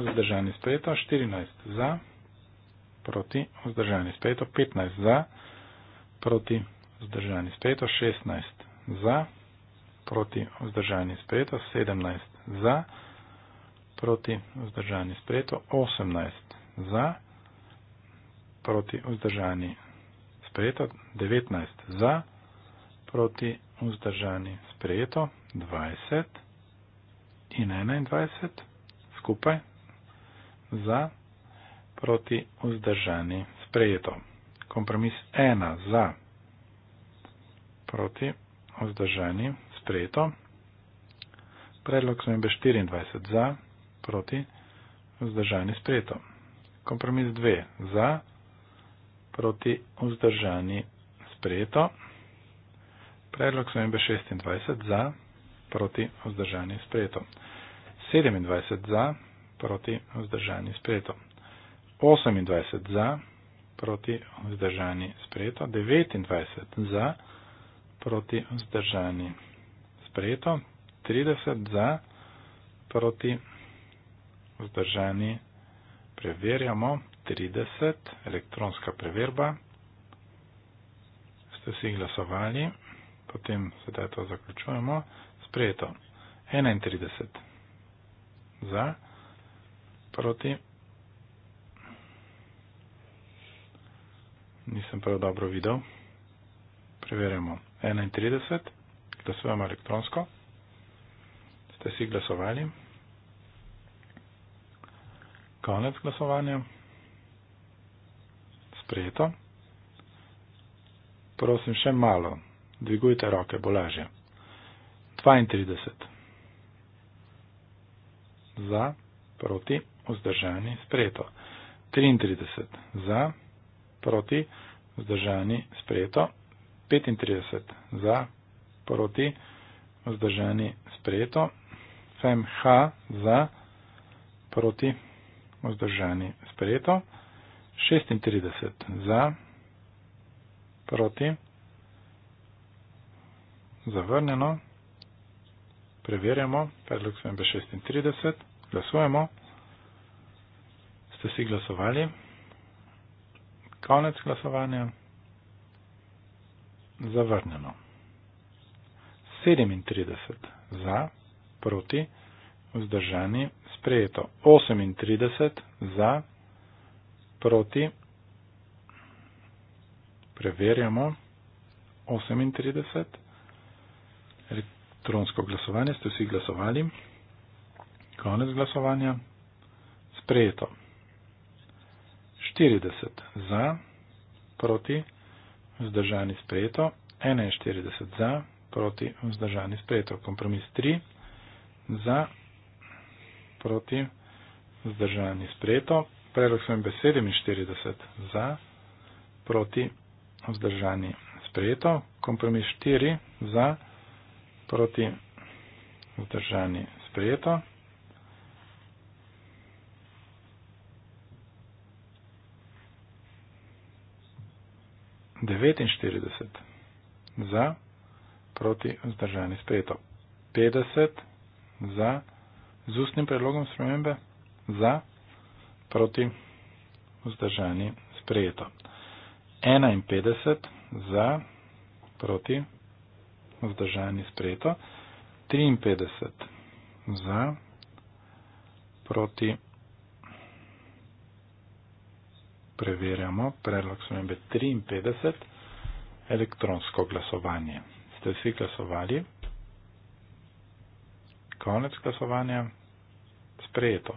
vzdržanje sprejeto, 14 za, proti, vzdržanje sprejeto, 15 za, proti, vzdržanje sprejeto, 16 za, proti, vzdržanje sprejeto, 17 za, proti, vzdržanje sprejeto, 18 za, proti, proti vzdržani. Sprejeto 19 za, proti vzdržani. Sprejeto 20 in 21 skupaj za, proti vzdržani. Sprejeto. Kompromis 1 za, proti vzdržani. Sprejeto. Predlog smembe 24 za, proti vzdržani. Sprejeto. Kompromis 2 za, proti vzdržani proti vzdržani sprejeto. Predlog spremembe 26 za proti vzdržani sprejeto. 27 za proti vzdržani sprejeto. 28 za proti vzdržani sprejeto. 29 za proti vzdržani sprejeto. 30 za proti vzdržani preverjamo. 30, elektronska preverba. Ste vsi glasovali, potem sedaj to zaključujemo. Sprejeto. 31 za, proti. Nisem prav dobro videl. Preverjamo. 31. Glasujemo elektronsko. Ste si glasovali? Konec glasovanja sprejeto. Prosim, še malo. Dvigujte roke, bo lažje. 32. Za, proti, vzdržani, sprejeto. 33. Za, proti, vzdržani, sprejeto. 35. Za, proti, vzdržani, sprejeto. FMH za, proti, vzdržani, sprejeto. 36 za, proti, zavrnjeno, preverjamo, predlog sem be 36, glasujemo, ste si glasovali, konec glasovanja, zavrnjeno. 37 za, proti, vzdržani, sprejeto. 38 za, proti, proti, preverjamo, 38, elektronsko glasovanje, ste vsi glasovali, konec glasovanja, sprejeto, 40 za, proti, vzdržani sprejeto, 41 za, proti, vzdržani sprejeto, kompromis 3, za, proti, vzdržani sprejeto, Predlog sem besed 47 za, proti vzdržani sprejeto. Kompromis 4 za, proti vzdržani sprejeto. devetinštirideset za proti vzdržani sprejeto petdeset za z ustnim predlogom spremembe za proti, vzdržani, sprejeto. 51 za, proti, vzdržani, sprejeto. 53 za, proti, preverjamo, predlog smo imeli 53, elektronsko glasovanje. Ste vsi glasovali? Konec glasovanja, sprejeto.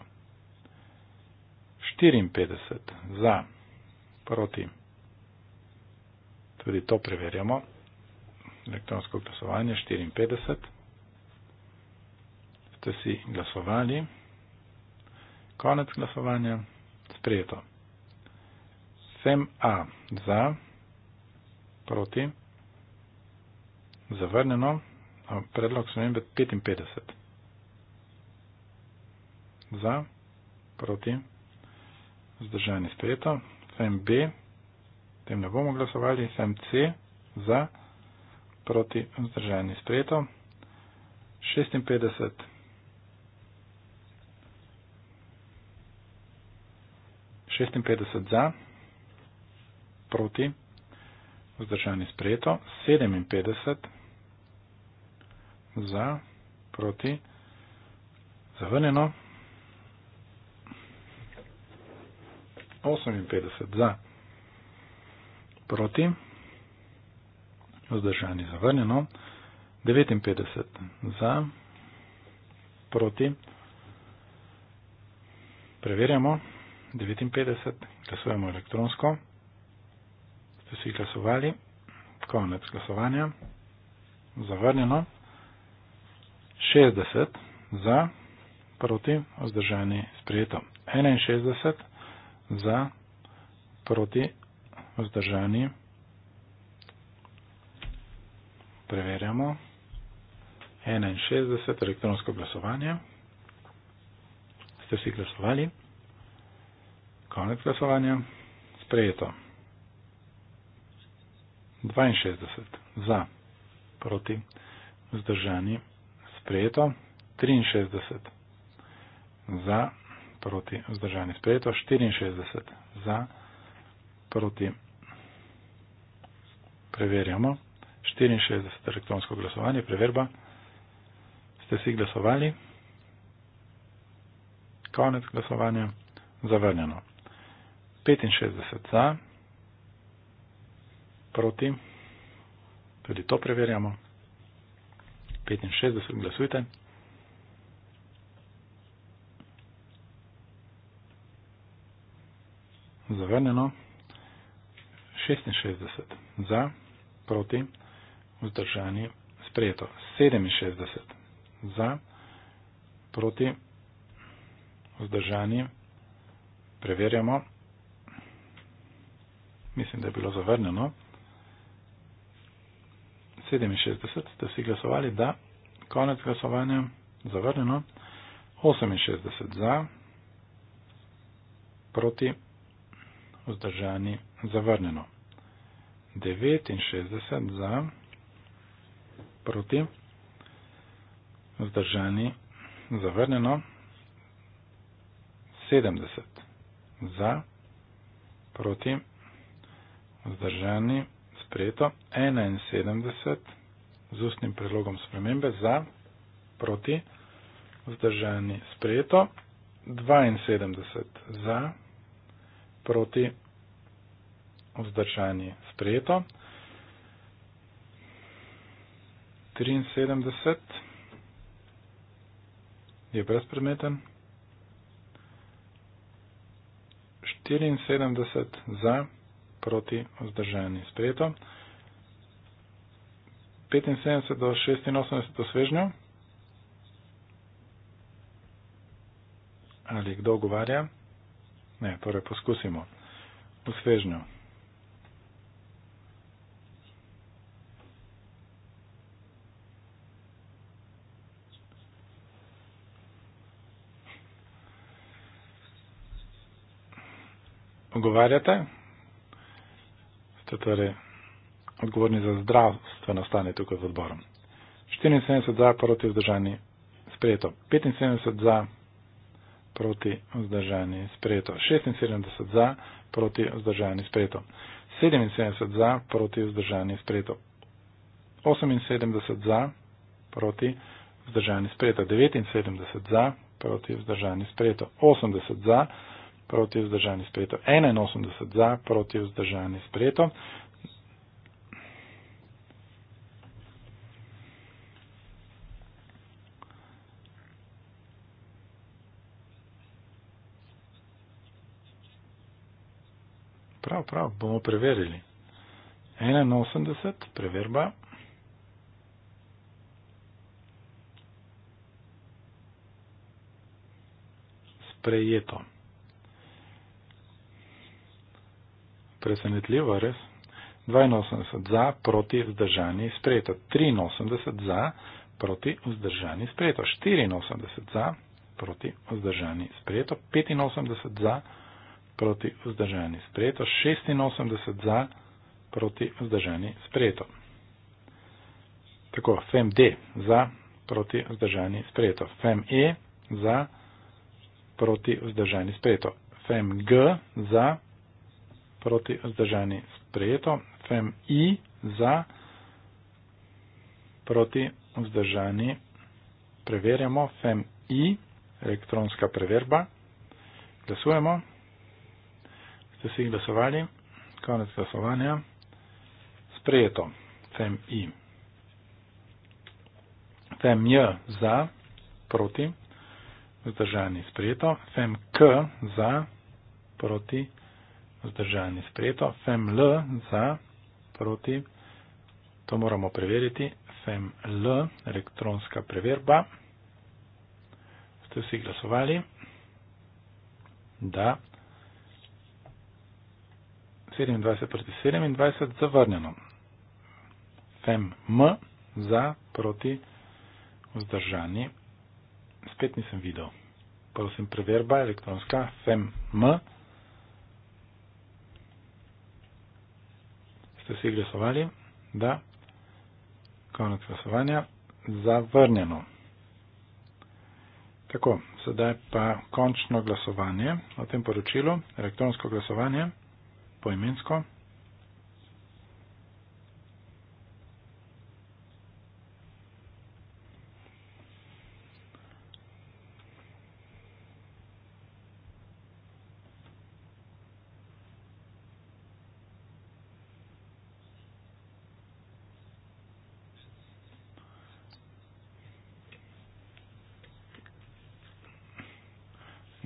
54 za, proti. Tudi to preverjamo. Elektronsko glasovanje 54. Ste si glasovali. Konec glasovanja. Sprejeto. Sem A za, proti. Zavrnjeno. Predlog spremembe 55. Za, proti zdržani sprejeto, 7B, tem ne bomo glasovali, 7C za, proti zdržani sprejeto, 56. za, proti, vzdržani sprejeto, 57 za, proti, zavrnjeno, 58 za, proti, vzdržani zavrnjeno, 59 za, proti, preverjamo, 59, glasujemo elektronsko, ste vsi glasovali, konec glasovanja, zavrnjeno, 60 za, proti, vzdržani sprejeto, 61 za, za, proti, vzdržani. Preverjamo. 61, elektronsko glasovanje. Ste vsi glasovali? Konec glasovanja. Sprejeto. 62, za, proti, vzdržani. Sprejeto. 63, za, proti proti vzdržanih. Sprejeto 64 za, proti preverjamo. 64 elektronsko glasovanje, preverba. Ste si glasovali? Konec glasovanja. Zavrnjeno. 65 za, proti. Tudi to preverjamo. 65 glasujte. zavrnjeno, 66 za, proti, vzdržani, sprejeto, 67 za, proti, vzdržani, preverjamo, mislim, da je bilo zavrnjeno, 67 ste vsi glasovali, da, konec glasovanja, zavrnjeno, 68 za, proti, vzdržani, vzdržani, zavrnjeno. 69 za, proti, vzdržani, zavrnjeno. 70 za, proti, vzdržani, sprejeto. 71 z ustnim predlogom spremembe za, proti, vzdržani, sprejeto. 72 za, proti, proti vzdržani sprejeto. 73 je brezpredmeten. 74 za proti vzdržani sprejeto. 75 do 86 do svežnjo. Ali kdo govarja? Ne, torej poskusimo. V svežnju. Ogovarjate? Ste torej odgovorni za zdravstveno stanje tukaj z odborom. 74 za proti vzdržani sprejeto. 75 za proti vzdržani sprejeto. 76 za proti vzdržani sprejeto. 77 za proti vzdržani sprejeto. 78 za proti vzdržani sprejeto. 79 za proti vzdržani sprejeto. 80 za proti vzdržani sprejeto. 81 za proti vzdržani sprejeto. prav, prav, bomo preverili. 81, preverba. Sprejeto. Presenetljivo, res. 82 za, proti, vzdržani, sprejeto. 83 za, proti, vzdržani, sprejeto. 84 za, proti, vzdržani, sprejeto. 85 za, proti, vzdržani, sprejeto proti vzdržani sprejeto, 86 za proti vzdržani sprejeto. Tako, FMD za proti vzdržani sprejeto, FME za proti vzdržani sprejeto, FMG za proti vzdržani sprejeto, FMI za proti vzdržani preverjamo, FMI elektronska preverba, glasujemo. Ste vsi glasovali? Konec glasovanja. Sprejeto. Fem I. Fem J za, proti, vzdržani sprejeto. Fem K za, proti, vzdržani sprejeto. Fem L za, proti, to moramo preveriti. Fem L, elektronska preverba. Ste vsi glasovali? Da. 24 proti 27 zavrnjeno. Fem M za proti vzdržani. Spet nisem videl. Prosim, preverba elektronska. Fem M. Ste vsi glasovali? Da. Konec glasovanja. Zavrnjeno. Tako, sedaj pa končno glasovanje o tem poročilu, elektronsko glasovanje poimensko.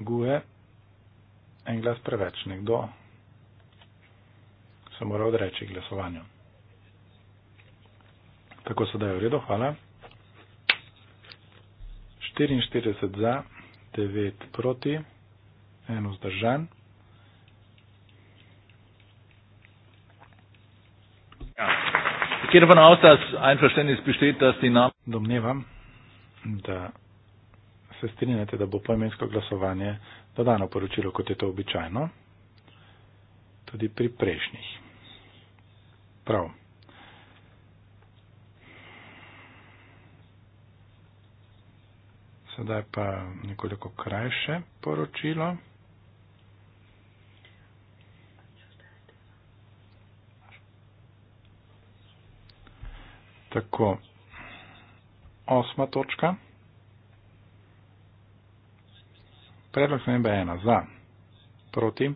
Gue, en glas preveč, nekdo se mora odreči glasovanju. Tako sedaj v redu, hvala. 44 za, 9 proti, 1 vzdržan. Ja. Domnevam, da se strinjate, da bo poimensko glasovanje dodano poročilo, kot je to običajno, tudi pri prejšnjih. Prav. Sedaj pa nekoliko krajše poročilo. Tako, osma točka. Predlog sem ena za, proti,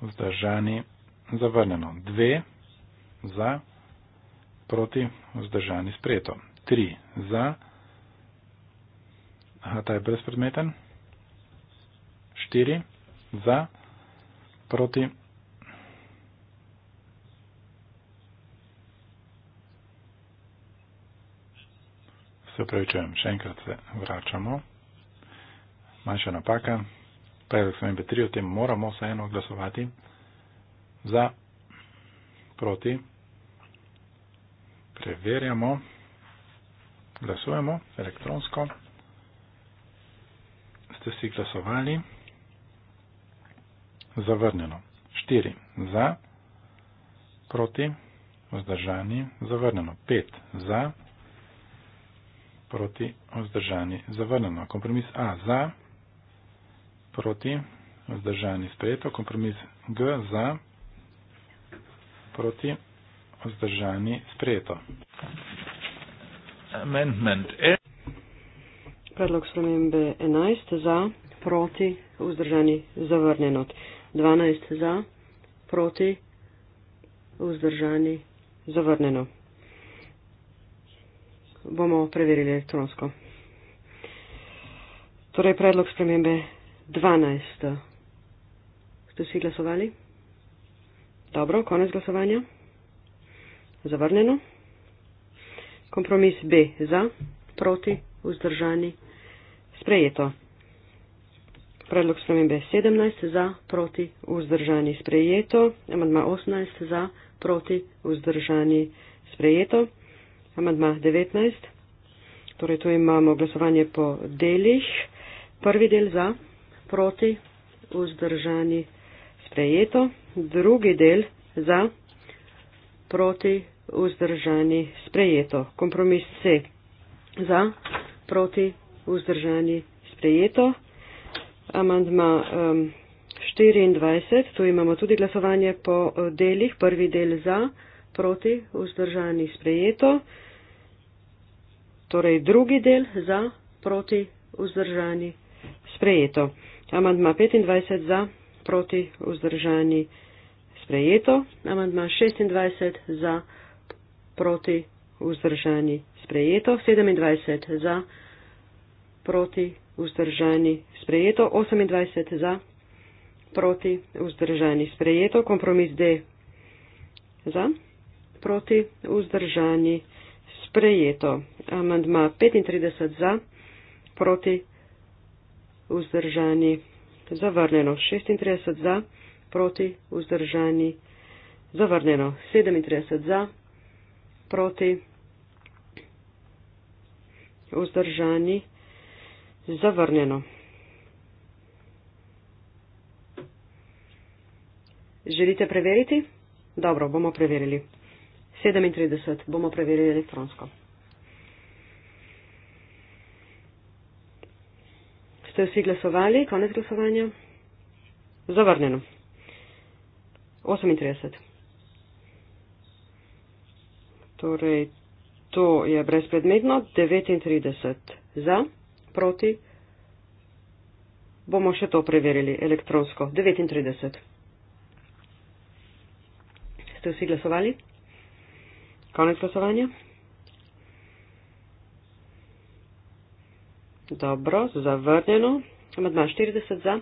vzdržani zavrnjeno. Dve za, proti, vzdržani sprejeto. Tri za, aha, ta je brezpredmeten. Štiri za, proti, se upravičujem, še enkrat se vračamo. Manjša napaka, predlog sem MB3, o tem moramo vseeno glasovati za, proti. Preverjamo, glasujemo elektronsko. Ste si glasovali? Zavrnjeno. 4 za, proti, vzdržani, zavrnjeno. 5 za, proti, vzdržani, zavrnjeno. Kompromis A za, proti, vzdržani, sprejeto. Kompromis G za, proti, proti vzdržani sprejeto. Amendment. Predlog spremembe 11 za, proti vzdržani zavrnjeno. 12 za, proti vzdržani zavrnjeno. Bomo preverili elektronsko. Torej predlog spremembe 12. Ste vsi glasovali? Dobro, konec glasovanja. Zavrnjeno. Kompromis B za, proti, vzdržani. Sprejeto. Predlog spremembe 17 za, proti, vzdržani. Sprejeto. Amandma 18 za, proti, vzdržani. Sprejeto. Amandma 19. Torej tu imamo glasovanje po delih. Prvi del za, proti, vzdržani. Sprejeto drugi del za proti vzdržani sprejeto. Kompromis C za proti vzdržani sprejeto. Amandma um, 24, tu imamo tudi glasovanje po uh, delih, prvi del za proti vzdržani sprejeto. Torej drugi del za proti vzdržani sprejeto. Amandma 25 za proti vzdržani sprejeto, amandma 26 za proti vzdržani sprejeto, 27 za proti vzdržani sprejeto, 28 za proti vzdržani sprejeto, kompromis D za proti vzdržani sprejeto, amandma 35 za proti vzdržani sprejeto zavrnjeno 36 za, proti vzdržani, zavrnjeno 37 za, proti vzdržani, zavrnjeno. Želite preveriti? Dobro, bomo preverili. 37 bomo preverili elektronsko. Ste vsi glasovali? Konec glasovanja? Zavrnjeno. 38. Torej, to je brezpredmetno. 39 za, proti. Bomo še to preverili elektronsko. 39. Ste vsi glasovali? Konec glasovanja? Dobro, zavrnjeno. Amadma 40 za,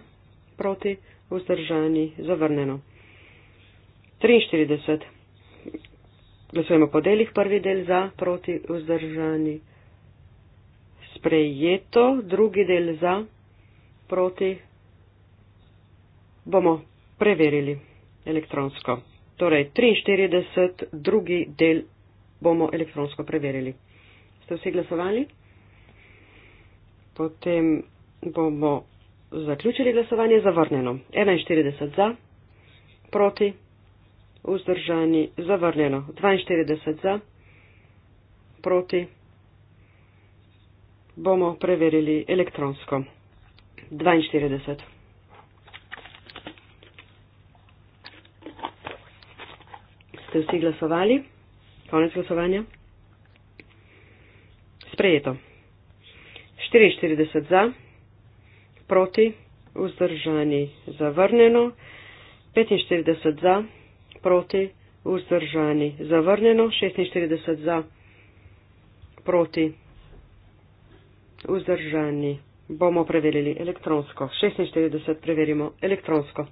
proti, vzdržani, zavrnjeno. 43. Glasujemo po delih, prvi del za, proti, vzdržani. Sprejeto, drugi del za, proti, bomo preverili elektronsko. Torej, 43, drugi del bomo elektronsko preverili. Ste vsi glasovali? potem bomo zaključili glasovanje zavrnjeno. 41 za, proti, vzdržani, zavrnjeno. 42 za, proti, bomo preverili elektronsko. 42. Ste vsi glasovali? Konec glasovanja? Sprejeto. 44 za, proti, vzdržani, zavrnjeno, 45 za, proti, vzdržani, zavrnjeno, 46 za, proti, vzdržani. Bomo preverili elektronsko. 46 preverimo elektronsko.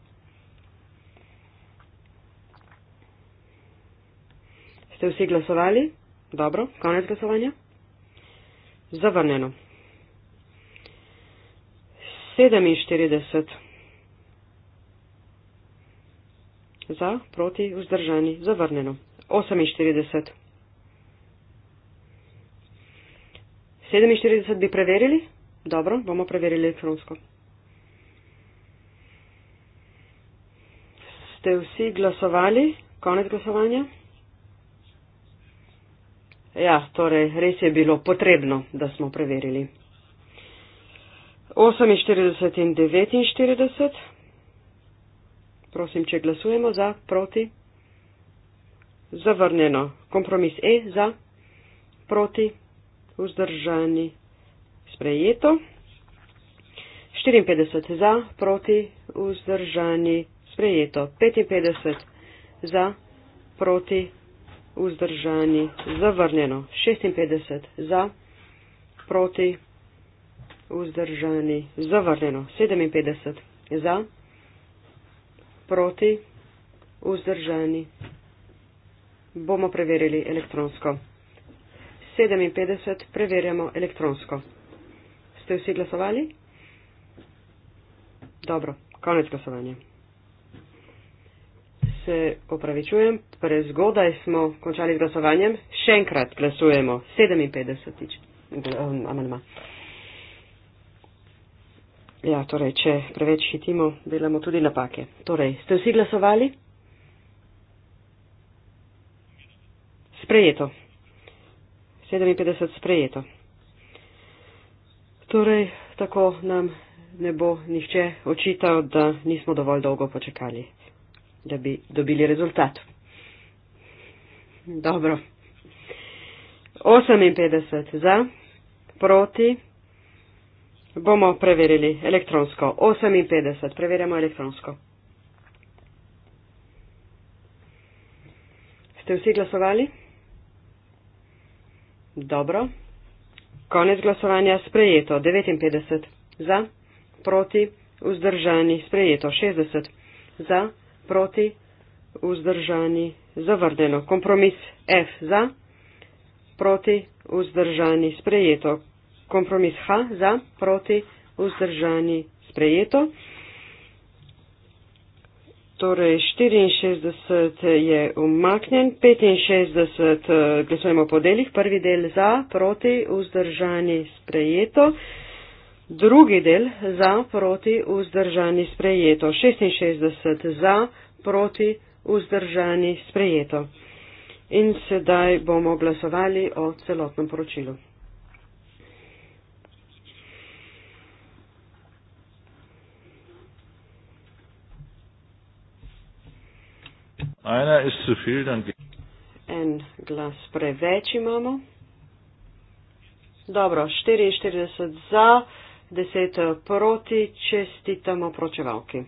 Ste vsi glasovali? Dobro, konec glasovanja. Zavrnjeno. 47. Za, proti, vzdržani, zavrnjeno. 48. 47 bi preverili? Dobro, bomo preverili elektronsko. Ste vsi glasovali? Konec glasovanja? Ja, torej res je bilo potrebno, da smo preverili. 48 in 49. Prosim, če glasujemo za, proti. Zavrnjeno. Kompromis E za, proti, vzdržani. Sprejeto. 54 za, proti, vzdržani. Sprejeto. 55 za, proti, vzdržani. Zavrnjeno. 56 za, proti, vzdržani vzdržani, zavrnjeno 57, za, proti, vzdržani. Bomo preverili elektronsko. 57 preverjamo elektronsko. Ste vsi glasovali? Dobro, konec glasovanja. Se opravičujem, prezgodaj smo končali z glasovanjem. Še enkrat glasujemo. 57. Gl um, Ja, torej, če preveč hitimo, delamo tudi napake. Torej, ste vsi glasovali? Sprejeto. 57 sprejeto. Torej, tako nam ne bo nihče očital, da nismo dovolj dolgo počakali, da bi dobili rezultat. Dobro. 58 za, proti. Bomo preverili elektronsko. 58, preverjamo elektronsko. Ste vsi glasovali? Dobro. Konec glasovanja sprejeto. 59 za, proti, vzdržani, sprejeto. 60 za, proti, vzdržani, zavrdeno. Kompromis F za, proti, vzdržani, sprejeto kompromis H za, proti, vzdržani, sprejeto. Torej 64 je umaknjen, 65 eh, glasujemo po delih, prvi del za, proti, vzdržani, sprejeto. Drugi del za, proti, vzdržani, sprejeto. 66 za, proti, vzdržani, sprejeto. In sedaj bomo glasovali o celotnem poročilu. Einer ist zu viel, dann geht. En glas preveč imamo. Dobro, 44 za, 10 eh, proti, čestitamo pročevalki.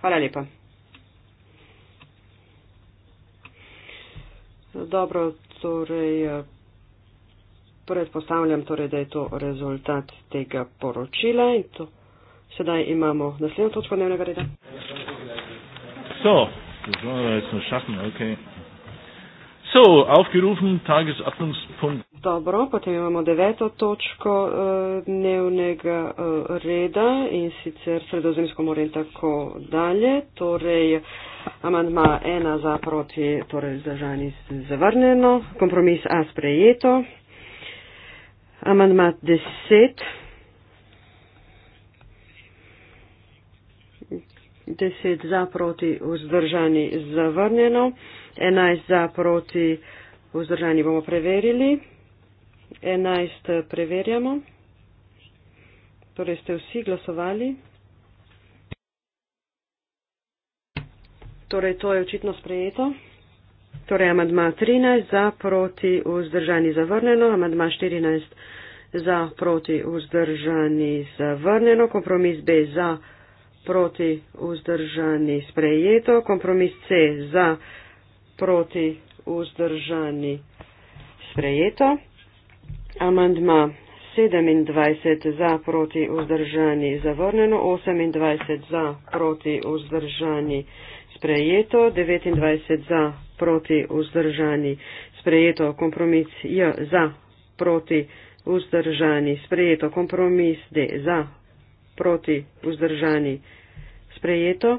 Hvala lepa. Dobro, torej, eh, predpostavljam torej, da je to rezultat tega poročila in to. Sedaj imamo naslednjo točko dnevnega reda. So, das wollen wir jetzt noch schaffen, okay. So, aufgerufen, Tagesordnungspunkt. Dobro, potem imamo deveto točko uh, dnevnega uh, reda in sicer sredozemsko more in tako dalje. Torej, amandma ena za proti, torej zdržani zavrnjeno, kompromis A sprejeto. Amandma deset, 10 za proti vzdržani zavrnjeno, 11 za proti vzdržani bomo preverili, 11 eh, preverjamo. Torej ste vsi glasovali. Torej to je očitno sprejeto. Torej amadma 13 za proti vzdržani zavrnjeno, amadma 14 za proti vzdržani zavrnjeno, kompromis B za proti proti vzdržani sprejeto, kompromis C za proti vzdržani sprejeto, amandma 27 za proti vzdržani zavrnjeno, 28 za proti vzdržani sprejeto, 29 za proti vzdržani sprejeto, kompromis J za proti vzdržani sprejeto, kompromis D za proti vzdržani sprejeto,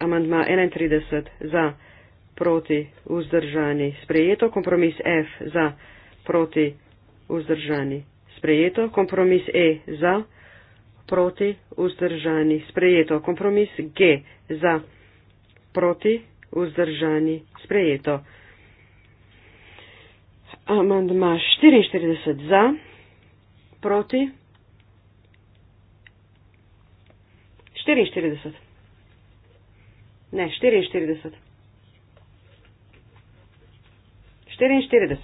amantma 31 za proti vzdržani sprejeto, kompromis F za proti vzdržani sprejeto, kompromis E za proti vzdržani sprejeto, kompromis G za proti vzdržani sprejeto. Amandma 44 za, proti 44. Ne, 44. 44.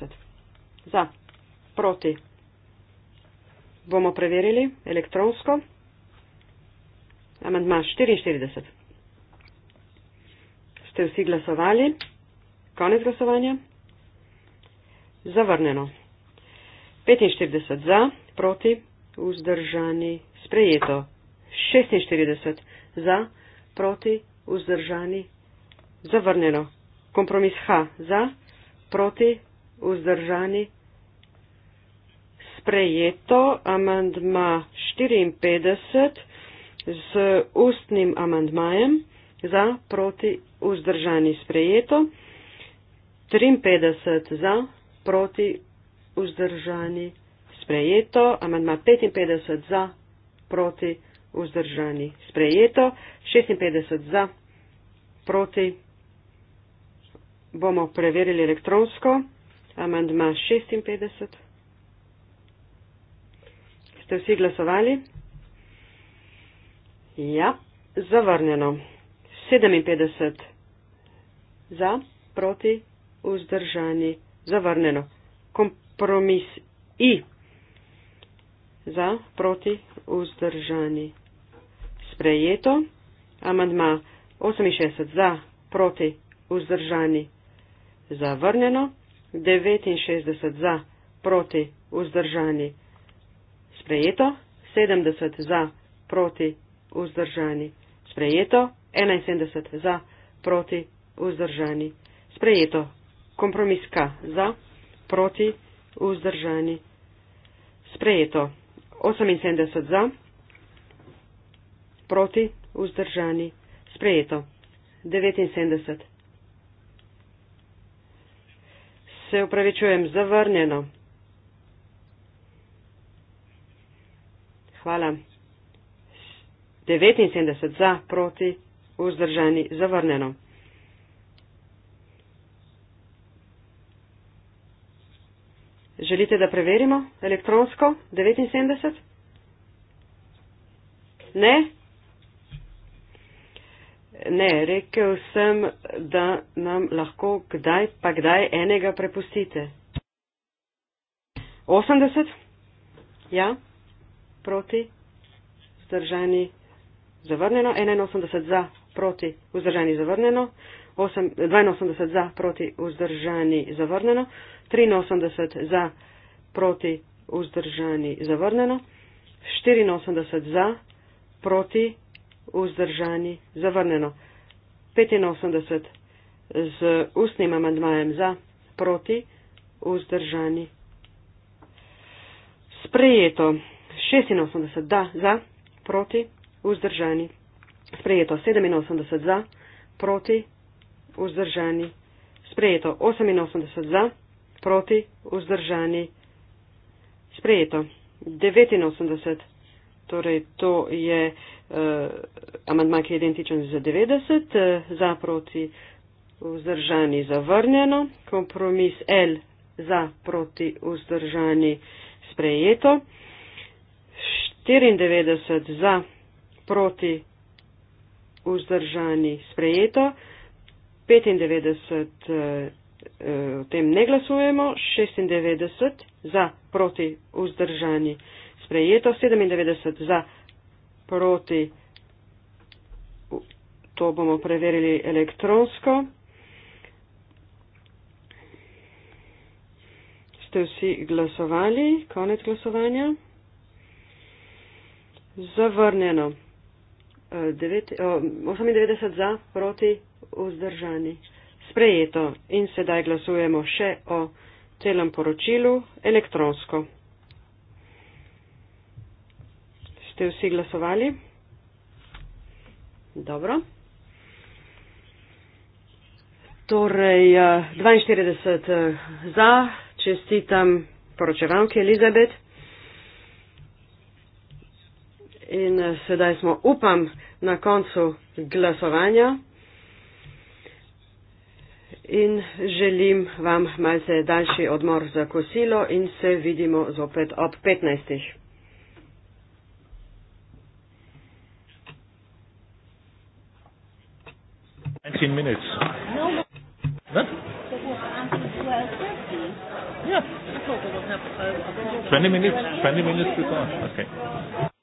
Za. Proti. Bomo preverili elektronsko. Amendma 44. Ste vsi glasovali? Konec glasovanja? Zavrneno. 45 za, proti, vzdržani, sprejeto. 46 za, proti, vzdržani, zavrnjeno. Kompromis H za, proti, vzdržani, sprejeto. Amandma 54 z ustnim amandmajem za, proti, vzdržani, sprejeto. 53 za, proti, vzdržani, sprejeto. Amandma 55 za, proti, vzdržani vzdržani. Sprejeto 56 za, proti bomo preverili elektronsko. Amandma 56. Ste vsi glasovali? Ja, zavrnjeno. 57 za, proti, vzdržani, zavrnjeno. Kompromis I za, proti, vzdržani sprejeto. Amandma 68 za, proti, vzdržani, zavrnjeno. 69 za, proti, vzdržani, sprejeto. 70 za, proti, vzdržani, sprejeto. 71 za, proti, vzdržani, sprejeto. Kompromis K za, proti, vzdržani, sprejeto. 78 za, proti, vzdržani, sprejeto. 78 za, proti vzdržani. Sprejeto. 79. Se upravičujem, zavrnjeno. Hvala. 79 za, proti, vzdržani, zavrnjeno. Želite, da preverimo elektronsko 79? Ne? ne, rekel sem, da nam lahko kdaj pa kdaj enega prepustite. 80? Ja? Proti? Zdržani? Zavrnjeno? 81 za? Proti? Vzdržani? Zavrnjeno? 8, 82 za? Proti? Vzdržani? Zavrnjeno? 83 za? Proti? Vzdržani? Zavrnjeno? 84 za? Proti? vzdržani, zavrnjeno 85 z ustnim amandmajem za, proti, vzdržani. Sprejeto 86 da, za, proti, vzdržani. Sprejeto 87 za, proti, vzdržani. Sprejeto 88 za, proti, vzdržani. Sprejeto 89 za. Torej, to je eh, amantma, ki je identičen za 90, eh, za proti vzdržani zavrnjeno, kompromis L za proti vzdržani sprejeto, 94 za proti vzdržani sprejeto, 95 eh, eh, o tem ne glasujemo, 96 za proti vzdržani sprejeto sprejeto, 97 za, proti. To bomo preverili elektronsko. Ste vsi glasovali? Konec glasovanja. Zavrnjeno. 98 e, za, proti, vzdržani. Sprejeto. In sedaj glasujemo še o celem poročilu elektronsko. ste vsi glasovali? Dobro. Torej, 42 eh, eh, za, čestitam poročevalki Elizabet. In eh, sedaj smo, upam, na koncu glasovanja. In želim vam malce daljši odmor za kosilo in se vidimo zopet ob 15. 15 minutes. No. What? Yeah. 20 minutes. 20 minutes before. Okay.